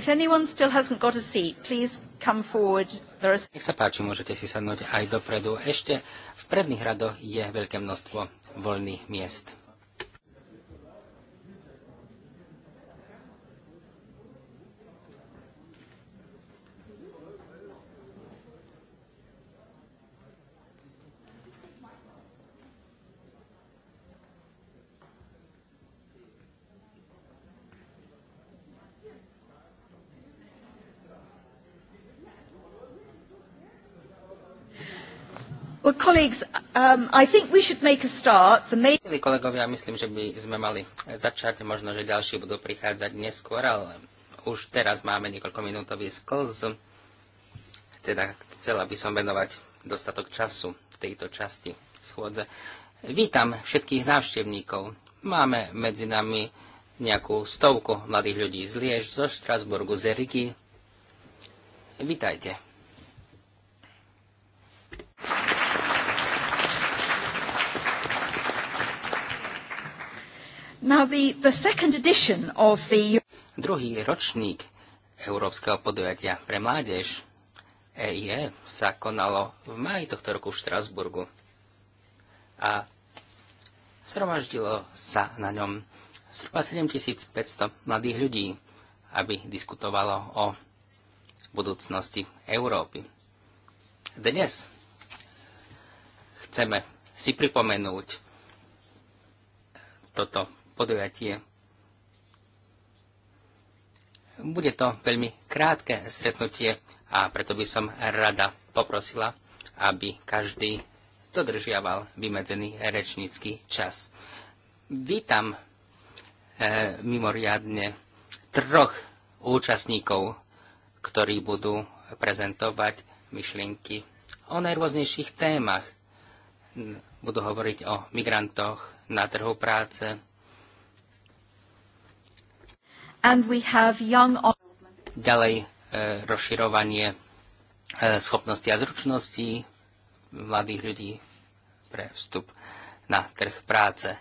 If anyone still hasn't got a seat, please come forward. There Nech sa páči, môžete si sadnúť aj dopredu. Ešte v predných radoch je veľké množstvo voľných miest. Um, Milí kolegovia, myslím, že by sme mali začať, možno, že ďalší budú prichádzať neskôr, ale už teraz máme niekoľko minútový sklz. Teda chcela by som venovať dostatok času tejto časti schôdze. Vítam všetkých návštevníkov. Máme medzi nami nejakú stovku mladých ľudí z Liež, zo Štrasburgu, z Riky. Vítajte. Now the, the second edition of the... Druhý ročník Európskeho podujatia pre mládež EIE e, sa konalo v maji tohto roku v Štrasburgu a zhromaždilo sa na ňom zhruba 7500 mladých ľudí, aby diskutovalo o budúcnosti Európy. Dnes chceme si pripomenúť toto podujatie. Bude to veľmi krátke stretnutie a preto by som rada poprosila, aby každý dodržiaval vymedzený rečnícky čas. Vítam e, mimoriadne troch účastníkov, ktorí budú prezentovať myšlienky o najrôznejších témach. Budú hovoriť o migrantoch na trhu práce, Ďalej e, rozširovanie e, schopností a zručností mladých ľudí pre vstup na trh práce.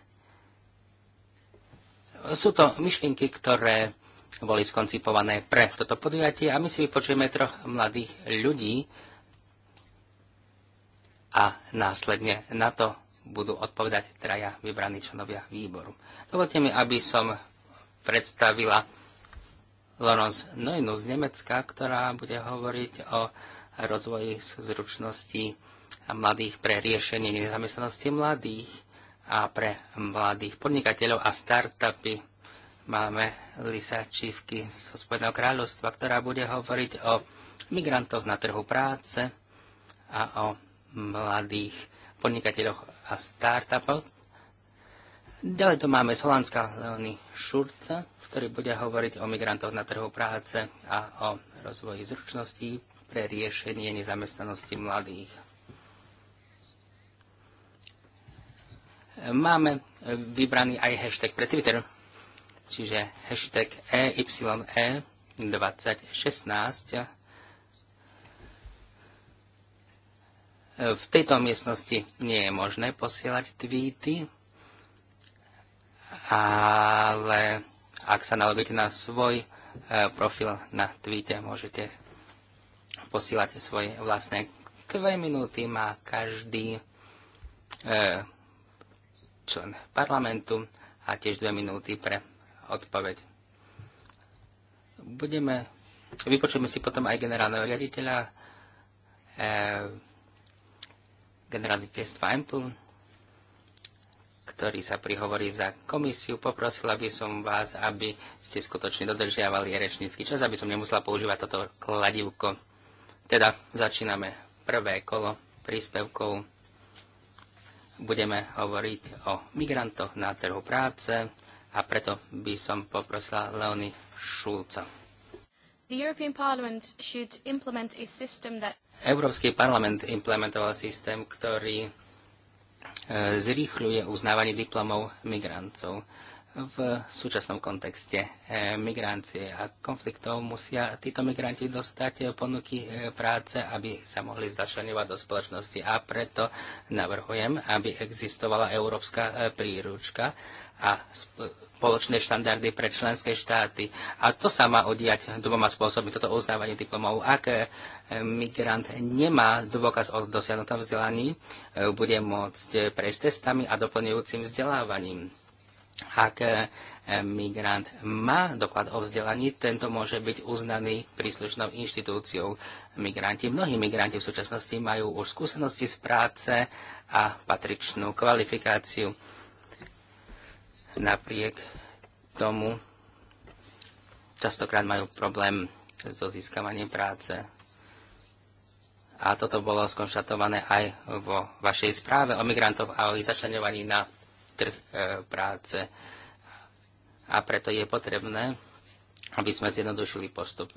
Sú to myšlienky, ktoré boli skoncipované pre toto podujatie a my si vypočujeme troch mladých ľudí a následne na to budú odpovedať traja vybraní členovia výboru. Dovolte mi, aby som predstavila Lorenz Neunus z Nemecka, ktorá bude hovoriť o rozvoji zručností mladých pre riešenie nezamestnanosti mladých a pre mladých podnikateľov a startupy. Máme Lisa Čívky zo Spojeného kráľovstva, ktorá bude hovoriť o migrantoch na trhu práce a o mladých podnikateľoch a startupoch. Ďalej to máme z Holandska Leony Šurca, ktorý bude hovoriť o migrantoch na trhu práce a o rozvoji zručností pre riešenie nezamestnanosti mladých. Máme vybraný aj hashtag pre Twitter, čiže hashtag EYE 2016. E v tejto miestnosti nie je možné posielať tweety, ale ak sa navodujete na svoj e, profil na Twitter, môžete posílať svoje vlastné dve minúty má každý e, člen parlamentu a tiež dve minúty pre odpoveď. Budeme, vypočujeme si potom aj generálneho riaditeľa e, generálne testva Ample ktorý sa prihovorí za komisiu. Poprosila by som vás, aby ste skutočne dodržiavali rečnícky čas, aby som nemusela používať toto kladivko. Teda začíname prvé kolo príspevkov. Budeme hovoriť o migrantoch na trhu práce a preto by som poprosila Leony Šulca. Európsky parlament implementoval systém, ktorý E, zrýchľuje uznávanie diplomov migrantov. V súčasnom kontexte e, migrácie a konfliktov musia títo migranti dostať e, ponuky práce, aby sa mohli začlenovať do spoločnosti. A preto navrhujem, aby existovala európska príručka a spoločné štandardy pre členské štáty. A to sa má odiať dvoma spôsobmi, toto uznávanie diplomov. Ak e, migrant nemá dôkaz o dosiahnutom vzdelaní, e, bude môcť prejsť testami a doplňujúcim vzdelávaním. Ak e, migrant má doklad o vzdelaní, tento môže byť uznaný príslušnou inštitúciou. Migranti, mnohí migranti v súčasnosti majú už skúsenosti z práce a patričnú kvalifikáciu Napriek tomu častokrát majú problém so získavaním práce. A toto bolo skonštatované aj vo vašej správe o migrantov a o ich začlenovaní na trh e, práce. A preto je potrebné, aby sme zjednodušili postup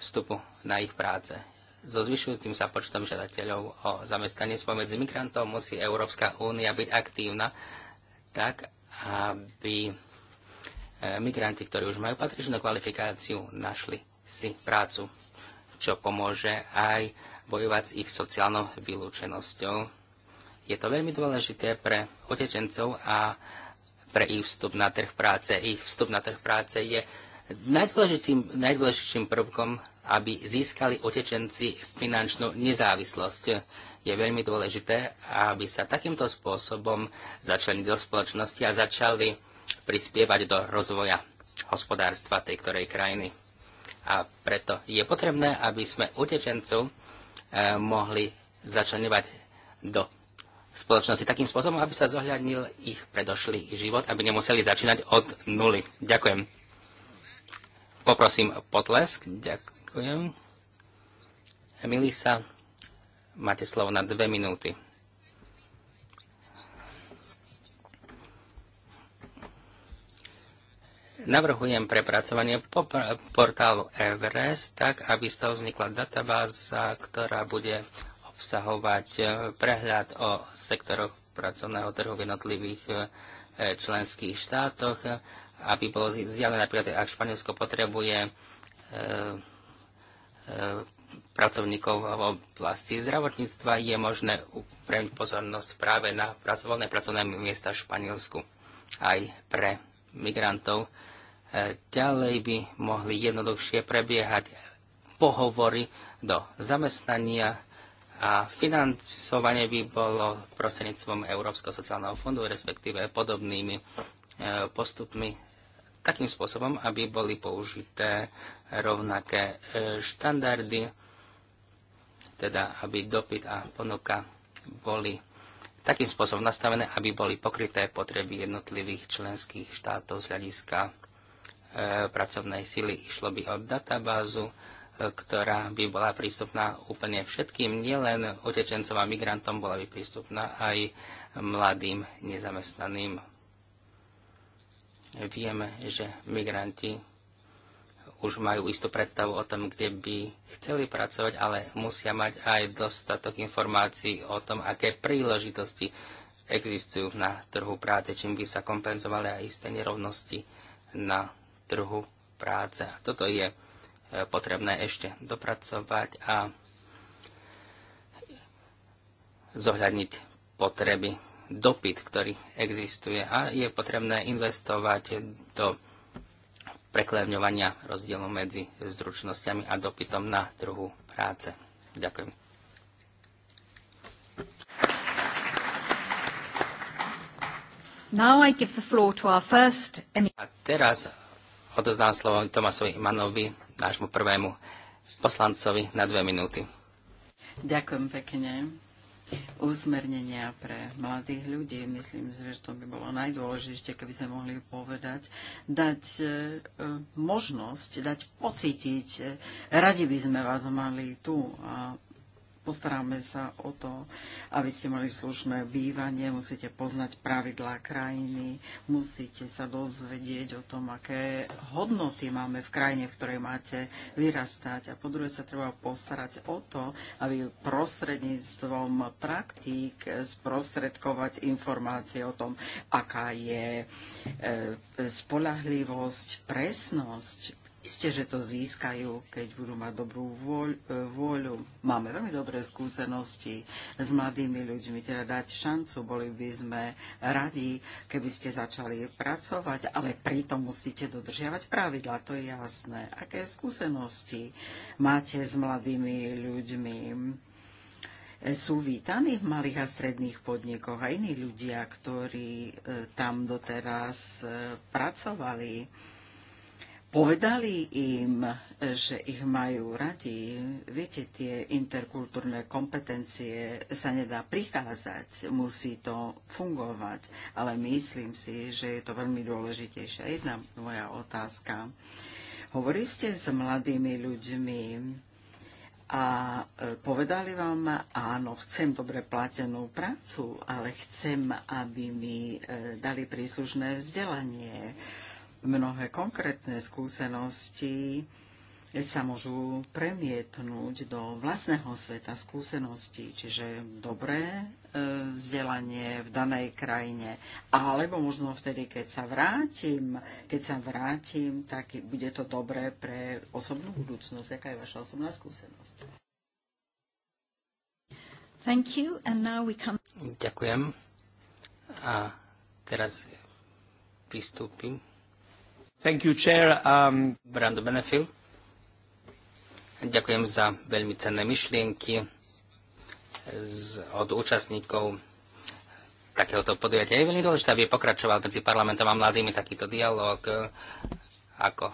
vstupu na ich práce. So zvyšujúcim sa počtom žiadateľov o zamestnanie spomedzi migrantov musí Európska únia byť aktívna tak aby e, migranti, ktorí už majú patričnú kvalifikáciu, našli si prácu, čo pomôže aj bojovať s ich sociálnou vylúčenosťou. Je to veľmi dôležité pre otečencov a pre ich vstup na trh práce. Ich vstup na trh práce je najdôležitým, najdôležitým prvkom, aby získali otečenci finančnú nezávislosť je veľmi dôležité, aby sa takýmto spôsobom začali do spoločnosti a začali prispievať do rozvoja hospodárstva tej ktorej krajiny. A preto je potrebné, aby sme utečencov e, mohli začlenovať do spoločnosti takým spôsobom, aby sa zohľadnil ich predošlý život, aby nemuseli začínať od nuly. Ďakujem. Poprosím potlesk. Ďakujem. Milisa Máte slovo na dve minúty. Navrhujem prepracovanie portálu Everest tak, aby z toho vznikla databáza, ktorá bude obsahovať e, prehľad o sektoroch pracovného trhu v jednotlivých e, členských štátoch, e, aby bolo zjavné napríklad, ak Španielsko potrebuje pracovníkov v oblasti zdravotníctva je možné upremiť pozornosť práve na voľné pracovné miesta v Španielsku aj pre migrantov. E, ďalej by mohli jednoduchšie prebiehať pohovory do zamestnania a financovanie by bolo prostredníctvom Európskeho sociálneho fondu, respektíve podobnými e, postupmi takým spôsobom, aby boli použité rovnaké e, štandardy teda aby dopyt a ponuka boli takým spôsobom nastavené, aby boli pokryté potreby jednotlivých členských štátov z hľadiska e, pracovnej sily. Išlo by o databázu, e, ktorá by bola prístupná úplne všetkým, nielen utečencom a migrantom, bola by prístupná aj mladým nezamestnaným. Vieme, že migranti už majú istú predstavu o tom, kde by chceli pracovať, ale musia mať aj dostatok informácií o tom, aké príležitosti existujú na trhu práce, čím by sa kompenzovali aj isté nerovnosti na trhu práce. A toto je e, potrebné ešte dopracovať a zohľadniť potreby, dopyt, ktorý existuje. A je potrebné investovať do prekladňovania rozdielu medzi zručnosťami a dopytom na trhu práce. Ďakujem. Now I give the floor to our first... E. A teraz odoznám slovo Tomasovi Manovi, nášmu prvému poslancovi, na dve minúty. Ďakujem pekne usmernenia pre mladých ľudí. Myslím si, že to by bolo najdôležitejšie, keby sme mohli povedať, dať e, e, možnosť, dať pocítiť. E, radi by sme vás mali tu a Postaráme sa o to, aby ste mali slušné bývanie, musíte poznať pravidlá krajiny, musíte sa dozvedieť o tom, aké hodnoty máme v krajine, v ktorej máte vyrastať. A po druhé sa treba postarať o to, aby prostredníctvom praktík sprostredkovať informácie o tom, aká je e, spolahlivosť, presnosť Isté, že to získajú, keď budú mať dobrú e, vôľu. Máme veľmi dobré skúsenosti s mladými ľuďmi, teda dať šancu. Boli by sme radi, keby ste začali pracovať, ale pritom musíte dodržiavať pravidla, to je jasné. Aké skúsenosti máte s mladými ľuďmi? E, sú vítaní v malých a stredných podnikoch a iní ľudia, ktorí e, tam doteraz pracovali povedali im, že ich majú radi. Viete, tie interkultúrne kompetencie sa nedá prikázať, musí to fungovať, ale myslím si, že je to veľmi dôležitejšia. Jedna moja otázka. Hovorili ste s mladými ľuďmi a e, povedali vám, áno, chcem dobre platenú prácu, ale chcem, aby mi e, dali príslušné vzdelanie mnohé konkrétne skúsenosti sa môžu premietnúť do vlastného sveta skúseností, čiže dobré e, vzdelanie v danej krajine. Alebo možno vtedy, keď sa vrátim, keď sa vrátim, tak bude to dobré pre osobnú budúcnosť. Aká je vaša osobná skúsenosť? Thank you, and now we come... Ďakujem. A teraz pristúpim Thank you, Chair. Um... Brando Benefil. Ďakujem za veľmi cenné myšlienky z, od účastníkov takéhoto podujatia. Je veľmi dôležité, aby pokračoval medzi parlamentom a mladými takýto dialog, ako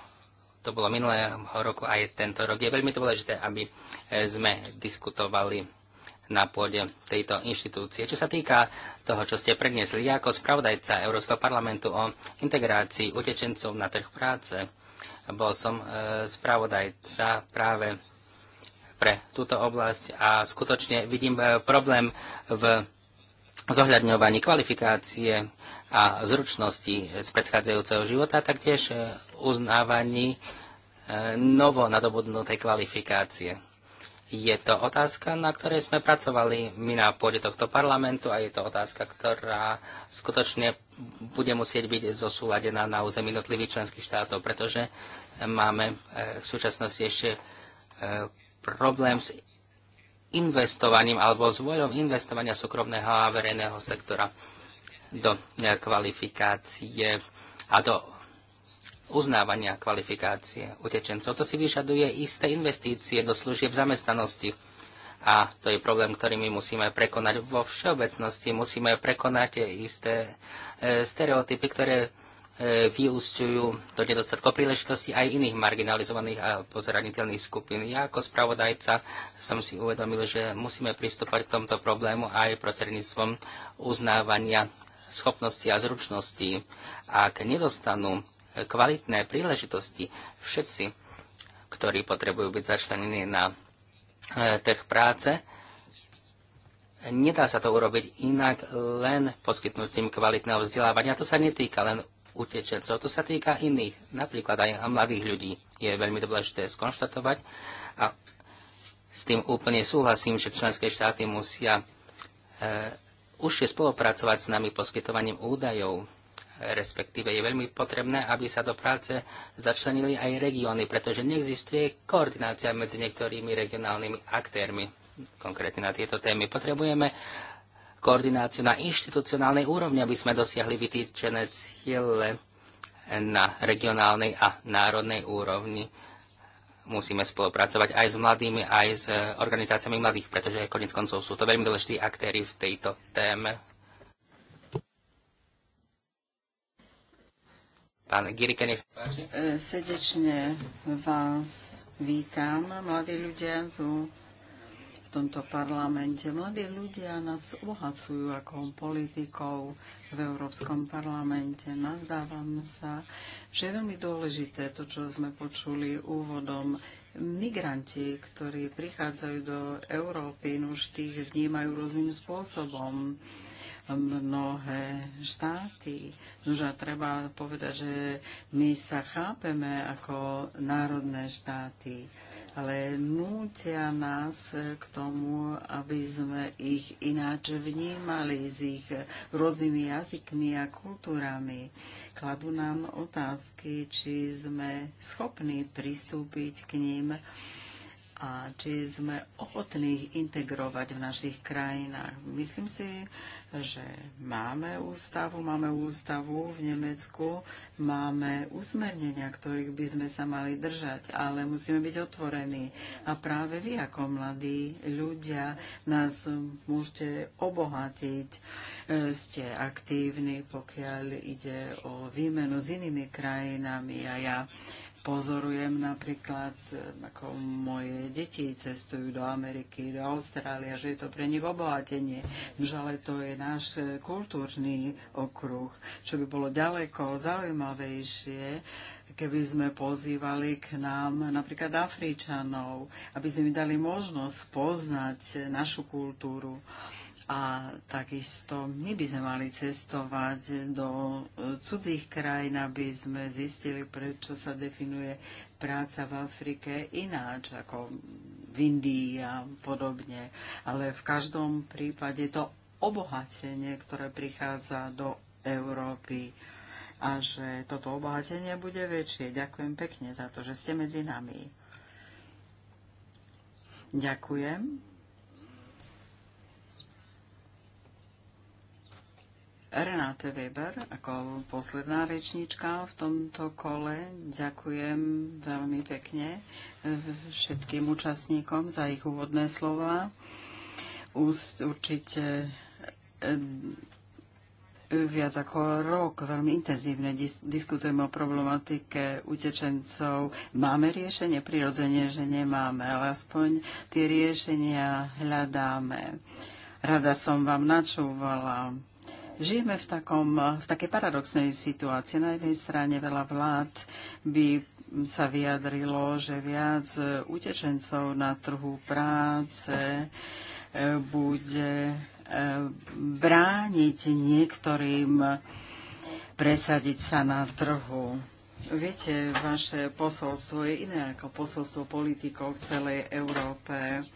to bolo minulého roku, aj tento rok. Je veľmi dôležité, aby sme diskutovali na pôde tejto inštitúcie. Čo sa týka toho, čo ste predniesli, ja ako spravodajca Európskeho parlamentu o integrácii utečencov na trh práce, bol som e, spravodajca práve pre túto oblasť a skutočne vidím e, problém v zohľadňovaní kvalifikácie a zručnosti z predchádzajúceho života, taktiež uznávaní e, novo nadobudnutej kvalifikácie. Je to otázka, na ktorej sme pracovali my na pôde tohto parlamentu a je to otázka, ktorá skutočne bude musieť byť zosúladená na území jednotlivých členských štátov, pretože máme e, v súčasnosti ešte e, problém s investovaním alebo s voľom investovania súkromného a verejného sektora do e, kvalifikácie a do uznávania kvalifikácie utečencov. To si vyžaduje isté investície do služieb zamestnanosti. A to je problém, ktorý my musíme prekonať vo všeobecnosti. Musíme prekonať isté e, stereotypy, ktoré e, vyústujú do nedostatkov príležitosti aj iných marginalizovaných a pozraniteľných skupín. Ja ako spravodajca som si uvedomil, že musíme pristúpať k tomto problému aj prostredníctvom uznávania schopností a zručností. Ak nedostanú kvalitné príležitosti. Všetci, ktorí potrebujú byť začlenení na e, trh práce, nedá sa to urobiť inak len poskytnutím kvalitného vzdelávania. To sa netýka len utečencov. To sa týka iných, napríklad aj mladých ľudí. Je veľmi dôležité skonštatovať a s tým úplne súhlasím, že členské štáty musia e, užšie spolupracovať s nami poskytovaním údajov respektíve je veľmi potrebné, aby sa do práce začlenili aj regióny, pretože neexistuje koordinácia medzi niektorými regionálnymi aktérmi. Konkrétne na tieto témy potrebujeme koordináciu na inštitucionálnej úrovni, aby sme dosiahli vytýčené ciele na regionálnej a národnej úrovni. Musíme spolupracovať aj s mladými, aj s organizáciami mladých, pretože koniec koncov sú to veľmi dôležití aktéry v tejto téme Pán Girike, nech sa páči. E, Sedečne vás vítam, mladí ľudia tu v tomto parlamente. Mladí ľudia nás uhacujú ako politikov v Európskom parlamente. Nazdávam sa, že je veľmi dôležité to, čo sme počuli úvodom. Migranti, ktorí prichádzajú do Európy, už tých vnímajú rôznym spôsobom mnohé štáty. Nože treba povedať, že my sa chápeme ako národné štáty, ale nútia nás k tomu, aby sme ich ináč vnímali s ich rôznymi jazykmi a kultúrami. Kladú nám otázky, či sme schopní pristúpiť k ním a či sme ochotní ich integrovať v našich krajinách. Myslím si, že máme ústavu, máme ústavu v Nemecku, máme usmernenia, ktorých by sme sa mali držať, ale musíme byť otvorení. A práve vy ako mladí ľudia nás môžete obohatiť. E, ste aktívni, pokiaľ ide o výmenu s inými krajinami a ja pozorujem napríklad, e, ako moje deti cestujú do Ameriky, do Austrália, že je to pre nich obohatenie, že ale to je náš kultúrny okruh, čo by bolo ďaleko zaujímavé zaujímavejšie, keby sme pozývali k nám napríklad Afričanov, aby sme im dali možnosť poznať našu kultúru. A takisto my by sme mali cestovať do cudzích krajín, aby sme zistili, prečo sa definuje práca v Afrike ináč ako v Indii a podobne. Ale v každom prípade to obohatenie, ktoré prichádza do Európy a že toto obohatenie bude väčšie. Ďakujem pekne za to, že ste medzi nami. Ďakujem. Renáte Weber ako posledná rečníčka v tomto kole. Ďakujem veľmi pekne všetkým účastníkom za ich úvodné slova. Určite viac ako rok veľmi intenzívne dis- diskutujeme o problematike utečencov. Máme riešenie? Prirodzene, že nemáme, ale aspoň tie riešenia hľadáme. Rada som vám načúvala. Žijeme v, takom, v takej paradoxnej situácii. Na jednej strane veľa vlád by sa vyjadrilo, že viac utečencov na trhu práce e, bude brániť niektorým presadiť sa na trhu. Viete, vaše posolstvo je iné ako posolstvo politikov v celej Európe,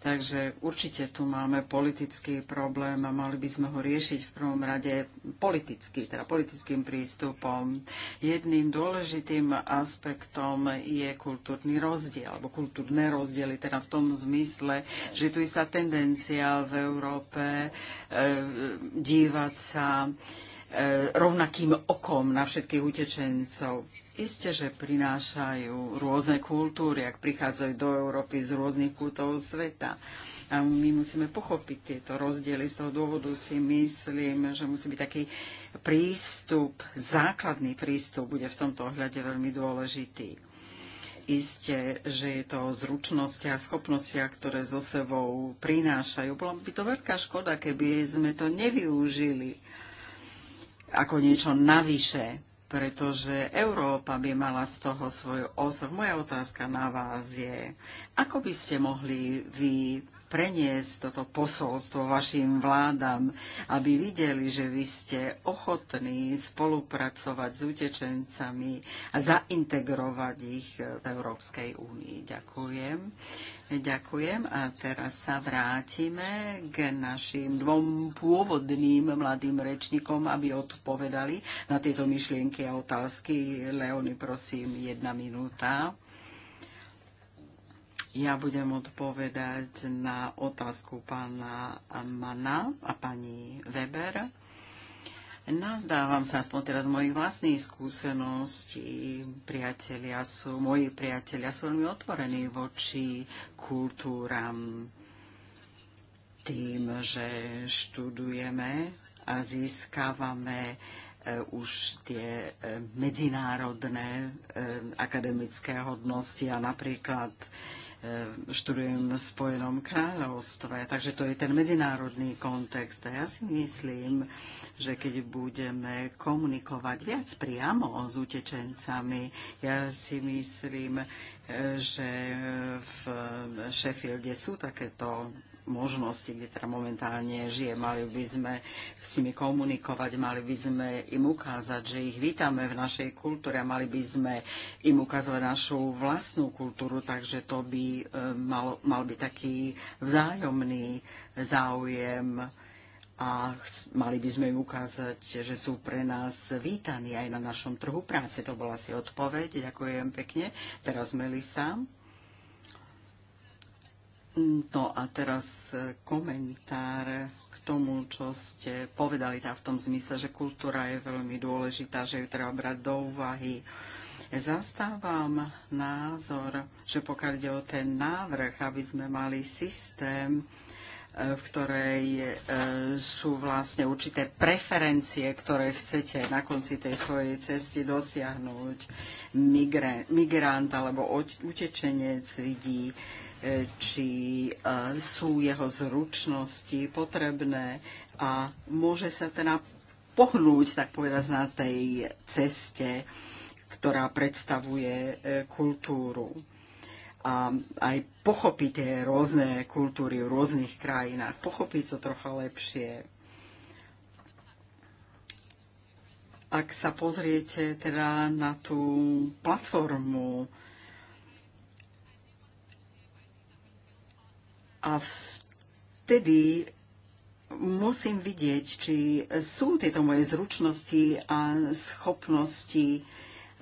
takže určite tu máme politický problém a mali by sme ho riešiť v prvom rade politicky, teda politickým prístupom. Jedným dôležitým aspektom je kultúrny rozdiel, alebo kultúrne rozdiely, teda v tom zmysle, že tu istá tendencia v Európe e, dívať sa e, E, rovnakým okom na všetkých utečencov. Isté, že prinášajú rôzne kultúry, ak prichádzajú do Európy z rôznych kútov sveta. A my musíme pochopiť tieto rozdiely. Z toho dôvodu si myslím, že musí byť taký prístup, základný prístup bude v tomto ohľade veľmi dôležitý. Isté, že je to o zručnosti a schopnostiach, ktoré so sebou prinášajú. Bola by to veľká škoda, keby sme to nevyužili ako niečo navyše, pretože Európa by mala z toho svoju osob. Moja otázka na vás je, ako by ste mohli vy preniesť toto posolstvo vašim vládam, aby videli, že vy ste ochotní spolupracovať s utečencami a zaintegrovať ich v Európskej únii. Ďakujem. Ďakujem a teraz sa vrátime k našim dvom pôvodným mladým rečníkom, aby odpovedali na tieto myšlienky a otázky. Leony, prosím, jedna minúta. Ja budem odpovedať na otázku pána Mana a pani Weber. Nazdávam sa aspoň teraz mojich vlastných skúseností. Priatelia sú, moji priatelia sú veľmi otvorení voči kultúram tým, že študujeme a získavame e, už tie e, medzinárodné e, akademické hodnosti a napríklad E, študujem v Spojenom kráľovstve. Takže to je ten medzinárodný kontext. A ja si myslím, že keď budeme komunikovať viac priamo s utečencami, ja si myslím, e, že v Sheffielde sú takéto možnosti, kde teda momentálne žije. Mali by sme s nimi komunikovať, mali by sme im ukázať, že ich vítame v našej kultúre a mali by sme im ukázať našu vlastnú kultúru, takže to by e, mal, mal byť taký vzájomný záujem a mali by sme im ukázať, že sú pre nás vítaní aj na našom trhu práce. To bola asi odpoveď. Ďakujem pekne. Teraz Melisa. sám. No a teraz e, komentár k tomu, čo ste povedali, tá teda v tom zmysle, že kultúra je veľmi dôležitá, že ju treba brať do úvahy. Zastávam názor, že pokiaľ ide o ten návrh, aby sme mali systém, e, v ktorej e, sú vlastne určité preferencie, ktoré chcete na konci tej svojej cesty dosiahnuť. Migrant alebo utečenec vidí či e, sú jeho zručnosti potrebné a môže sa teda pohnúť, tak povedať, na tej ceste, ktorá predstavuje e, kultúru. A aj pochopiť tie rôzne kultúry v rôznych krajinách, pochopiť to trocha lepšie. Ak sa pozriete teda na tú platformu, A vtedy musím vidieť, či sú tieto moje zručnosti a schopnosti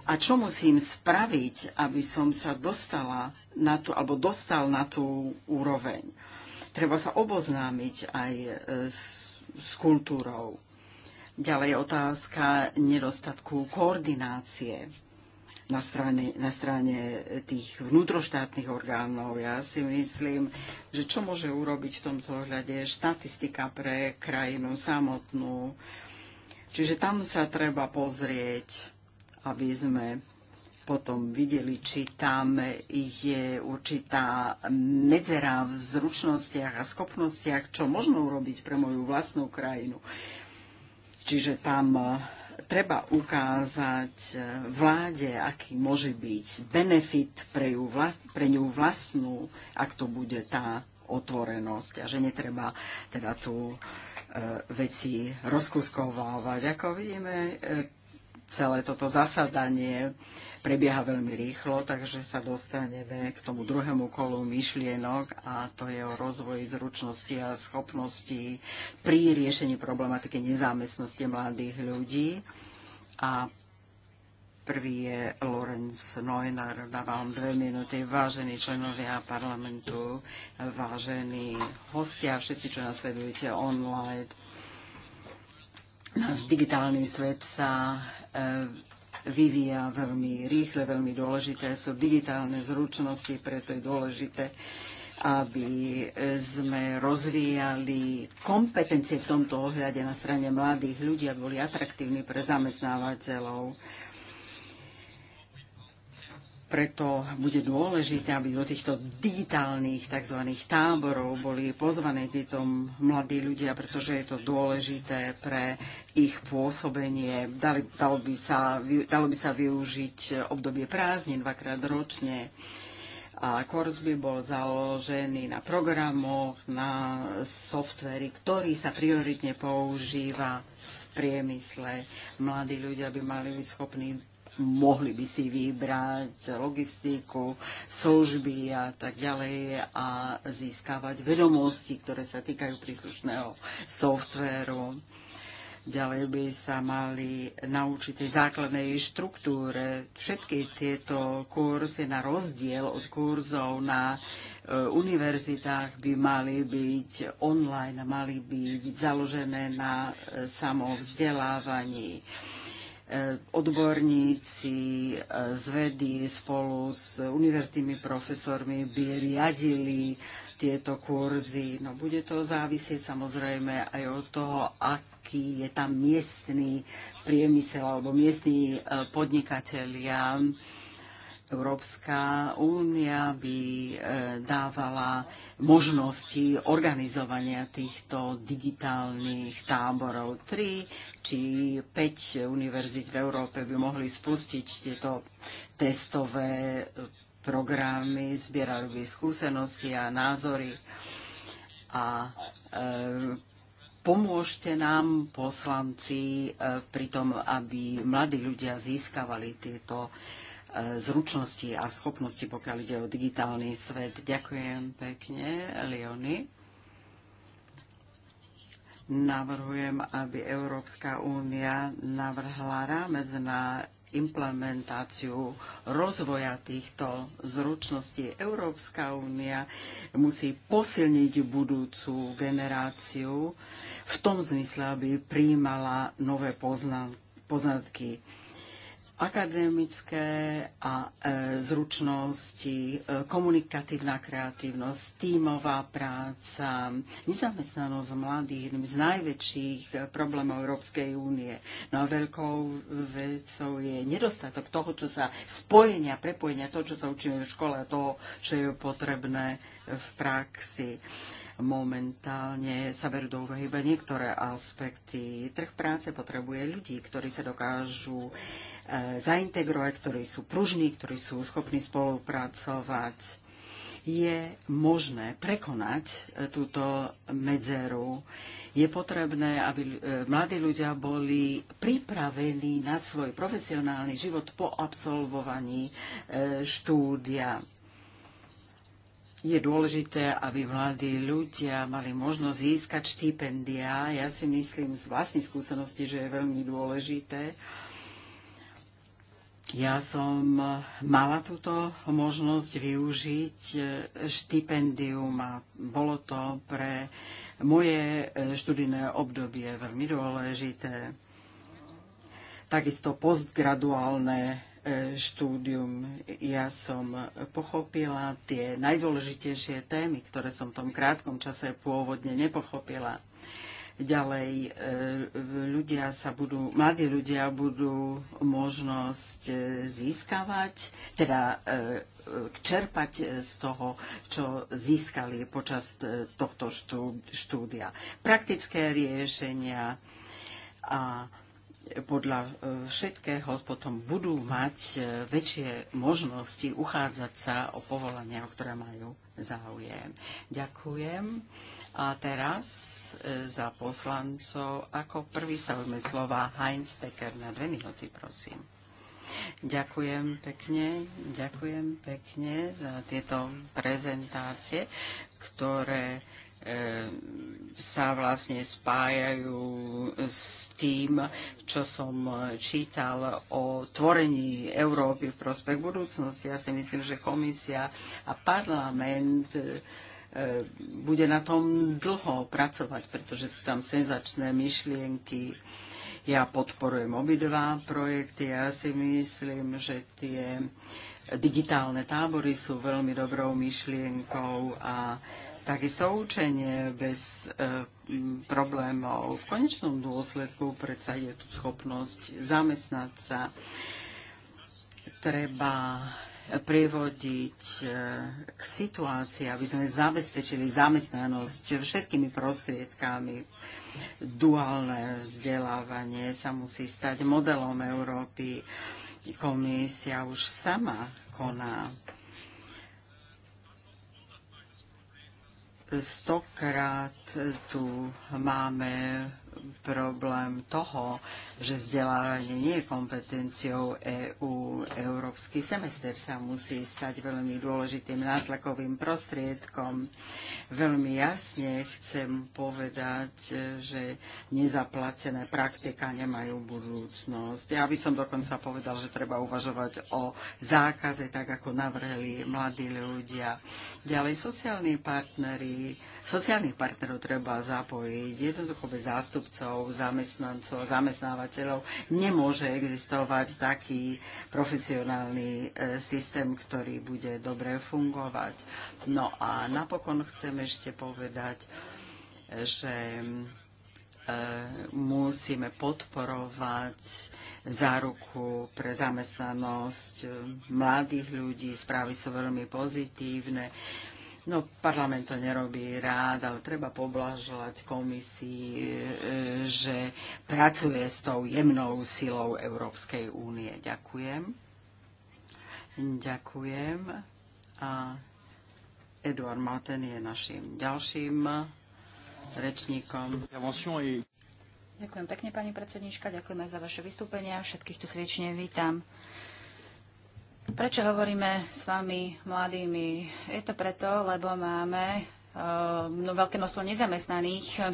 a čo musím spraviť, aby som sa dostala na tú, alebo dostal na tú úroveň. Treba sa oboznámiť aj e, s, s kultúrou. Ďalej otázka nedostatku koordinácie na strane, na strane tých vnútroštátnych orgánov. Ja si myslím, že čo môže urobiť v tomto ohľade štatistika pre krajinu samotnú. Čiže tam sa treba pozrieť, aby sme potom videli, či tam je určitá medzera v zručnostiach a schopnostiach, čo možno urobiť pre moju vlastnú krajinu. Čiže tam treba ukázať e, vláde, aký môže byť benefit pre, ju vlast, pre ňu vlastnú, ak to bude tá otvorenosť a že netreba teda tu e, veci rozkutkovávať. Ako vidíme, e, celé toto zasadanie prebieha veľmi rýchlo, takže sa dostaneme k tomu druhému kolu myšlienok a to je o rozvoji zručnosti a schopností pri riešení problematiky nezámestnosti mladých ľudí a prvý je Lorenz Neunar. Dávam dve minúty. Vážení členovia parlamentu, vážení hostia, všetci, čo nasledujete online, náš digitálny svet sa e, vyvíja veľmi rýchle, veľmi dôležité sú digitálne zručnosti, preto je dôležité aby e, sme rozvíjali kompetencie v tomto ohľade na strane mladých ľudí, aby boli atraktívni pre zamestnávateľov. Preto bude dôležité, aby do týchto digitálnych tzv. táborov boli pozvaní títo mladí ľudia, pretože je to dôležité pre ich pôsobenie. dalo, by sa, dalo by sa využiť obdobie prázdnin dvakrát ročne. Uh, a kurz by bol založený na programoch, na softveri, ktorý sa prioritne používa v priemysle. Mladí ľudia by mali byť schopní mohli by si vybrať logistiku, služby a tak ďalej a získavať vedomosti, ktoré sa týkajú príslušného softvéru. Ďalej by sa mali naučiť tej základnej štruktúre. Všetky tieto kurzy na rozdiel od kurzov na e, univerzitách by mali byť online mali by byť založené na e, samovzdelávaní e, odborníci z vedy spolu s univerzitými profesormi by riadili tieto kurzy. No bude to závisieť samozrejme aj od toho, ak aký je tam miestný priemysel alebo miestní e, podnikatelia. Európska únia by e, dávala možnosti organizovania týchto digitálnych táborov. 3 či 5 univerzít v Európe by mohli spustiť tieto testové e, programy, zbierali by skúsenosti a názory a pomôžte nám, poslanci, e, pri tom, aby mladí ľudia získavali tieto e, zručnosti a schopnosti, pokiaľ ide o digitálny svet. Ďakujem pekne, Leony. Navrhujem, aby Európska únia navrhla rámec na implementáciu rozvoja týchto zručností. Európska únia musí posilniť budúcu generáciu v tom zmysle, aby príjmala nové poznatky akademické a e, zručnosti, e, komunikatívna kreatívnosť, tímová práca, nezamestnanosť mladých, jedným z najväčších e, problémov Európskej únie. No a veľkou vecou je nedostatok toho, čo sa spojenia, prepojenia, to, čo sa učíme v škole a toho, čo je potrebné v praxi momentálne sa berú do úvahy iba niektoré aspekty. Trh práce potrebuje ľudí, ktorí sa dokážu E, zaintegrovať, ktorí sú pružní, ktorí sú schopní spolupracovať. Je možné prekonať e, túto medzeru. Je potrebné, aby e, mladí ľudia boli pripravení na svoj profesionálny život po absolvovaní štúdia. Je dôležité, aby mladí ľudia mali možnosť získať štipendia. Ja si myslím z vlastnej skúsenosti, že je veľmi dôležité, ja som mala túto možnosť využiť e, štipendium a bolo to pre moje e, študijné obdobie veľmi dôležité. Takisto postgraduálne e, štúdium. Ja som pochopila tie najdôležitejšie témy, ktoré som v tom krátkom čase pôvodne nepochopila. Ďalej e, ľudia sa budú, mladí ľudia budú možnosť e, získavať, teda e, čerpať z toho, čo získali počas tohto štúdia. Praktické riešenia a podľa všetkého potom budú mať väčšie možnosti uchádzať sa o povolania, o ktoré majú záujem. Ďakujem. A teraz e, za poslancov ako prvý sa ujme slova Heinz Becker na dve minúty, prosím. Ďakujem pekne, ďakujem pekne za tieto prezentácie, ktoré e, sa vlastne spájajú s tým, čo som čítal o tvorení Európy v prospech budúcnosti. Ja si myslím, že komisia a parlament E, bude na tom dlho pracovať, pretože sú tam senzačné myšlienky. Ja podporujem obidva projekty. Ja si myslím, že tie digitálne tábory sú veľmi dobrou myšlienkou a takisto učenie bez e, problémov. V konečnom dôsledku predsa je tu schopnosť zamestnať sa. Treba privodiť e, k situácii, aby sme zabezpečili zamestnanosť všetkými prostriedkami. Duálne vzdelávanie sa musí stať modelom Európy. Komisia už sama koná. Stokrát tu máme problém toho, že vzdelávanie nie je kompetenciou EÚ. EU. Európsky semester sa musí stať veľmi dôležitým nátlakovým prostriedkom. Veľmi jasne chcem povedať, že nezaplatené praktika nemajú budúcnosť. Ja by som dokonca povedal, že treba uvažovať o zákaze, tak ako navrhli mladí ľudia. Ďalej sociálni partneri, sociálnych partnerov treba zapojiť. Jednoducho bez zástupcov, zamestnancov, zamestnávateľov nemôže existovať taký profesionál sociálny e, systém, ktorý bude dobre fungovať. No a napokon chcem ešte povedať, e, že e, musíme podporovať záruku pre zamestnanosť mladých ľudí. Správy sú veľmi pozitívne. No, parlament to nerobí rád, ale treba poblažovať komisii, že pracuje s tou jemnou silou Európskej únie. Ďakujem. Ďakujem. A Eduard Maten je našim ďalším rečníkom. Ďakujem pekne, pani predsednička. Ďakujeme za vaše vystúpenia. Všetkých tu srdečne vítam. Prečo hovoríme s vami, mladými? Je to preto, lebo máme uh, veľké množstvo nezamestnaných,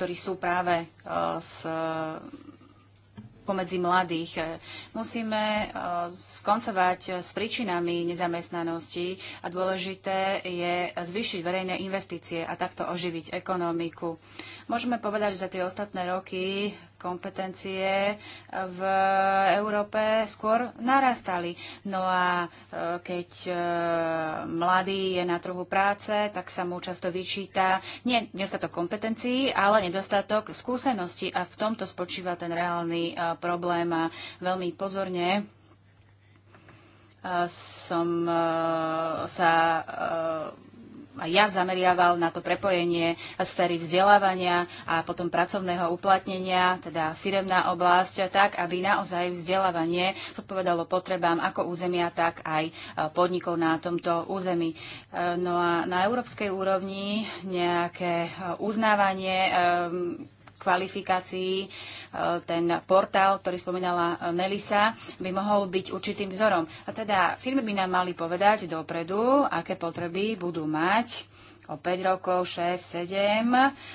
ktorí sú práve uh, eh, z pomedzi mladých. Musíme e, skoncovať e, s príčinami nezamestnanosti a dôležité je zvýšiť verejné investície a takto oživiť ekonomiku. Môžeme povedať, že za tie ostatné roky kompetencie v Európe skôr narastali. No a e, keď e, mladý je na trhu práce, tak sa mu často vyčíta nie nedostatok kompetencií, ale nedostatok skúseností a v tomto spočíva ten reálny e, problém a veľmi pozorne som sa ja zameriaval na to prepojenie sféry vzdelávania a potom pracovného uplatnenia, teda firemná oblasť, tak, aby naozaj vzdelávanie odpovedalo potrebám ako územia, tak aj e, podnikov na tomto území. E, no a na európskej úrovni nejaké e, uznávanie kvalifikácií. E, ten portál, ktorý spomínala e, Melisa, by mohol byť určitým vzorom. A teda firmy by nám mali povedať dopredu, aké potreby budú mať o 5 rokov, 6, 7,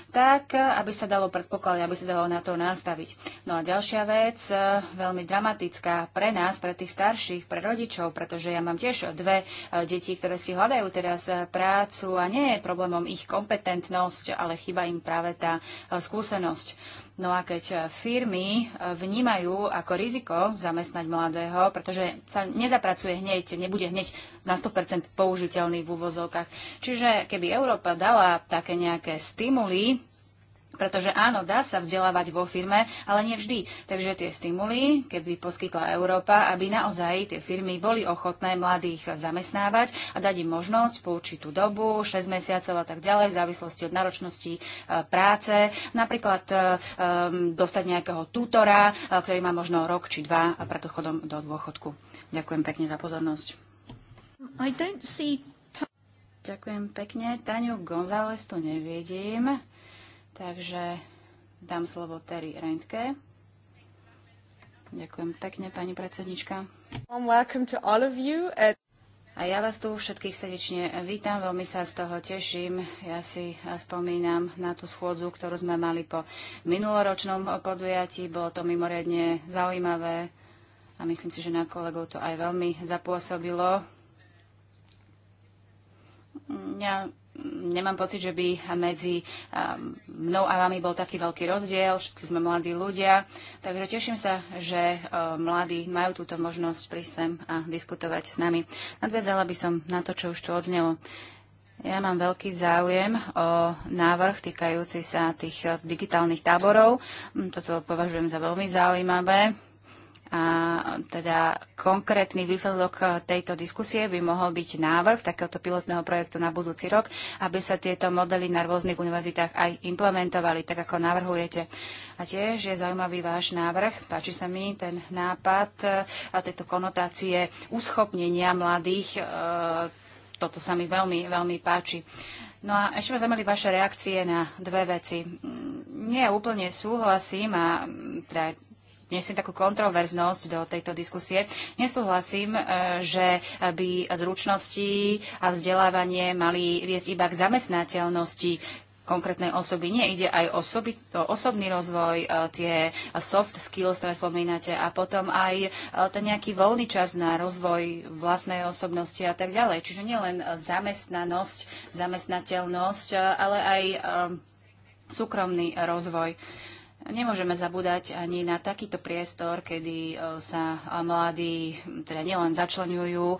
tak aby sa dalo predpokladať, aby sa dalo na to nastaviť. No a ďalšia vec, e, veľmi dramatická pre nás, pre tých starších, pre rodičov, pretože ja mám tiež dve e, deti, ktoré si hľadajú teraz e, prácu a nie je problémom ich kompetentnosť, ale chýba im práve tá skúsenosť. No a keď e, firmy e, vnímajú ako riziko zamestnať mladého, pretože sa nezapracuje hneď, nebude hneď na 100% použiteľný v úvozovkách. Čiže keby Európa dala také nejaké stimuly pretože áno, dá sa vzdelávať vo firme, ale nie vždy. Takže tie stimuly, keby poskytla Európa, aby naozaj tie firmy boli ochotné mladých zamestnávať a dať im možnosť po určitú dobu, 6 mesiacov a tak ďalej, v závislosti od náročnosti e, práce, napríklad e, dostať nejakého tutora, e, ktorý má možno rok či dva preto chodom do dôchodku. Ďakujem pekne za pozornosť. I don't see... Ďakujem pekne. Taňu González tu nevidím. Takže dám slovo Terry Reintke. Ďakujem pekne, pani predsednička. A ja vás tu všetkých srdečne vítam, veľmi sa z toho teším. Ja si spomínam na tú schôdzu, ktorú sme mali po minuloročnom podujatí. Bolo to mimoriadne zaujímavé a myslím si, že na kolegov to aj veľmi zapôsobilo. Ja nemám pocit, že by medzi um, mnou a vami bol taký veľký rozdiel. Všetci sme mladí ľudia, takže teším sa, že uh, mladí majú túto možnosť prísť sem a diskutovať s nami. Nadviazala by som na to, čo už tu odznelo. Ja mám veľký záujem o návrh týkajúci sa tých uh, digitálnych táborov. Mm, toto považujem za veľmi zaujímavé a teda konkrétny výsledok eh, tejto diskusie by mohol byť návrh takéhoto pilotného projektu na budúci rok, aby sa tieto modely na rôznych univerzitách aj implementovali, tak ako navrhujete. A tiež je zaujímavý váš návrh, páči sa mi ten nápad eh, a tieto konotácie uschopnenia mladých. Eh, toto sa mi veľmi, veľmi páči. No a ešte ma zaujímali vaše reakcie na dve veci. Mm, nie úplne súhlasím a teda vnesiem takú kontroverznosť do tejto diskusie. Nesúhlasím, e, že by zručnosti a vzdelávanie mali viesť iba k zamestnateľnosti konkrétnej osoby. Nie, ide aj osoby, o osobný rozvoj, e, tie soft skills, ktoré spomínate, a potom aj e, ten nejaký voľný čas na rozvoj vlastnej osobnosti a tak ďalej. Čiže nielen zamestnanosť, zamestnateľnosť, ale aj súkromný rozvoj. Nemôžeme zabúdať ani na takýto priestor, kedy e, sa e, mladí teda nielen začlenujú e,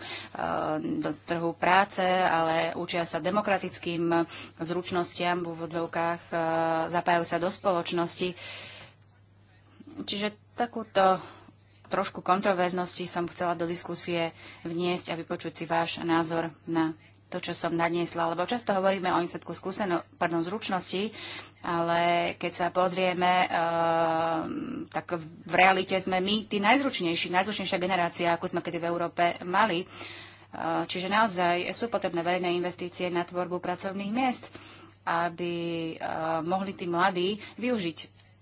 do trhu práce, ale učia sa demokratickým zručnostiam v úvodzovkách, zapájajú sa do spoločnosti. Čiže takúto trošku kontroverznosti som chcela do diskusie vniesť a vypočuť si váš názor na to, čo som nadniesla, lebo často hovoríme o výsledku skúseno, pardon, zručnosti, ale keď sa pozrieme, e, tak v realite sme my tí najzručnejší, najzručnejšia generácia, ako sme kedy v Európe mali. E, čiže naozaj sú potrebné verejné investície na tvorbu pracovných miest, aby e, mohli tí mladí využiť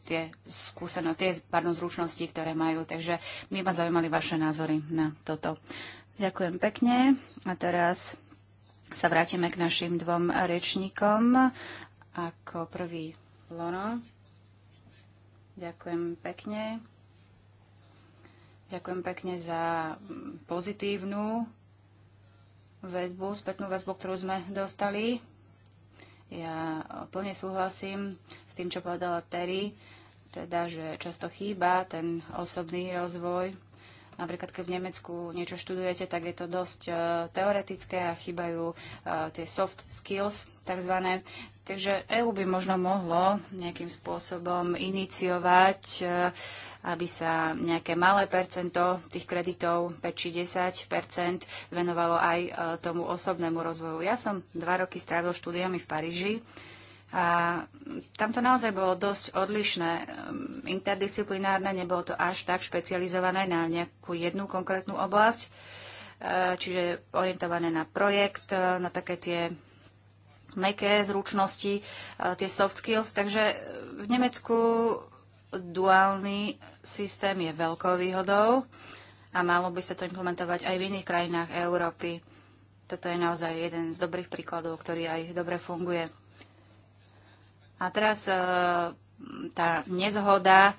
tie skúsenosti, tie pardon, zručnosti, ktoré majú. Takže my ma zaujímali vaše názory na toto. Ďakujem pekne. A teraz sa vrátime k našim dvom rečníkom. Ako prvý Lono. Ďakujem pekne. Ďakujem pekne za pozitívnu väzbu, spätnú väzbu, ktorú sme dostali. Ja plne súhlasím s tým, čo povedala Terry, teda, že často chýba ten osobný rozvoj Napríklad, keď v Nemecku niečo študujete, tak je to dosť e, teoretické a chýbajú e, tie soft skills, takzvané. Takže EU by možno mohlo nejakým spôsobom iniciovať, e, aby sa nejaké malé percento tých kreditov, 5 či 10 percent, venovalo aj tomu osobnému rozvoju. Ja som dva roky strávil štúdiami v Paríži a tam to naozaj bolo dosť odlišné, ehm, interdisciplinárne, nebolo to až tak špecializované na nejakú jednu konkrétnu oblasť, e, čiže orientované na projekt, e, na také tie meké zručnosti, e, tie soft skills. Takže v Nemecku duálny systém je veľkou výhodou a malo by sa to implementovať aj v iných krajinách Európy. Toto je naozaj jeden z dobrých príkladov, ktorý aj dobre funguje. A teraz e, tá nezhoda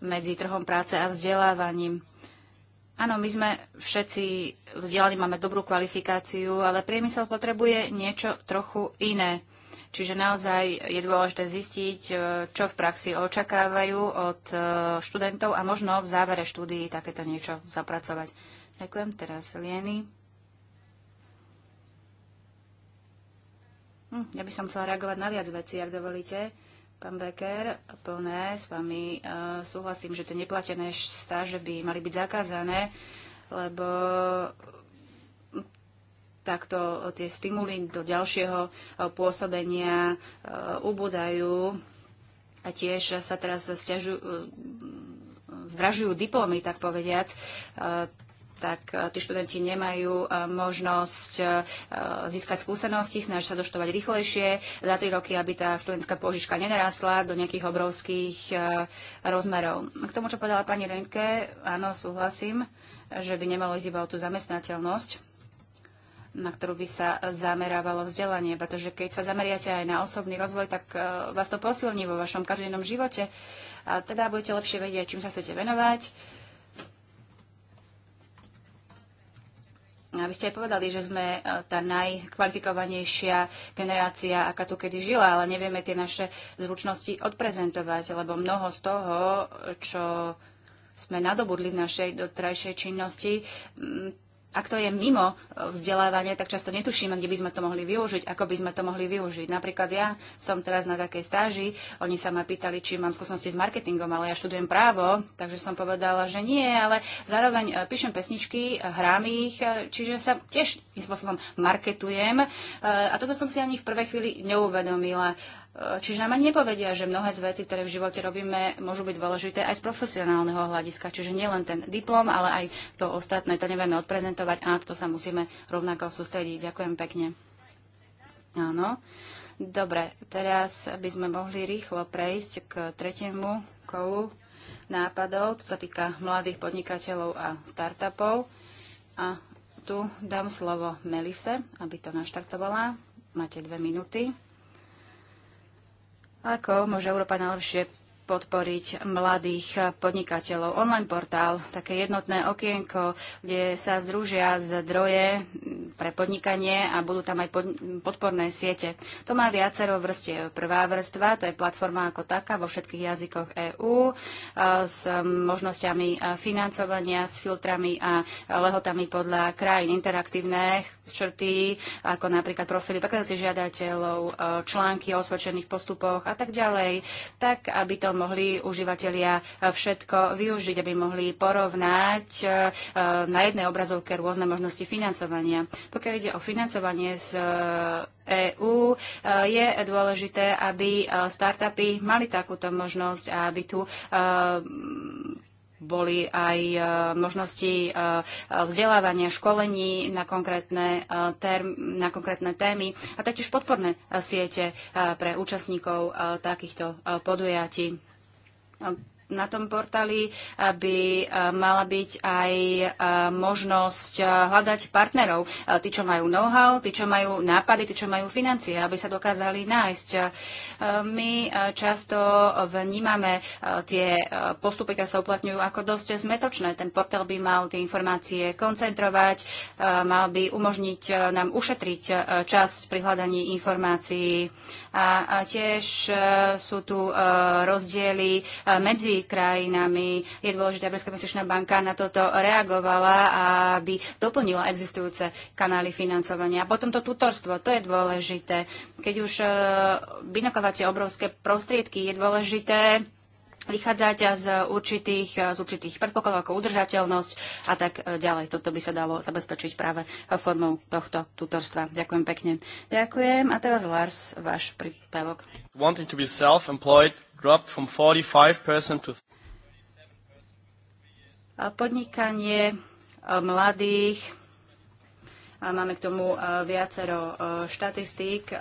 medzi trhom práce a vzdelávaním. Áno, my sme všetci vzdelaní, máme dobrú kvalifikáciu, ale priemysel potrebuje niečo trochu iné. Čiže naozaj je dôležité zistiť, e, čo v praxi očakávajú od e, študentov a možno v závere štúdií takéto niečo zapracovať. Ďakujem teraz Lieny. Hm, ja by som chcela reagovať na viac vecí, ak dovolíte. Pán Becker, plné, s vami uh, súhlasím, že tie neplatené stáže by mali byť zakázané, lebo takto tie stimuly do ďalšieho uh, pôsobenia uh, ubúdajú a tiež sa teraz stiažujú, zdražujú diplomy, tak povediac tak e, tí študenti nemajú e, možnosť e, získať skúsenosti, snaží sa doštovať rýchlejšie za tri roky, aby tá študentská požička nenarásla do nejakých obrovských rozmerov. K tomu, čo povedala pani Renke, áno, súhlasím, že by nemalo ísť iba o tú zamestnateľnosť, na ktorú by sa zamerávalo vzdelanie. Pretože keď sa zameriate aj na osobný rozvoj, tak vás to posilní vo vašom každodennom živote. A teda budete lepšie vedieť, čím sa chcete venovať, A Vy ste aj povedali, že sme e, tá najkvalifikovanejšia generácia, aká tu kedy žila, ale nevieme tie naše zručnosti odprezentovať, lebo mnoho z toho, čo sme nadobudli v našej dotrajšej činnosti, ak to je mimo e, vzdelávania, tak často netušíme, kde by sme to mohli využiť, ako by sme to mohli využiť. Napríklad ja som teraz na takej stáži, oni sa ma pýtali, či mám skúsenosti s marketingom, ale ja študujem právo, takže som povedala, že nie, ale zároveň e, píšem pesničky, e, hrám ich, čiže sa tiež tým spôsobom marketujem. A toto som si ani v prvej chvíli neuvedomila. Čiže nám ani nepovedia, že mnohé z vecí, ktoré v živote robíme, môžu byť dôležité aj z profesionálneho hľadiska. Čiže nielen ten diplom, ale aj to ostatné, to nevieme odprezentovať a na to sa musíme rovnako sústrediť. Ďakujem pekne. Áno. Dobre, teraz by sme mohli rýchlo prejsť k tretiemu kolu nápadov. To sa týka mladých podnikateľov a startupov. A tu dám slovo Melise, aby to naštartovala. Máte dve minúty. Ako môže Európa najlepšie podporiť mladých podnikateľov? Online portál, také jednotné okienko, kde sa združia zdroje pre podnikanie a budú tam aj podporné siete. To má viacero vrstie. Prvá vrstva, to je platforma ako taká vo všetkých jazykoch EÚ s možnosťami financovania, s filtrami a lehotami podľa krajín interaktívnych črty, ako napríklad profily prekladací žiadateľov, e, články o osvedčených postupoch a tak ďalej, tak aby to mohli užívateľia e, všetko využiť, aby mohli porovnať e, na jednej obrazovke rôzne možnosti financovania. Pokiaľ ide o financovanie z EÚ, je dôležité, aby startupy mali takúto možnosť a aby tu boli aj e, možnosti e, vzdelávania, školení na konkrétne, e, term, na konkrétne témy a taktiež podporné siete pre účastníkov takýchto podujatí na tom portáli by e, mala byť aj e, možnosť e, hľadať partnerov. Tí, čo majú know-how, tí, čo majú nápady, tí, čo majú financie, aby sa dokázali nájsť. My často vnímame tie postupy, ktoré sa uplatňujú ako dosť zmetočné. Ten portál by mal tie informácie koncentrovať, mal by umožniť nám ušetriť časť pri hľadaní informácií. A tiež sú tu rozdiely medzi krajinami. Je dôležité, aby Európska investičná banka na toto reagovala a aby doplnila existujúce kanály financovania. A potom to tutorstvo, to je dôležité. Keď už e, vynakladáte obrovské prostriedky, je dôležité vychádzať z určitých, e, z určitých predpokladov ako udržateľnosť a tak e, ďalej. Toto by sa dalo zabezpečiť práve formou tohto tutorstva. Ďakujem pekne. Ďakujem. A teraz Lars, váš príspevok. Wanting to be self-employed dropped from 45% to Podnikanie eh, mladých máme k tomu e, viacero e, štatistík. E,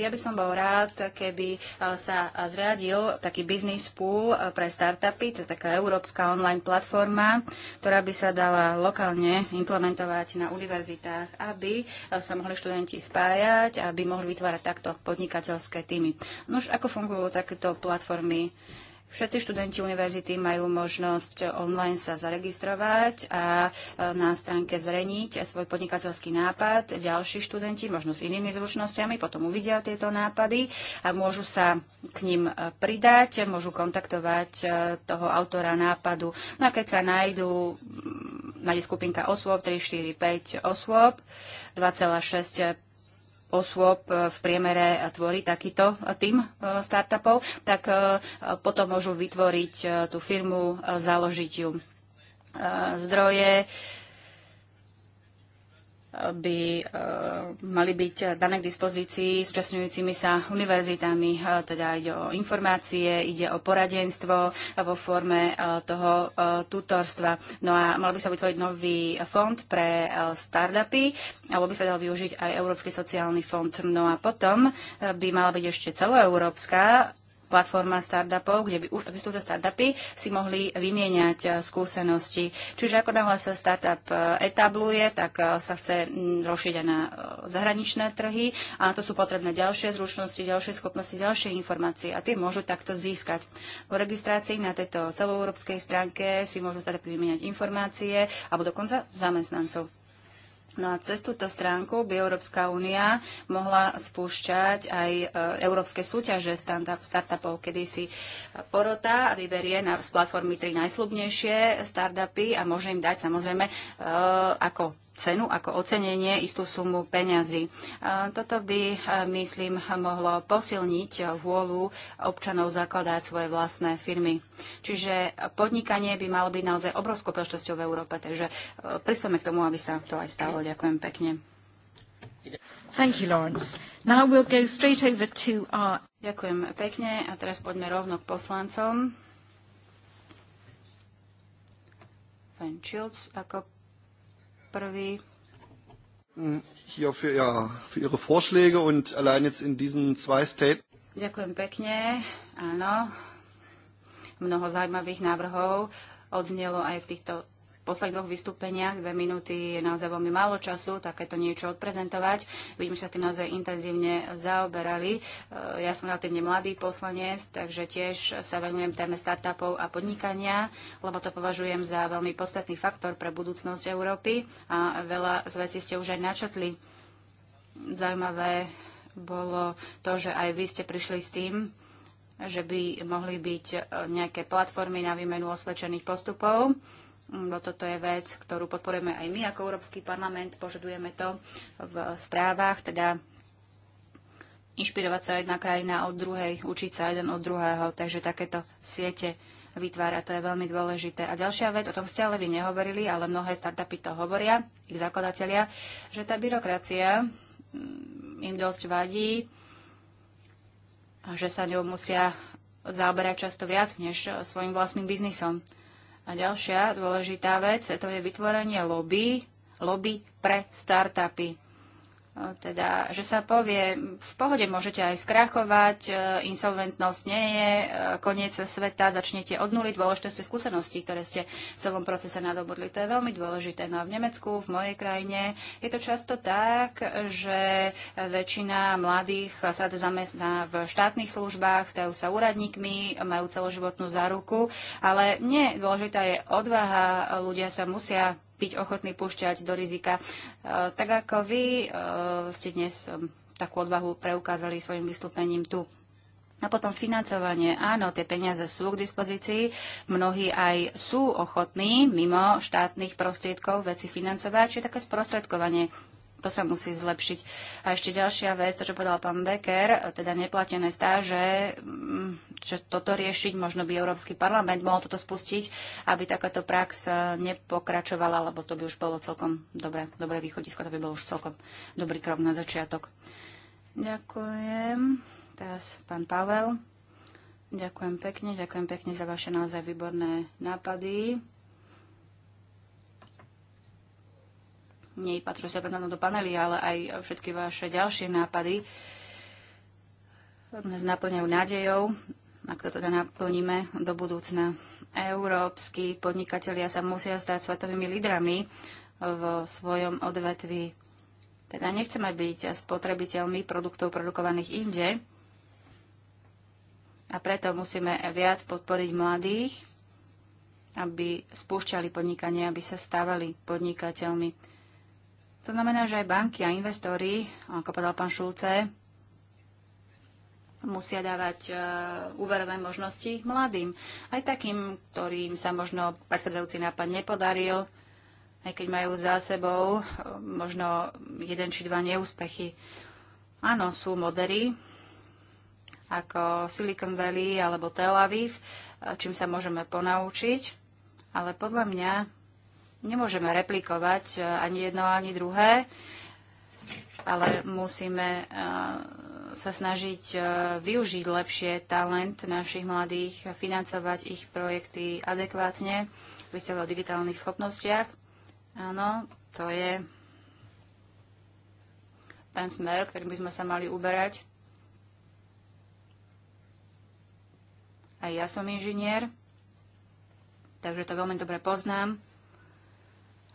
ja by som bol rád, keby sa zriadil taký business pool pre startupy, to je taká európska online platforma, ktorá by sa dala lokálne implementovať na univerzitách, aby sa mohli študenti spájať, aby mohli vytvárať takto podnikateľské týmy. No už ako fungujú takéto platformy? Všetci študenti univerzity majú možnosť online sa zaregistrovať a e, na stránke zverejniť svoj podnikateľský nápad. Ďalší študenti, možno s inými zručnosťami, potom uvidia tieto nápady a môžu sa k ním e, pridať, môžu kontaktovať e, toho autora nápadu. No a keď sa nájdú, nájde skupinka osôb, 3, 4, 5 osôb, 2,6 osôb e, v priemere tvorí takýto e, tým e, startupov, tak potom môžu vytvoriť tú firmu, založiť ju. Zdroje, by eh, mali byť dané k dispozícii súčasňujúcimi sa univerzitami. Eh, teda ide o informácie, ide o poradenstvo vo forme eh, toho tutorstva. No a mal by sa vytvoriť nový fond pre startupy, alebo by sa dal využiť aj Európsky sociálny fond. No a potom by mala byť ešte celoeurópska platforma startupov, kde by už existujúce startupy si mohli vymieňať eh, skúsenosti. Čiže ako náhle sa startup eh, etabluje, tak eh, sa chce mm, rozšíriť aj na zahraničné trhy a na to sú potrebné ďalšie zručnosti, ďalšie schopnosti, ďalšie informácie a tie môžu takto získať. Po registrácii na tejto celoeurópskej stránke si môžu startupy vymieňať informácie alebo dokonca zamestnancov. No a cez túto stránku by Európska únia mohla spúšťať aj e, európske súťaže startupov, kedy si porota vyberie na, z platformy tri najslubnejšie startupy a môže im dať samozrejme e, ako cenu ako ocenenie, istú sumu peňazí. Toto by, myslím, mohlo posilniť vôľu občanov zakladať svoje vlastné firmy. Čiže podnikanie by malo byť naozaj obrovskou príležitosťou v Európe, takže e, prispieme k tomu, aby sa to aj stalo. Ďakujem pekne. Thank you, Lawrence. Now we'll go straight over to our... Ďakujem pekne a teraz poďme rovno k poslancom. Pán Čilc ako prvý. Hm, hier für, ja, für Ihre Vorschläge und allein jetzt in diesen zwei Ďakujem pekne. Áno. Mnoho zaujímavých návrhov odznelo aj v týchto posledných dvoch vystúpeniach. Dve minúty je naozaj veľmi málo času takéto niečo odprezentovať. Vidím, že sa tým naozaj intenzívne zaoberali. E, ja som relatívne mladý poslanec, takže tiež sa venujem téme startupov a podnikania, lebo to považujem za veľmi podstatný faktor pre budúcnosť Európy a veľa z vecí ste už aj načetli. Zaujímavé bolo to, že aj vy ste prišli s tým, že by mohli byť e, nejaké platformy na výmenu osvedčených postupov lebo no toto je vec, ktorú podporujeme aj my ako Európsky parlament, požadujeme to v správach, teda inšpirovať sa jedna krajina od druhej, učiť sa jeden od druhého, takže takéto siete vytvára, to je veľmi dôležité. A ďalšia vec, o tom ste ale vy nehovorili, ale mnohé startupy to hovoria, ich zakladatelia, že tá byrokracia mm, im dosť vadí, že sa ňou musia zaoberať často viac než svojim vlastným biznisom. A ďalšia dôležitá vec, to je vytvorenie lobby, lobby pre startupy teda, že sa povie, v pohode môžete aj skrachovať, e, insolventnosť nie je, e, koniec sveta, začnete od nuly, dôležité sú skúsenosti, ktoré ste v celom procese nadobudli. To je veľmi dôležité. No a v Nemecku, v mojej krajine, je to často tak, že väčšina mladých sa zamestná v štátnych službách, stajú sa úradníkmi, majú celoživotnú záruku, ale nie, dôležitá je odvaha, ľudia sa musia byť ochotní púšťať do rizika. E, tak ako vy e, ste dnes e, takú odvahu preukázali svojim vystúpením tu. A potom financovanie. Áno, tie peniaze sú k dispozícii. Mnohí aj sú ochotní mimo štátnych prostriedkov veci financovať, čiže také sprostredkovanie to sa musí zlepšiť. A ešte ďalšia vec, to, čo povedal pán Becker, teda neplatené stáže, že mm, toto riešiť, možno by Európsky parlament mohol toto spustiť, aby takáto prax e, nepokračovala, lebo to by už bolo celkom dobré, dobré východisko, to by bolo už celkom dobrý krok na začiatok. Ďakujem. Teraz pán Pavel. Ďakujem pekne, ďakujem pekne za vaše naozaj výborné nápady. patrú sa na do panely, ale aj všetky vaše ďalšie nápady nás naplňajú nádejou, ak to teda naplníme do budúcna. Európsky podnikatelia sa musia stať svetovými lídrami vo svojom odvetvi. Teda nechceme byť spotrebiteľmi produktov produkovaných inde a preto musíme viac podporiť mladých, aby spúšťali podnikanie, aby sa stávali podnikateľmi. To znamená, že aj banky a investory, ako povedal pán Šulce, musia dávať uh, úverové možnosti mladým. Aj takým, ktorým sa možno predchádzajúci nápad nepodaril, aj keď majú za sebou e, možno jeden či dva neúspechy. Áno, sú modery, ako Silicon Valley alebo Tel Aviv, e, čím sa môžeme ponaučiť, ale podľa mňa Nemôžeme replikovať e, ani jedno, ani druhé, ale musíme e, sa snažiť e, využiť lepšie talent našich mladých, financovať ich projekty adekvátne. by ste o digitálnych schopnostiach. Áno, to je ten smer, ktorým by sme sa mali uberať. Aj ja som inžinier, takže to veľmi dobre poznám.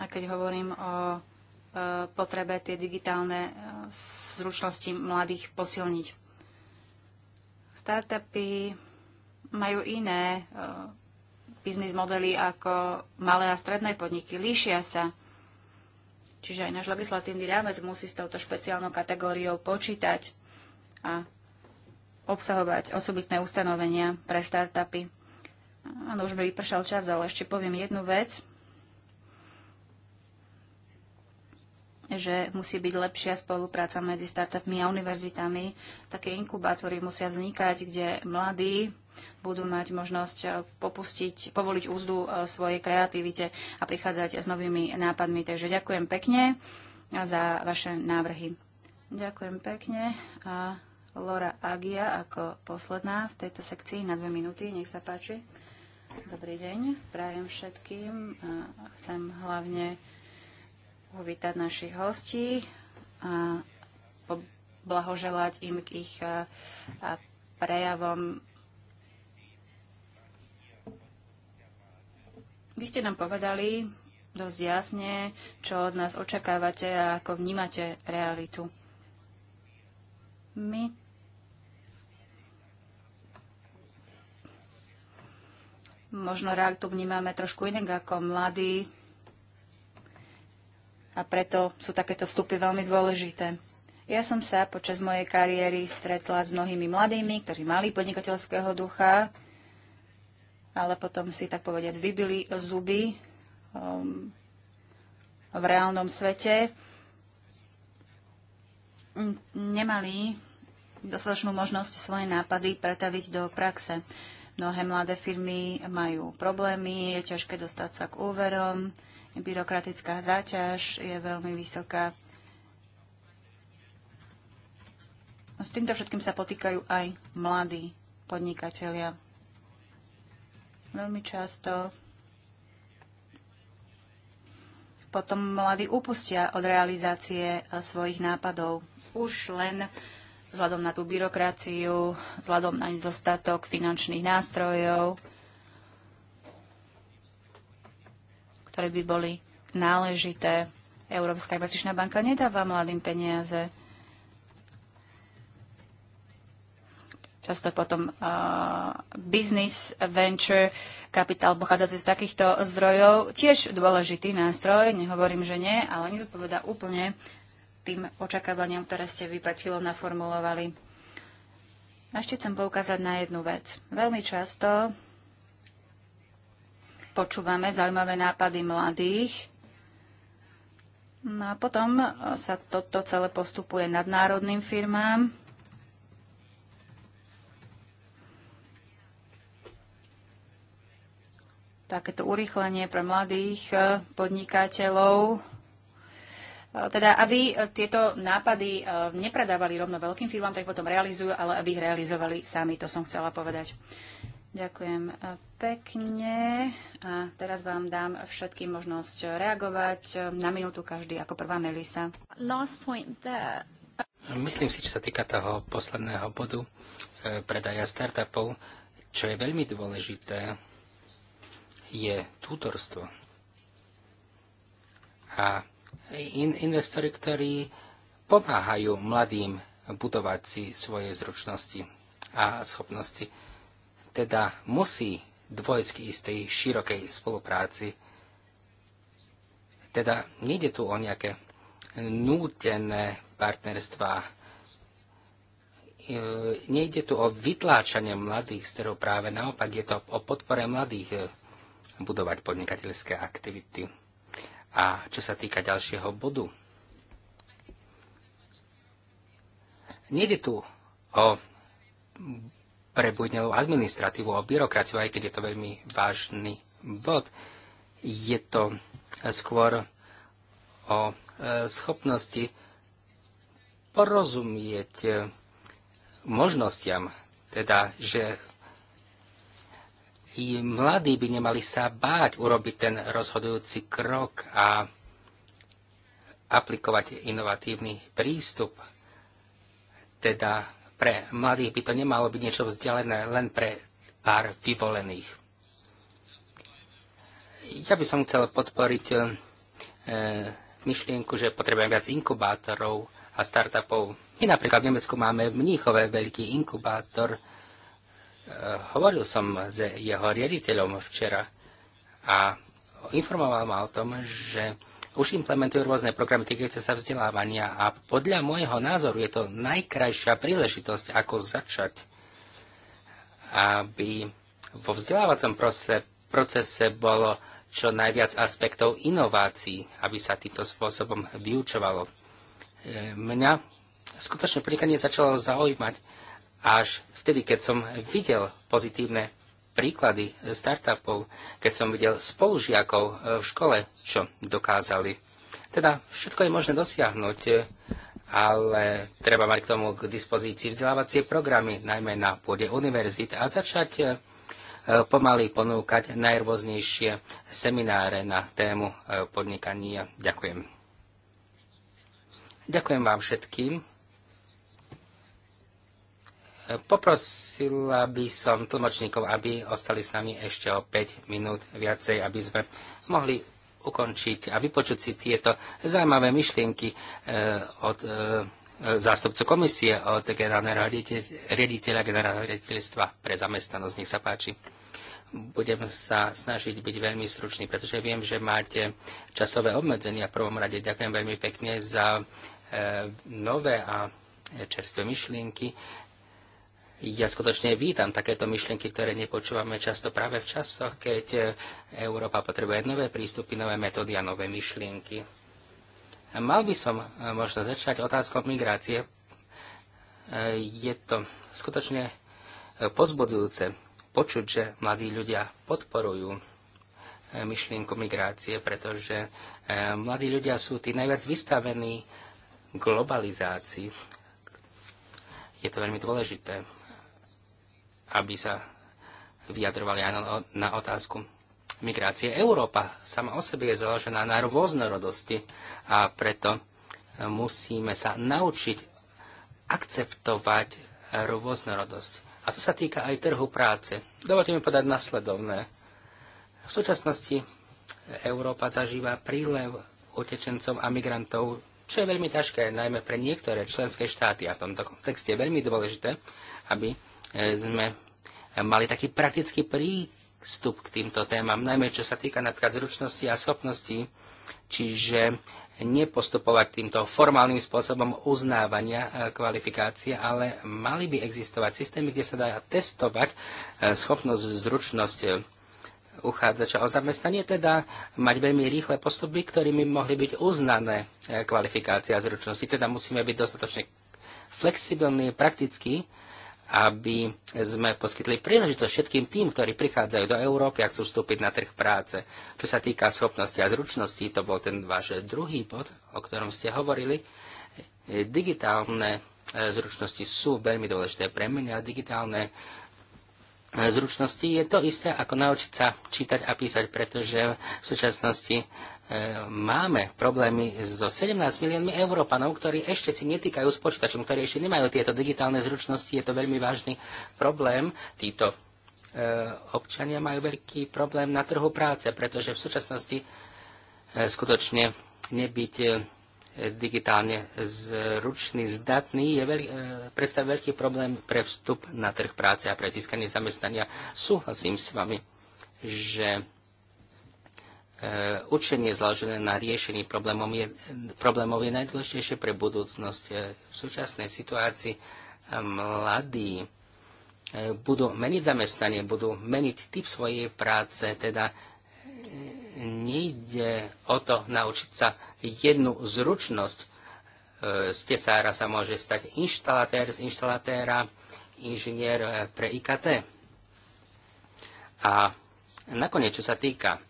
A keď hovorím o e, potrebe tie digitálne e, zručnosti mladých posilniť. Startupy majú iné e, biznis modely ako malé a stredné podniky. Líšia sa. Čiže aj náš legislatívny rámec musí s touto špeciálnou kategóriou počítať a obsahovať osobitné ustanovenia pre startupy. Áno, už by vypršal čas, ale ešte poviem jednu vec. že musí byť lepšia spolupráca medzi startupmi a univerzitami. Také inkubátory musia vznikať, kde mladí budú mať možnosť e, popustiť, povoliť úzdu e, svojej kreativite a prichádzať s novými nápadmi. Takže ďakujem pekne za vaše návrhy. Ďakujem pekne. A Lora Agia ako posledná v tejto sekcii na dve minúty. Nech sa páči. Dobrý deň. Prajem všetkým. Chcem hlavne uvítať našich hostí a blahoželať im k ich prejavom. Vy ste nám povedali dosť jasne, čo od nás očakávate a ako vnímate realitu. My možno realitu vnímame trošku inak ako mladí a preto sú takéto vstupy veľmi dôležité. Ja som sa počas mojej kariéry stretla s mnohými mladými, ktorí mali podnikateľského ducha, ale potom si tak povediac vybili zuby um, v reálnom svete. Nemali dostatočnú možnosť svoje nápady pretaviť do praxe. Mnohé mladé firmy majú problémy, je ťažké dostať sa k úverom, byrokratická záťaž je veľmi vysoká. S týmto všetkým sa potýkajú aj mladí podnikatelia. Veľmi často potom mladí upustia od realizácie svojich nápadov. Už len vzhľadom na tú byrokraciu, vzhľadom na nedostatok finančných nástrojov, ktoré by boli náležité. Európska investičná banka nedáva mladým peniaze. Často potom uh, business venture kapitál pochádzajúci z takýchto zdrojov, tiež dôležitý nástroj, nehovorím, že nie, ale nezodpovedá úplne tým očakávaniam, ktoré ste vy pred chvíľou naformulovali. ešte chcem poukázať na jednu vec. Veľmi často počúvame zaujímavé nápady mladých. No a potom sa toto celé postupuje nadnárodným firmám. Takéto urýchlenie pre mladých eh, podnikateľov. Eh, teda, aby eh, tieto nápady nepredávali rovno veľkým firmám, tak potom realizujú, ale aby ich realizovali sami. To som chcela povedať. Ďakujem e, pekne a teraz vám dám všetkým možnosť reagovať e, na minútu každý ako prvá Melisa. Myslím si, čo sa týka toho posledného bodu e, predaja startupov, čo je veľmi dôležité, je tútorstvo. A in, investori, ktorí pomáhajú mladým budovať si svoje zručnosti a schopnosti teda musí dôjsť k istej širokej spolupráci. Teda nejde tu o nejaké nútené partnerstva. E, nejde tu o vytláčanie mladých z práve naopak je to o podpore mladých e, budovať podnikateľské aktivity. A čo sa týka ďalšieho bodu, nejde tu o prebudnelú administratívu a byrokraciu, aj keď je to veľmi vážny bod. Je to skôr o e, schopnosti porozumieť e, možnostiam, teda, že i mladí by nemali sa báť urobiť ten rozhodujúci krok a aplikovať inovatívny prístup, teda pre mladých by to nemalo byť niečo vzdialené len pre pár vyvolených. Ja by som chcel podporiť e, myšlienku, že potrebujem viac inkubátorov a startupov. My napríklad v Nemecku máme v Mníchove veľký inkubátor. E, hovoril som s jeho riaditeľom včera a informoval ma o tom, že už implementujú rôzne programy týkajúce sa vzdelávania a podľa môjho názoru je to najkrajšia príležitosť, ako začať, aby vo vzdelávacom procese bolo čo najviac aspektov inovácií, aby sa týmto spôsobom vyučovalo. E, mňa skutočne podnikanie začalo zaujímať až vtedy, keď som videl pozitívne príklady startupov, keď som videl spolužiakov e, v škole, čo dokázali. Teda všetko je možné dosiahnuť, e, ale treba mať k tomu k dispozícii vzdelávacie programy, najmä na pôde univerzit a začať e, pomaly ponúkať najrôznejšie semináre na tému podnikania. Ďakujem. Ďakujem vám všetkým. Poprosila by som tlmočníkov, aby ostali s nami ešte o 5 minút viacej, aby sme mohli ukončiť a vypočuť si tieto zaujímavé myšlienky eh, od eh, zástupcu komisie, od generálneho riaditeľa generálneho riaditeľstva pre zamestnanosť. Nech sa páči. Budem sa snažiť byť veľmi stručný, pretože viem, že máte časové obmedzenia. V prvom rade ďakujem veľmi pekne za eh, nové a čerstvé myšlienky. Ja skutočne vítam takéto myšlienky, ktoré nepočúvame často práve v časoch, keď e, Európa potrebuje nové prístupy, nové metódy a nové myšlienky. Mal by som e, možno začať otázkou migrácie. E, je to skutočne pozbudzujúce počuť, že mladí ľudia podporujú myšlienku migrácie, pretože mladí ľudia sú tí najviac vystavení globalizácii. Je to veľmi dôležité aby sa vyjadrovali aj na otázku migrácie. Európa sama o sebe je založená na rôznorodosti a preto musíme sa naučiť akceptovať rôznorodosť. A to sa týka aj trhu práce. Dovolte mi povedať nasledovné. V súčasnosti Európa zažíva prílev utečencov a migrantov, čo je veľmi ťažké, najmä pre niektoré členské štáty. A v tomto kontexte je veľmi dôležité, aby E, sme mali taký praktický prístup k týmto témam, najmä čo sa týka napríklad zručnosti a schopnosti, čiže nepostupovať týmto formálnym spôsobom uznávania e, kvalifikácie, ale mali by existovať systémy, kde sa dá testovať e, schopnosť, zručnosť uchádzača o zamestnanie, teda mať veľmi rýchle postupy, ktorými mohli byť uznané kvalifikácie a zručnosti. Teda musíme byť dostatočne flexibilní, praktickí aby sme poskytli príležitosť všetkým tým, ktorí prichádzajú do Európy a chcú vstúpiť na trh práce. Čo sa týka schopnosti a zručnosti, to bol ten váš druhý bod, o ktorom ste hovorili. Digitálne e, zručnosti sú veľmi dôležité pre mňa. Digitálne e, zručnosti je to isté ako naučiť sa čítať a písať, pretože v súčasnosti E, máme problémy so 17 miliónmi Európanov, ktorí ešte si netýkajú s počítačom, ktorí ešte nemajú tieto digitálne zručnosti. Je to veľmi vážny problém. Títo e, občania majú veľký problém na trhu práce, pretože v súčasnosti e, skutočne nebyť digitálne zručný, zdatný, je veľ, predstav veľký problém pre vstup na trh práce a pre získanie zamestnania. Súhlasím s vami, že Eh, učenie zložené na riešení problémov je, problémov je najdôležitejšie pre budúcnosť. Eh, v súčasnej situácii eh, mladí budú meniť zamestnanie, budú meniť typ svojej práce, teda nejde o to naučiť sa jednu zručnosť. Z tesára sa môže stať inštalatér, z inštalatéra inžinier pre IKT. A nakoniec, čo sa týka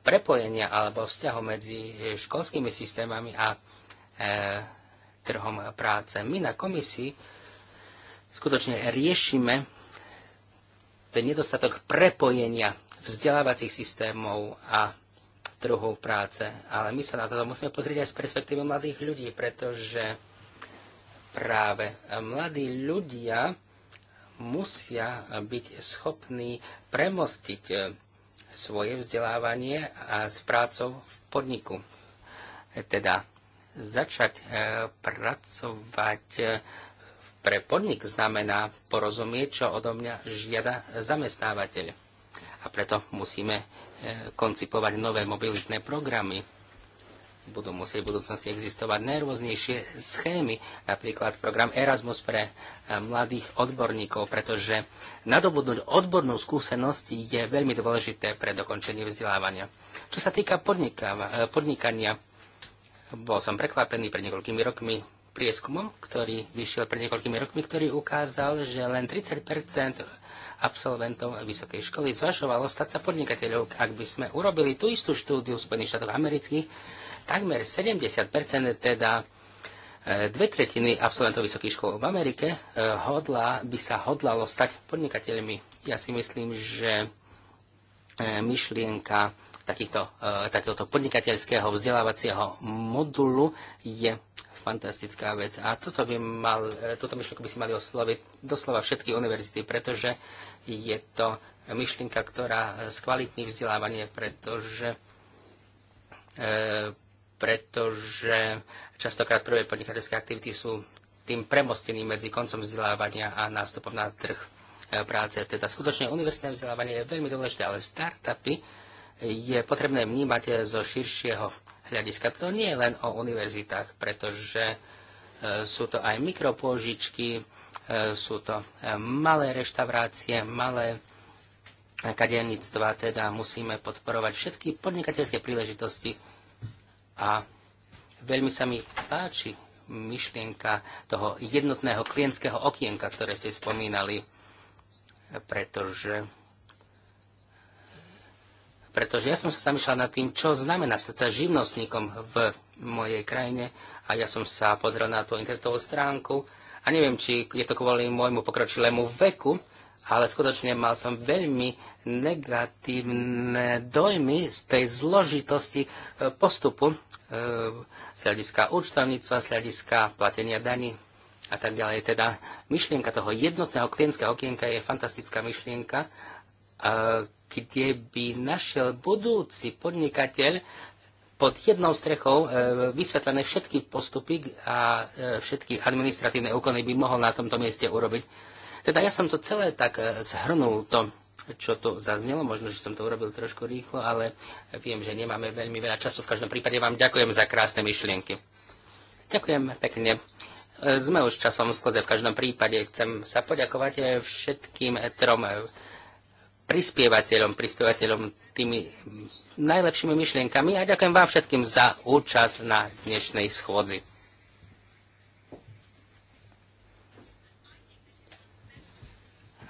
prepojenia alebo vzťahu medzi e, školskými systémami a e, trhom práce. My na komisii skutočne riešime ten nedostatok prepojenia vzdelávacích systémov a trhu práce. Ale my sa na toto musíme pozrieť aj z perspektívy mladých ľudí, pretože práve mladí ľudia musia byť schopní premostiť e, svoje vzdelávanie a s prácou v podniku. Teda začať e, pracovať e, pre podnik znamená porozumieť, čo odo mňa žiada zamestnávateľ. A preto musíme e, koncipovať nové mobilitné programy budú musieť v budúcnosti existovať najrôznejšie schémy, napríklad program Erasmus pre e, mladých odborníkov, pretože nadobudnúť odbornú skúsenosť je veľmi dôležité pre dokončenie vzdelávania. Čo sa týka e, podnikania, bol som prekvapený pred niekoľkými rokmi prieskumom, ktorý vyšiel pred niekoľkými rokmi, ktorý ukázal, že len 30 absolventov vysokej školy zvažovalo stať sa podnikateľov. Ak by sme urobili tú istú štúdiu v Spojených štátoch amerických, takmer 70 teda e, dve tretiny absolventov vysokých škôl v Amerike e, hodla, by sa hodlalo stať podnikateľmi. Ja si myslím, že e, myšlienka takýchto, takéhoto podnikateľského vzdelávacieho modulu je fantastická vec. A toto by mal, toto myšlienku by si mali osloviť doslova všetky univerzity, pretože je to myšlienka, ktorá skvalitní vzdelávanie, pretože pretože častokrát prvé podnikateľské aktivity sú tým premostený medzi koncom vzdelávania a nástupom na trh e, práce. Teda skutočne univerzitné vzdelávanie je veľmi dôležité, ale startupy je potrebné vnímať zo širšieho hľadiska. To nie je len o univerzitách, pretože e, sú to aj mikropôžičky, e, sú to malé reštaurácie, malé kaderníctva, teda musíme podporovať všetky podnikateľské príležitosti, a veľmi sa mi páči myšlienka toho jednotného klientského okienka, ktoré ste spomínali, pretože pretože ja som sa zamýšľal nad tým, čo znamená stať sa živnostníkom v mojej krajine a ja som sa pozrel na tú internetovú stránku a neviem, či je to kvôli môjmu pokročilému veku, ale skutočne mal som veľmi negatívne dojmy z tej zložitosti e, postupu e, z hľadiska účtovníctva, z hľadiska platenia daní a tak ďalej. Teda myšlienka toho jednotného klientského okienka je fantastická myšlienka, e, kde by našiel budúci podnikateľ pod jednou strechou vysvetlené všetky postupy a všetky administratívne úkony by mohol na tomto mieste urobiť teda ja som to celé tak e, zhrnul, to, čo to zaznelo, možno, že som to urobil trošku rýchlo, ale viem, že nemáme veľmi veľa času. V každom prípade vám ďakujem za krásne myšlienky. Ďakujem pekne. E, sme už časom v skloze. V každom prípade chcem sa poďakovať e, všetkým trom prispievateľom, prispievateľom tými najlepšími myšlienkami a ďakujem vám všetkým za účasť na dnešnej schôdzi.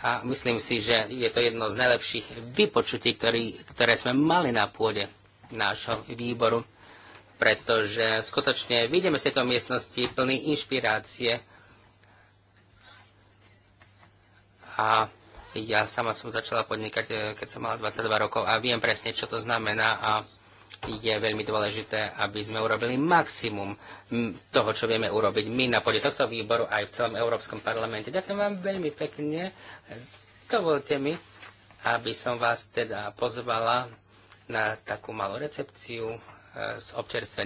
a myslím si, že je to jedno z najlepších vypočutí, ktorý, ktoré sme mali na pôde nášho výboru, pretože skutočne vidíme z tejto miestnosti plný inšpirácie a ja sama som začala podnikať, eh, keď som mala 22 rokov a viem presne, čo to znamená a je veľmi dôležité, aby sme urobili maximum toho, čo vieme urobiť my na pôde tohto výboru aj v celom Európskom parlamente. Ďakujem vám veľmi pekne. Dovolte mi, aby som vás teda pozvala na takú malú recepciu e, z občerstvenia.